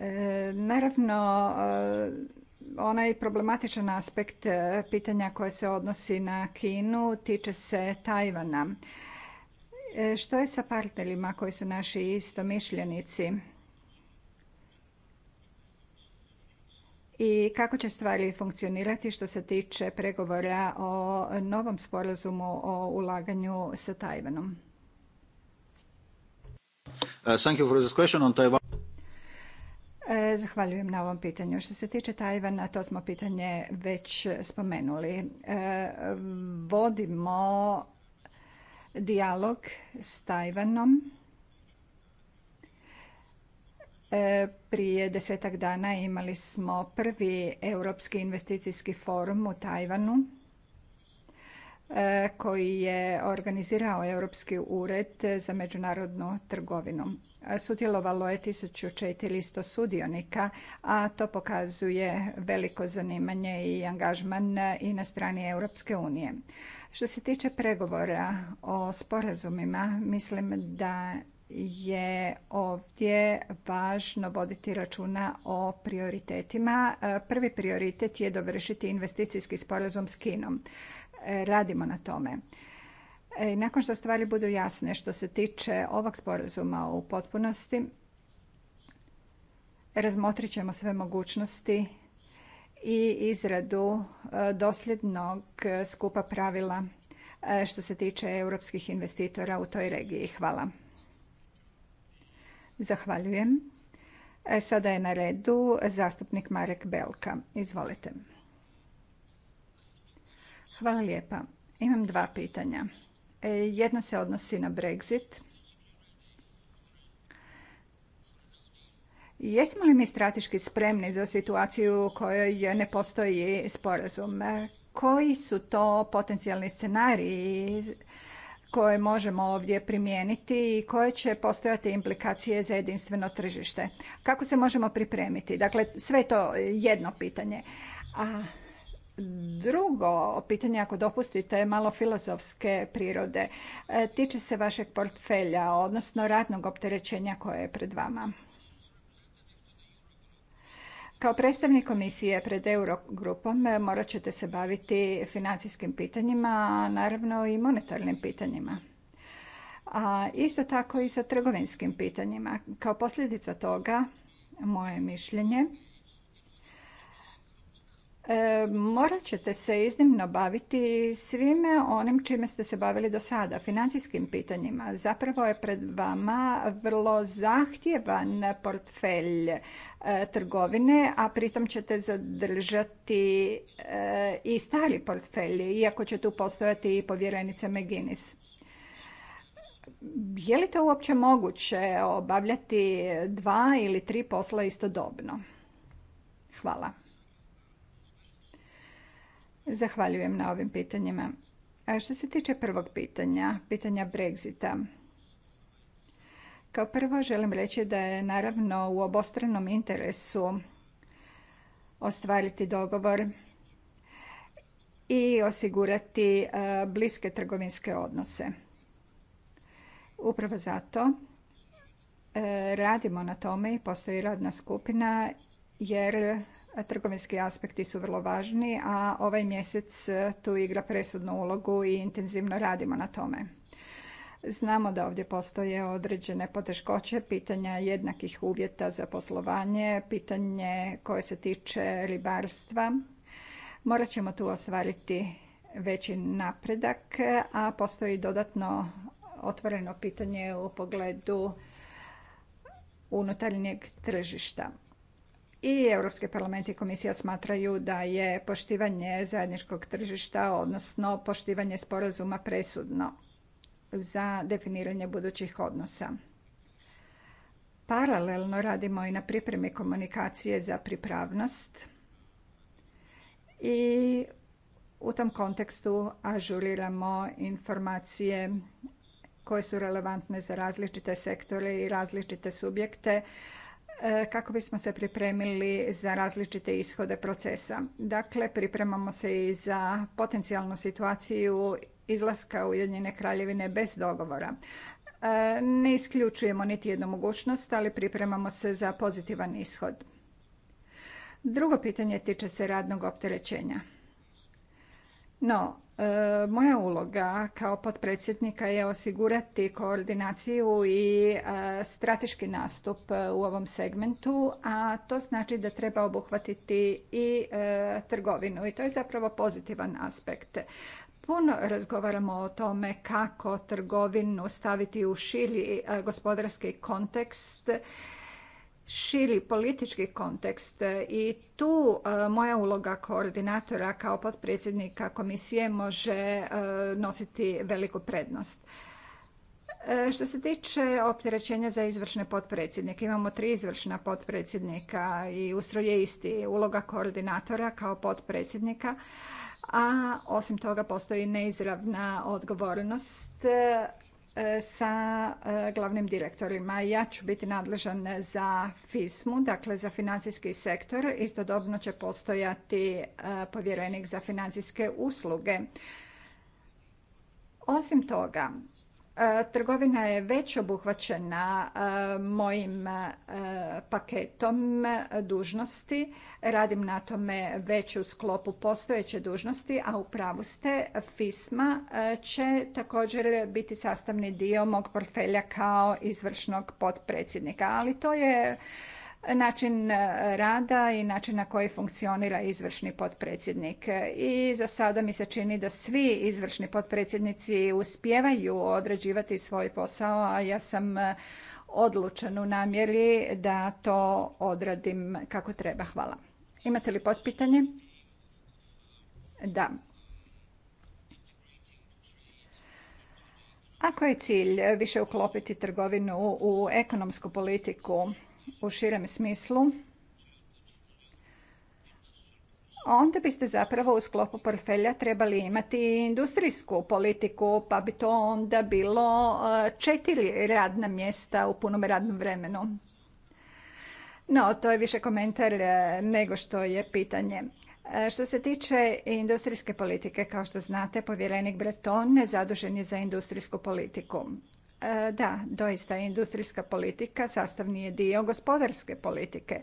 E, naravno, Onaj problematičan aspekt e, pitanja koje se odnosi na Kinu tiče se Tajvana. E, što je sa partnerima koji su naši istomišljenici? I kako će stvari funkcionirati što se tiče pregovora o novom sporazumu o ulaganju sa Tajvanom?
Uh,
E, zahvaljujem na ovom pitanju. Što se tiče Tajvana, to smo pitanje već spomenuli. E, vodimo dijalog s Tajvanom. E, prije desetak dana imali smo prvi Europski investicijski forum u Tajvanu. E, koji je organizirao Europski ured za međunarodnu trgovinu. Sudjelovalo je 1400 sudionika, a to pokazuje veliko zanimanje i angažman i na strani Europske unije. Što se tiče pregovora o sporazumima, mislim da je ovdje važno voditi računa o prioritetima. E, prvi prioritet je dovršiti investicijski sporazum s Kinom. E, radimo na tome. E, nakon što stvari budu jasne što se tiče ovog sporazuma u potpunosti, razmotrit ćemo sve mogućnosti i izradu e, dosljednog skupa pravila što se tiče europskih investitora u toj regiji. Hvala. Zahvaljujem. Sada je na redu zastupnik Marek Belka. Izvolite. Hvala lijepa. Imam dva pitanja. E, jedno se odnosi na Brexit. Jesmo li mi strateški spremni za situaciju u kojoj ne postoji sporazum? Koji su to potencijalni scenariji koje možemo ovdje primijeniti i koje će postojati implikacije za jedinstveno tržište? Kako se možemo pripremiti? Dakle, sve to jedno pitanje. A Drugo pitanje, ako dopustite, malo filozofske prirode. E, tiče se vašeg portfelja, odnosno radnog opterećenja koje je pred vama. Kao predstavnik komisije pred Eurogrupom e, morat ćete se baviti financijskim pitanjima, a naravno i monetarnim pitanjima. A isto tako i sa trgovinskim pitanjima. Kao posljedica toga, moje mišljenje, E, morat ćete se iznimno baviti svime onim čime ste se bavili do sada, financijskim pitanjima. Zapravo je pred vama vrlo zahtjevan portfelj e, trgovine, a pritom ćete zadržati e, i stari portfelj, iako će tu postojati i povjerenica McGinnis. Je li to uopće moguće obavljati dva ili tri posla istodobno? Hvala. Zahvaljujem na ovim pitanjima. A što se tiče prvog pitanja, pitanja Brexita, kao prvo želim reći da je naravno u obostranom interesu ostvariti dogovor i osigurati e, bliske trgovinske odnose. Upravo zato e, radimo na tome i postoji radna skupina jer Trgovinski aspekti su vrlo važni, a ovaj mjesec e, tu igra presudnu ulogu i intenzivno radimo na tome. Znamo da ovdje postoje određene poteškoće, pitanja jednakih uvjeta za poslovanje, pitanje koje se tiče ribarstva. Morat ćemo tu ostvariti veći napredak, a postoji dodatno otvoreno pitanje u pogledu unutarnjeg tržišta i Europski parlament i komisija smatraju da je poštivanje zajedničkog tržišta, odnosno poštivanje sporazuma presudno za definiranje budućih odnosa. Paralelno radimo i na pripremi komunikacije za pripravnost i u tom kontekstu ažuriramo informacije koje su relevantne za različite sektore i različite subjekte E, kako bismo se pripremili za različite ishode procesa. Dakle, pripremamo se i za potencijalnu situaciju izlaska Ujedinjene kraljevine bez dogovora. E, ne isključujemo niti jednu mogućnost, ali pripremamo se za pozitivan ishod. Drugo pitanje tiče se radnog opterećenja. No, E, moja uloga kao potpredsjednika je osigurati koordinaciju i e, strateški nastup e, u ovom segmentu, a to znači da treba obuhvatiti i trgovinu i to je zapravo pozitivan aspekt. Puno razgovaramo o tome kako trgovinu staviti u širi gospodarski kontekst širi politički kontekst e, i tu e, moja uloga koordinatora kao potpredsjednika komisije može e, nositi veliku prednost. Što se tiče opterećenja za izvršne potpredsjednike, imamo tri izvršna potpredsjednika i ustroj je isti. Uloga koordinatora kao potpredsjednika, a osim toga postoji neizravna odgovornost E, sa e, glavnim direktorima. Ja ću biti nadležan za FISMU, dakle za financijski sektor. Istodobno će postojati e, povjerenik za financijske usluge. Osim toga, E, trgovina je već obuhvaćena e, mojim e, paketom dužnosti. Radim na tome već u sklopu postojeće dužnosti, a u pravu ste, FISMA će također biti sastavni dio mog portfelja kao izvršnog potpredsjednika. Ali to je način e, rada i način na koji funkcionira izvršni potpredsjednik. I za sada mi se čini da svi izvršni potpredsjednici uspijevaju određivati svoj posao, a ja sam e, odlučen u namjeri da to odradim kako treba. Hvala. Imate li potpitanje? Da. Ako je cilj više uklopiti trgovinu u ekonomsku politiku, u širem smislu, onda biste zapravo u sklopu portfelja trebali imati industrijsku politiku, pa bi to onda bilo e, četiri radna mjesta u punom radnom vremenu. No, to je više komentar e, nego što je pitanje. E, što se tiče industrijske politike, kao što znate, povjerenik Breton zadužen je za industrijsku politiku. E, da, doista industrijska politika sastavni je dio gospodarske politike.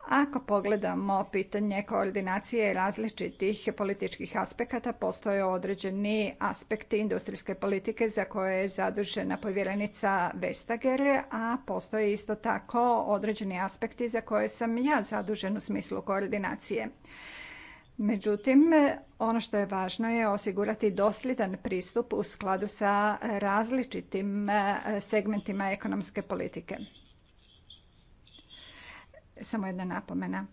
Ako pogledamo pitanje koordinacije različitih političkih aspekata, postoje određeni aspekti industrijske politike za koje je zadužena povjerenica Vestager, a postoje isto tako određeni aspekti za koje sam ja zadužena u smislu koordinacije. Međutim, ono što je važno je osigurati dosljedan pristup u skladu sa različitim e, segmentima ekonomske politike. Samo jedna napomena.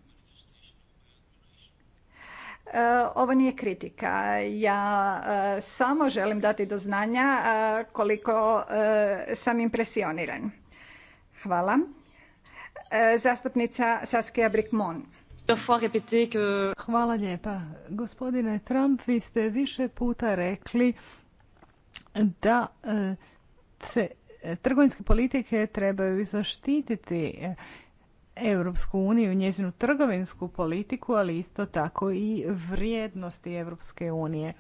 E, ovo nije kritika. Ja e, samo želim dati do znanja koliko sam impresioniran. Hvala. Zastupnica Saskia Brikmon. Hvala lijepa. Gospodine Trump, vi
ste više puta rekli da e, se trgovinske politike trebaju zaštititi e, Europsku uniju, njezinu trgovinsku politiku, ali isto tako i vrijednosti Europske unije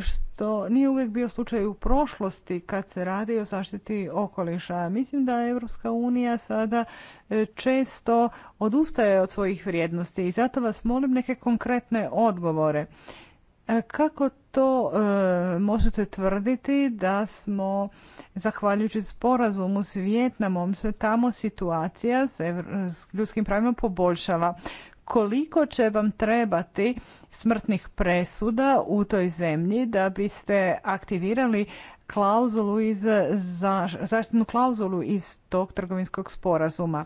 što nije uvijek bio slučaj u prošlosti kad se radi o zaštiti okoliša. Mislim da Evropska unija sada e, često odustaje od svojih vrijednosti i zato vas molim neke konkretne odgovore. E, kako to e, možete tvrditi da smo, zahvaljujući sporazumu s Vjetnamom, se tamo situacija s, s ljudskim pravima poboljšala? koliko će vam trebati smrtnih presuda u toj zemlji da biste aktivirali klauzulu iz zaštitnu klauzulu iz tog trgovinskog sporazuma.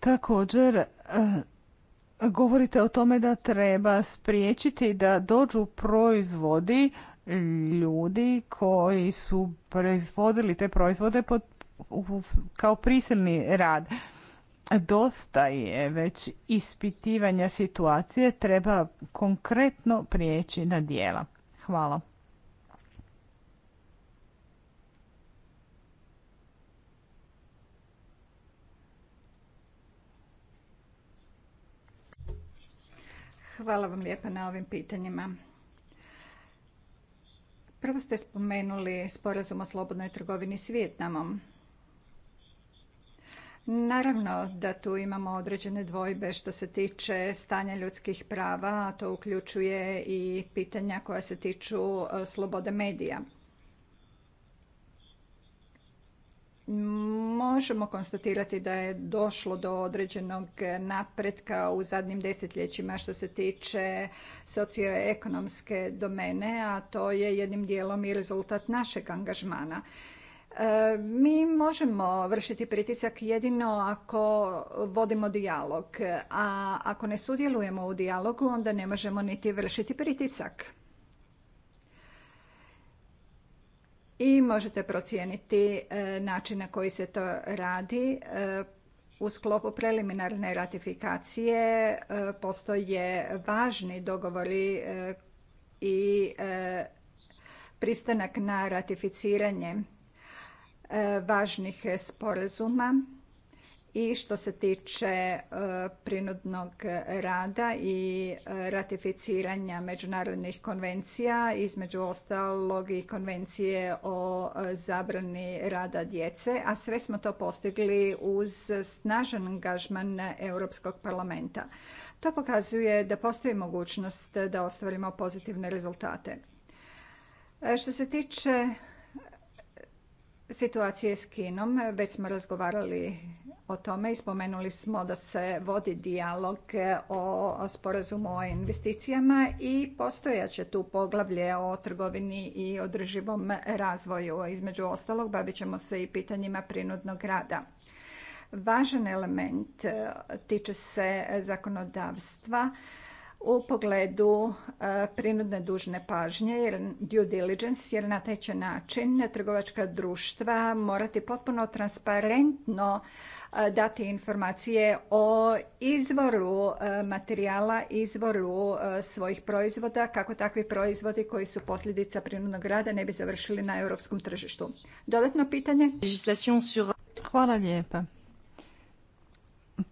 Također e, govorite o tome da treba spriječiti da dođu proizvodi ljudi koji su proizvodili te proizvode pod, kao prisilni rad dosta je već ispitivanja situacije, treba konkretno prijeći na dijela. Hvala.
Hvala vam lijepa na ovim pitanjima. Prvo ste spomenuli sporazum o slobodnoj trgovini s Vijetnamom. Naravno da tu imamo određene dvojbe što se tiče stanja ljudskih prava, a to uključuje i pitanja koja se tiču e, slobode medija. Možemo konstatirati da je došlo do određenog napretka u zadnjim desetljećima što se tiče socioekonomske domene, a to je jednim dijelom i rezultat našeg angažmana. E, mi možemo vršiti pritisak jedino ako vodimo dijalog, a ako ne sudjelujemo u dijalogu onda ne možemo niti vršiti pritisak. I možete procijeniti e, način na koji se to radi. E, u sklopu preliminarne ratifikacije postoje važni dogovori i pristanak na ratificiranje E, važnih sporazuma i što se tiče e, prinudnog rada i e, ratificiranja međunarodnih konvencija, između ostalog i konvencije o zabrani rada djece, a sve smo to postigli uz snažan angažman Europskog parlamenta. To pokazuje da postoji mogućnost da ostvarimo pozitivne rezultate. Što se tiče situacije s Kinom. Već smo razgovarali o tome i spomenuli smo da se vodi dijalog o sporazumu o investicijama i postojaće tu poglavlje o trgovini i održivom razvoju. Između ostalog, bavit ćemo se i pitanjima prinudnog rada. Važan element e, tiče se zakonodavstva u pogledu e, prinudne dužne pažnje, jer due diligence, jer na taj će način trgovačka društva morati potpuno transparentno e, dati informacije o izvoru e, materijala, izvoru svojih proizvoda, kako takvi proizvodi koji su posljedica prinudnog rada ne bi završili na europskom tržištu. Dodatno pitanje? Hvala lijepa.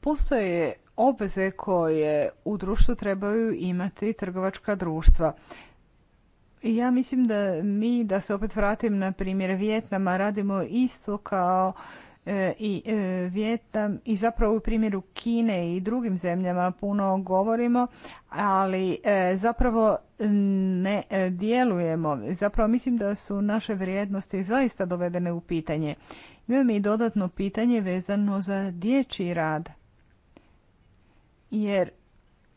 Postoje obveze koje u društvu trebaju imati trgovačka društva. Ja mislim da mi, da se opet vratim na primjer Vijetnama, radimo isto kao e, i e, Vjetnam i zapravo u primjeru Kine i drugim zemljama puno govorimo, ali e, zapravo ne djelujemo. Zapravo mislim da su naše vrijednosti zaista dovedene u pitanje. Imam i dodatno pitanje vezano za dječji rad jer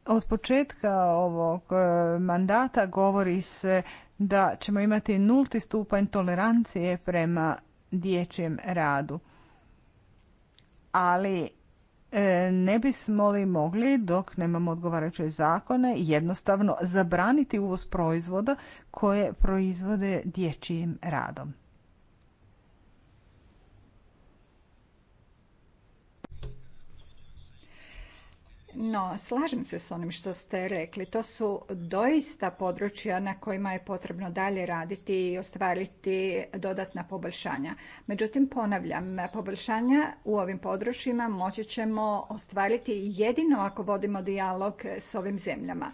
od početka ovog e, mandata govori se da ćemo imati nulti stupanj tolerancije prema dječjem radu. Ali e, ne bismo li mogli, dok nemamo odgovarajuće zakone, jednostavno zabraniti uvoz proizvoda koje proizvode dječjim radom.
No, slažem se s onim što ste rekli. To su doista područja na kojima je potrebno dalje raditi i ostvariti dodatna poboljšanja. Međutim, ponavljam, poboljšanja u ovim područjima moći ćemo ostvariti jedino ako vodimo dijalog s ovim zemljama.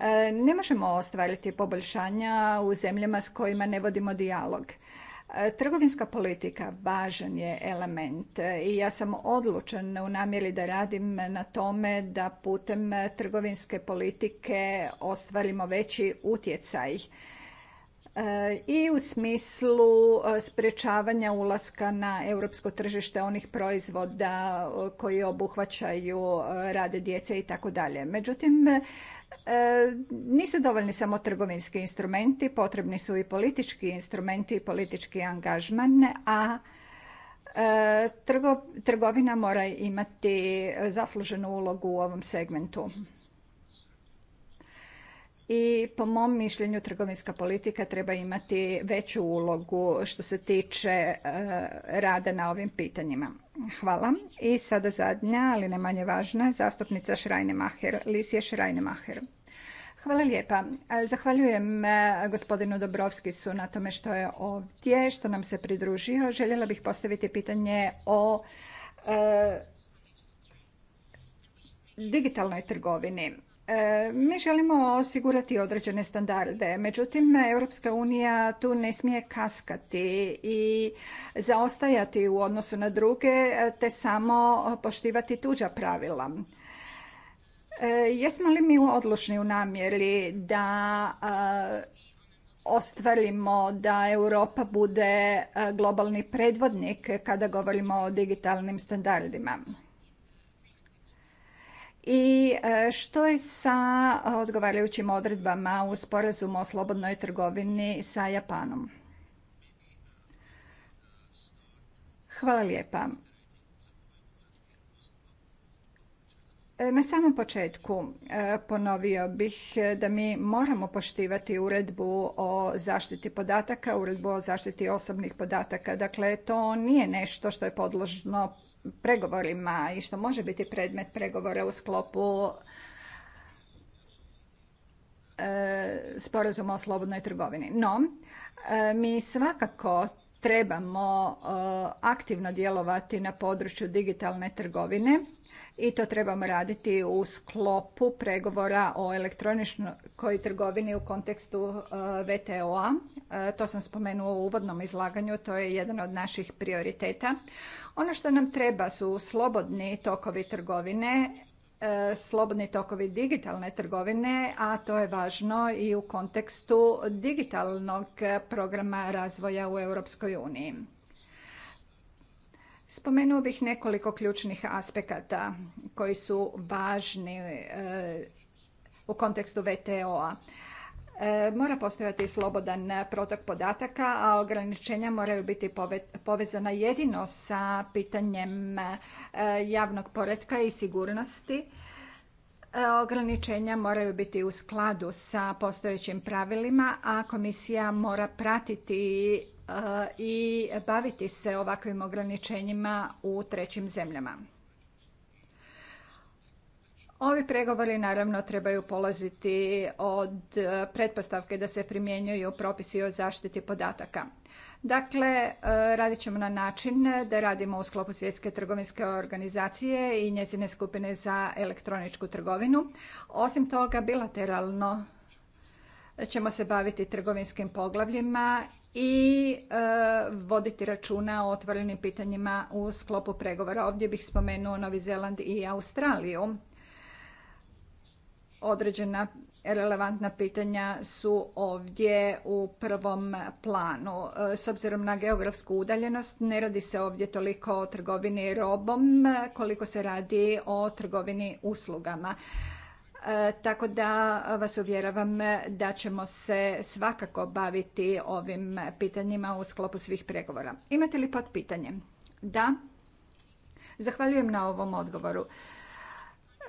E, ne možemo ostvariti poboljšanja u zemljama s kojima ne vodimo dijalog. Trgovinska politika važan je element i ja sam odlučan u namjeri da radim na tome da putem trgovinske politike ostvarimo veći utjecaj e, i u smislu e, sprječavanja ulaska na europsko tržište onih proizvoda koji obuhvaćaju e, rade djece i tako dalje. Međutim, E, nisu dovoljni samo trgovinski instrumenti, potrebni su i politički instrumenti i politički angažman, a e, trgovina mora imati zasluženu ulogu u ovom segmentu. I po mom mišljenju trgovinska politika treba imati veću ulogu što se tiče e, rada na ovim pitanjima. Hvala. I sada zadnja, ali ne manje važna, zastupnica Šrajne Lisija Lisije Maher. Hvala lijepa. Zahvaljujem e, gospodinu Dobrovskisu na tome što je ovdje, što nam se pridružio. Željela bih postaviti pitanje o e, digitalnoj trgovini. E, mi želimo osigurati određene standarde, međutim Europska unija tu ne smije kaskati i zaostajati u odnosu na druge te samo poštivati tuđa pravila. E, jesmo li mi odlučni u namjeri da e, ostvarimo da Europa bude globalni predvodnik kada govorimo o digitalnim standardima? i e, što je sa odgovarajućim odredbama u sporazumu o slobodnoj trgovini sa Japanom? Hvala lijepa. E, na samom početku e, ponovio bih da mi moramo poštivati uredbu o zaštiti podataka, uredbu o zaštiti osobnih podataka. Dakle, to nije nešto što je podložno pregovorima i što može biti predmet pregovora u sklopu e, sporazuma o slobodnoj trgovini. No, e, mi svakako trebamo e, aktivno djelovati na području digitalne trgovine i to trebamo raditi u sklopu pregovora o elektroničkoj trgovini u kontekstu e, VTO-a. E, to sam spomenuo u uvodnom izlaganju, to je jedan od naših prioriteta. Ono što nam treba su slobodni tokovi trgovine, e, slobodni tokovi digitalne trgovine, a to je važno i u kontekstu digitalnog programa razvoja u Europskoj uniji. Spomenuo bih nekoliko ključnih aspekata koji su važni e, u kontekstu VTO-a. E, mora postojati slobodan protok podataka, a ograničenja moraju biti povezana jedino sa pitanjem e, javnog poretka i sigurnosti. Ograničenja moraju biti u skladu sa postojećim pravilima, a komisija mora pratiti i baviti se ovakvim ograničenjima u trećim zemljama. Ovi pregovori naravno trebaju polaziti od e, pretpostavke da se primjenjuju propisi o zaštiti podataka. Dakle, e, radit ćemo na način da radimo u sklopu Svjetske trgovinske organizacije i njezine skupine za elektroničku trgovinu. Osim toga, bilateralno ćemo se baviti trgovinskim poglavljima i e, voditi računa o otvorenim pitanjima u sklopu pregovora. Ovdje bih spomenuo Novi Zeland i Australiju. Određena relevantna pitanja su ovdje u prvom planu. E, s obzirom na geografsku udaljenost, ne radi se ovdje toliko o trgovini robom koliko se radi o trgovini uslugama. E, tako da vas uvjeravam da ćemo se svakako baviti ovim pitanjima u sklopu svih pregovora. Imate li pod pitanje? Da. Zahvaljujem na ovom odgovoru.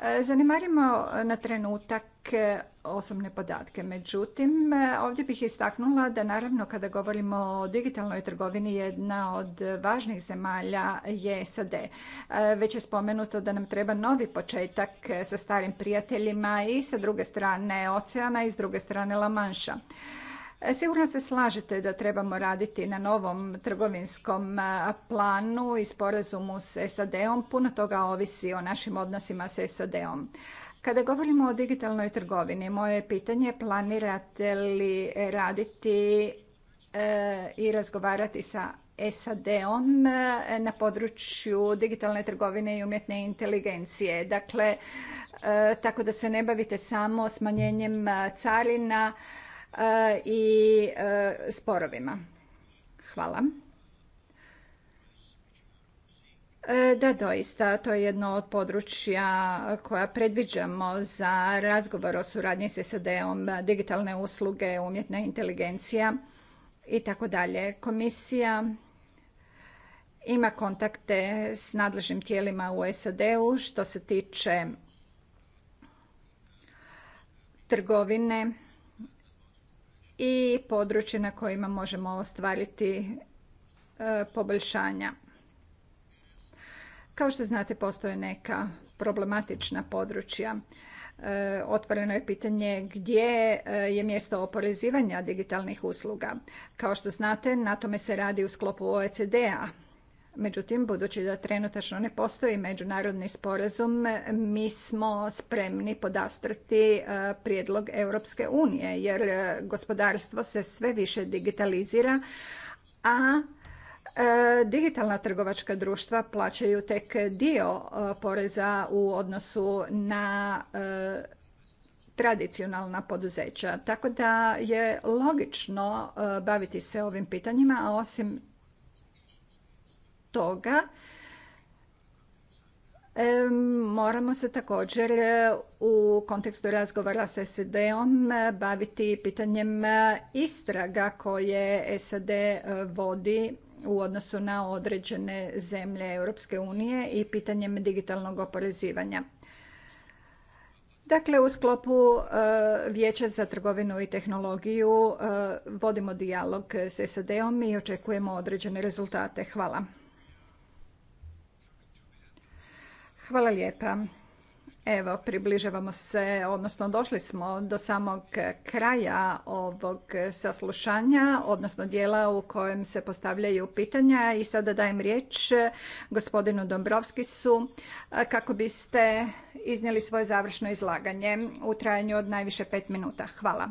E, Zanimarimo e, na trenutak e, osobne podatke. Međutim, ovdje bih istaknula da naravno kada govorimo o digitalnoj trgovini jedna od važnih zemalja je SAD. Već je spomenuto da nam treba novi početak sa starim prijateljima i sa druge strane oceana i s druge strane Lamanša. E, sigurno se slažete da trebamo raditi na novom trgovinskom e, planu i sporazumu s SAD-om. Puno toga ovisi o našim odnosima s SAD-om. Kada govorimo o digitalnoj trgovini, moje pitanje je planirate li raditi e, i razgovarati sa SAD-om na području digitalne trgovine i umjetne inteligencije. Dakle, tako da se ne bavite samo smanjenjem carina, i e, sporovima. Hvala. E, da, doista, to je jedno od područja koja predviđamo za razgovor o suradnji s SAD-om, digitalne usluge, umjetna inteligencija i tako dalje. Komisija ima kontakte s nadležnim tijelima u SAD-u što se tiče trgovine i područje na kojima možemo ostvariti e, poboljšanja. Kao što znate, postoje neka problematična područja. E, otvoreno je pitanje gdje e, je mjesto oporezivanja digitalnih usluga. Kao što znate, na tome se radi u sklopu OECD-a, Međutim, budući da trenutačno ne postoji međunarodni sporazum, mi smo spremni podastrati e, prijedlog Europske unije, jer e, gospodarstvo se sve više digitalizira, a e, digitalna trgovačka društva plaćaju tek dio poreza u odnosu na tradicionalna poduzeća. Tako da je logično baviti se ovim pitanjima, a osim toga moramo se također u kontekstu razgovora s SAD-om baviti pitanjem istraga koje SAD vodi u odnosu na određene zemlje Europske unije i pitanjem digitalnog oporezivanja. Dakle, u sklopu e, Vijeća za trgovinu i tehnologiju e, vodimo dijalog s SAD-om i očekujemo određene rezultate. Hvala. Hvala lijepa. Evo, približavamo se, odnosno došli smo do samog kraja ovog saslušanja, odnosno dijela u kojem se postavljaju pitanja i sada dajem riječ gospodinu Dombrovskisu kako biste iznijeli svoje završno izlaganje u trajanju od najviše pet minuta. Hvala.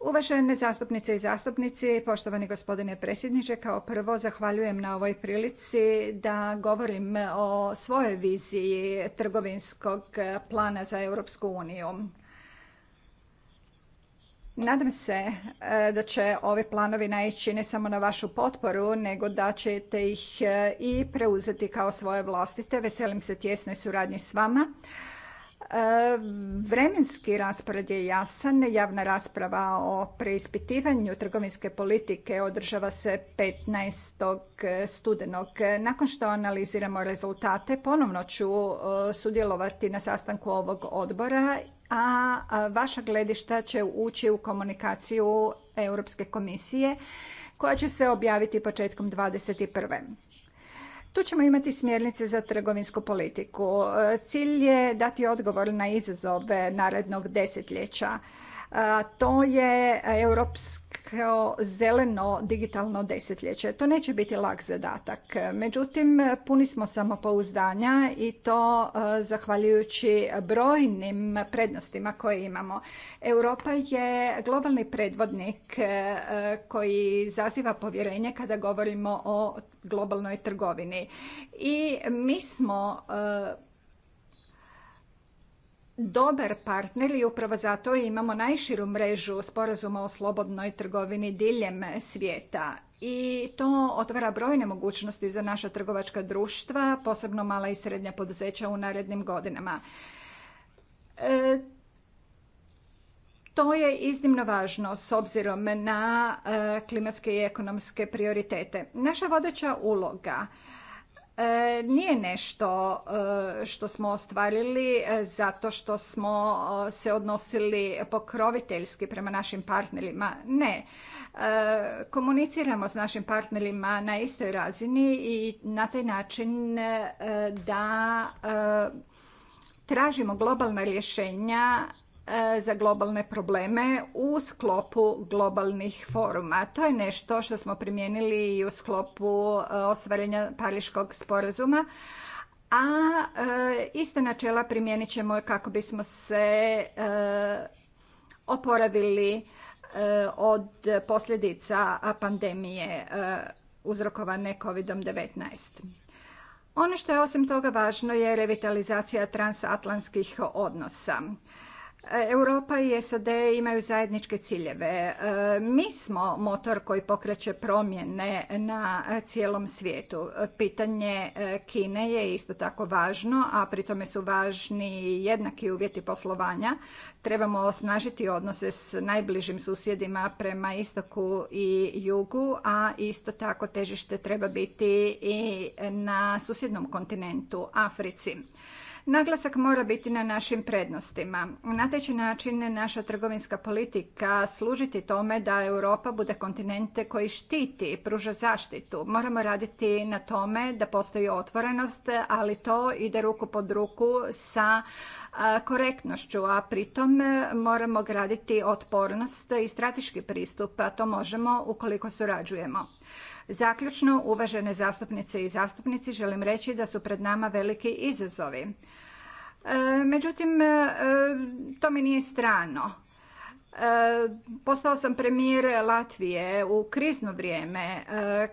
Uvažene zastupnice i zastupnici, poštovani gospodine predsjedniče, kao prvo zahvaljujem na ovoj prilici da govorim o svojoj viziji trgovinskog plana za Europsku uniju. Nadam se e, da će ovi planovi naići ne samo na vašu potporu, nego da ćete ih e, i preuzeti kao svoje vlastite. Veselim se tjesnoj suradnji s vama E, vremenski raspored je jasan. Javna rasprava o preispitivanju trgovinske politike održava se 15. studenog. Nakon što analiziramo rezultate, ponovno ću e, sudjelovati na sastanku ovog odbora, a vaša gledišta će ući u komunikaciju Europske komisije koja će se objaviti početkom 2021. Tu ćemo imati smjernice za trgovinsku politiku. E, cilj je dati odgovor na izazove narednog desetljeća. To je europski kao zeleno digitalno desetljeće. To neće biti lak zadatak. Međutim, puni smo samopouzdanja i to e, zahvaljujući brojnim prednostima koje imamo. Europa je globalni predvodnik e, koji zaziva povjerenje kada govorimo o globalnoj trgovini. I mi smo e, dobar partner i upravo zato imamo najširu mrežu sporazuma o slobodnoj trgovini diljem svijeta. I to otvara brojne mogućnosti za naša trgovačka društva, posebno mala i srednja poduzeća u narednim godinama. E, to je iznimno važno s obzirom na e, klimatske i ekonomske prioritete. Naša vodeća uloga E, nije nešto e, što smo ostvarili e, zato što smo se odnosili pokroviteljski prema našim partnerima. Ne. Komuniciramo s našim partnerima na istoj razini i na taj način da tražimo globalna rješenja E, za globalne probleme u sklopu globalnih foruma. To je nešto što smo primijenili i u sklopu e, ostvarenja Pariškog sporazuma, a e, ista načela primijenit ćemo kako bismo se oporavili od posljedica pandemije uzrokovane COVID-19. Ono što je osim toga važno je revitalizacija transatlantskih odnosa. E, Europa i SAD imaju zajedničke ciljeve. E, mi smo motor koji pokreće promjene na cijelom svijetu. Pitanje e, Kine je isto tako važno, a pri tome su važni jednaki uvjeti poslovanja. Trebamo osnažiti odnose s najbližim susjedima prema istoku i jugu, a isto tako težište treba biti i na susjednom kontinentu, Africi. Naglasak mora biti na našim prednostima. Na taj će način naša trgovinska politika služiti tome da Europa bude kontinente koji štiti, i pruža zaštitu. Moramo raditi na tome da postoji otvorenost, ali to ide ruku pod ruku sa korektnošću, a pritom moramo graditi otpornost i strateški pristup, a to možemo ukoliko surađujemo. Zaključno, uvažene zastupnice i zastupnici, želim reći da su pred nama veliki izazovi. E, međutim, e, to mi nije strano. E, postao sam premijer Latvije u krizno vrijeme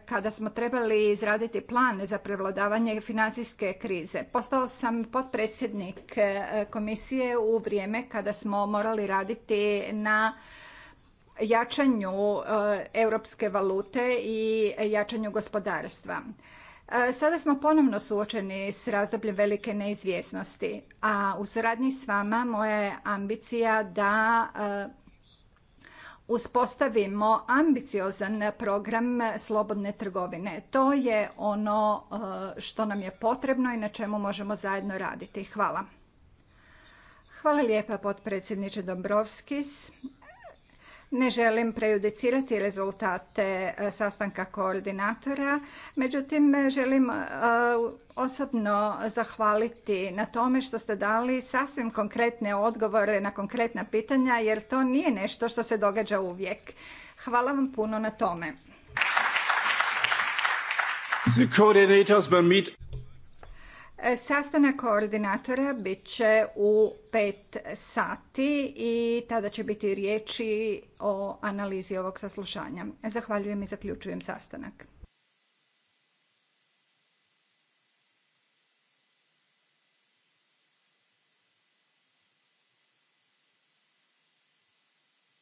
kada smo trebali izraditi plan za prevladavanje financijske krize. Postao sam potpredsjednik komisije u vrijeme kada smo morali raditi na jačanju europske valute i jačanju gospodarstva. E, sada smo ponovno suočeni s razdobljem velike neizvjesnosti, a u suradnji s vama moja je ambicija da e, uspostavimo ambiciozan program slobodne trgovine. To je ono e, što nam je potrebno i na čemu možemo zajedno raditi. Hvala. Hvala lijepa potpredsjedniče Dombrovskis. Ne želim prejudicirati rezultate e, sastanka koordinatora, međutim e, želim e, osobno zahvaliti na tome što ste dali sasvim konkretne odgovore na konkretna pitanja jer to nije nešto što se događa uvijek. Hvala vam puno na tome. Sastanak koordinatora bit će u pet sati i tada će biti riječi o analizi ovog saslušanja. Zahvaljujem i zaključujem sastanak.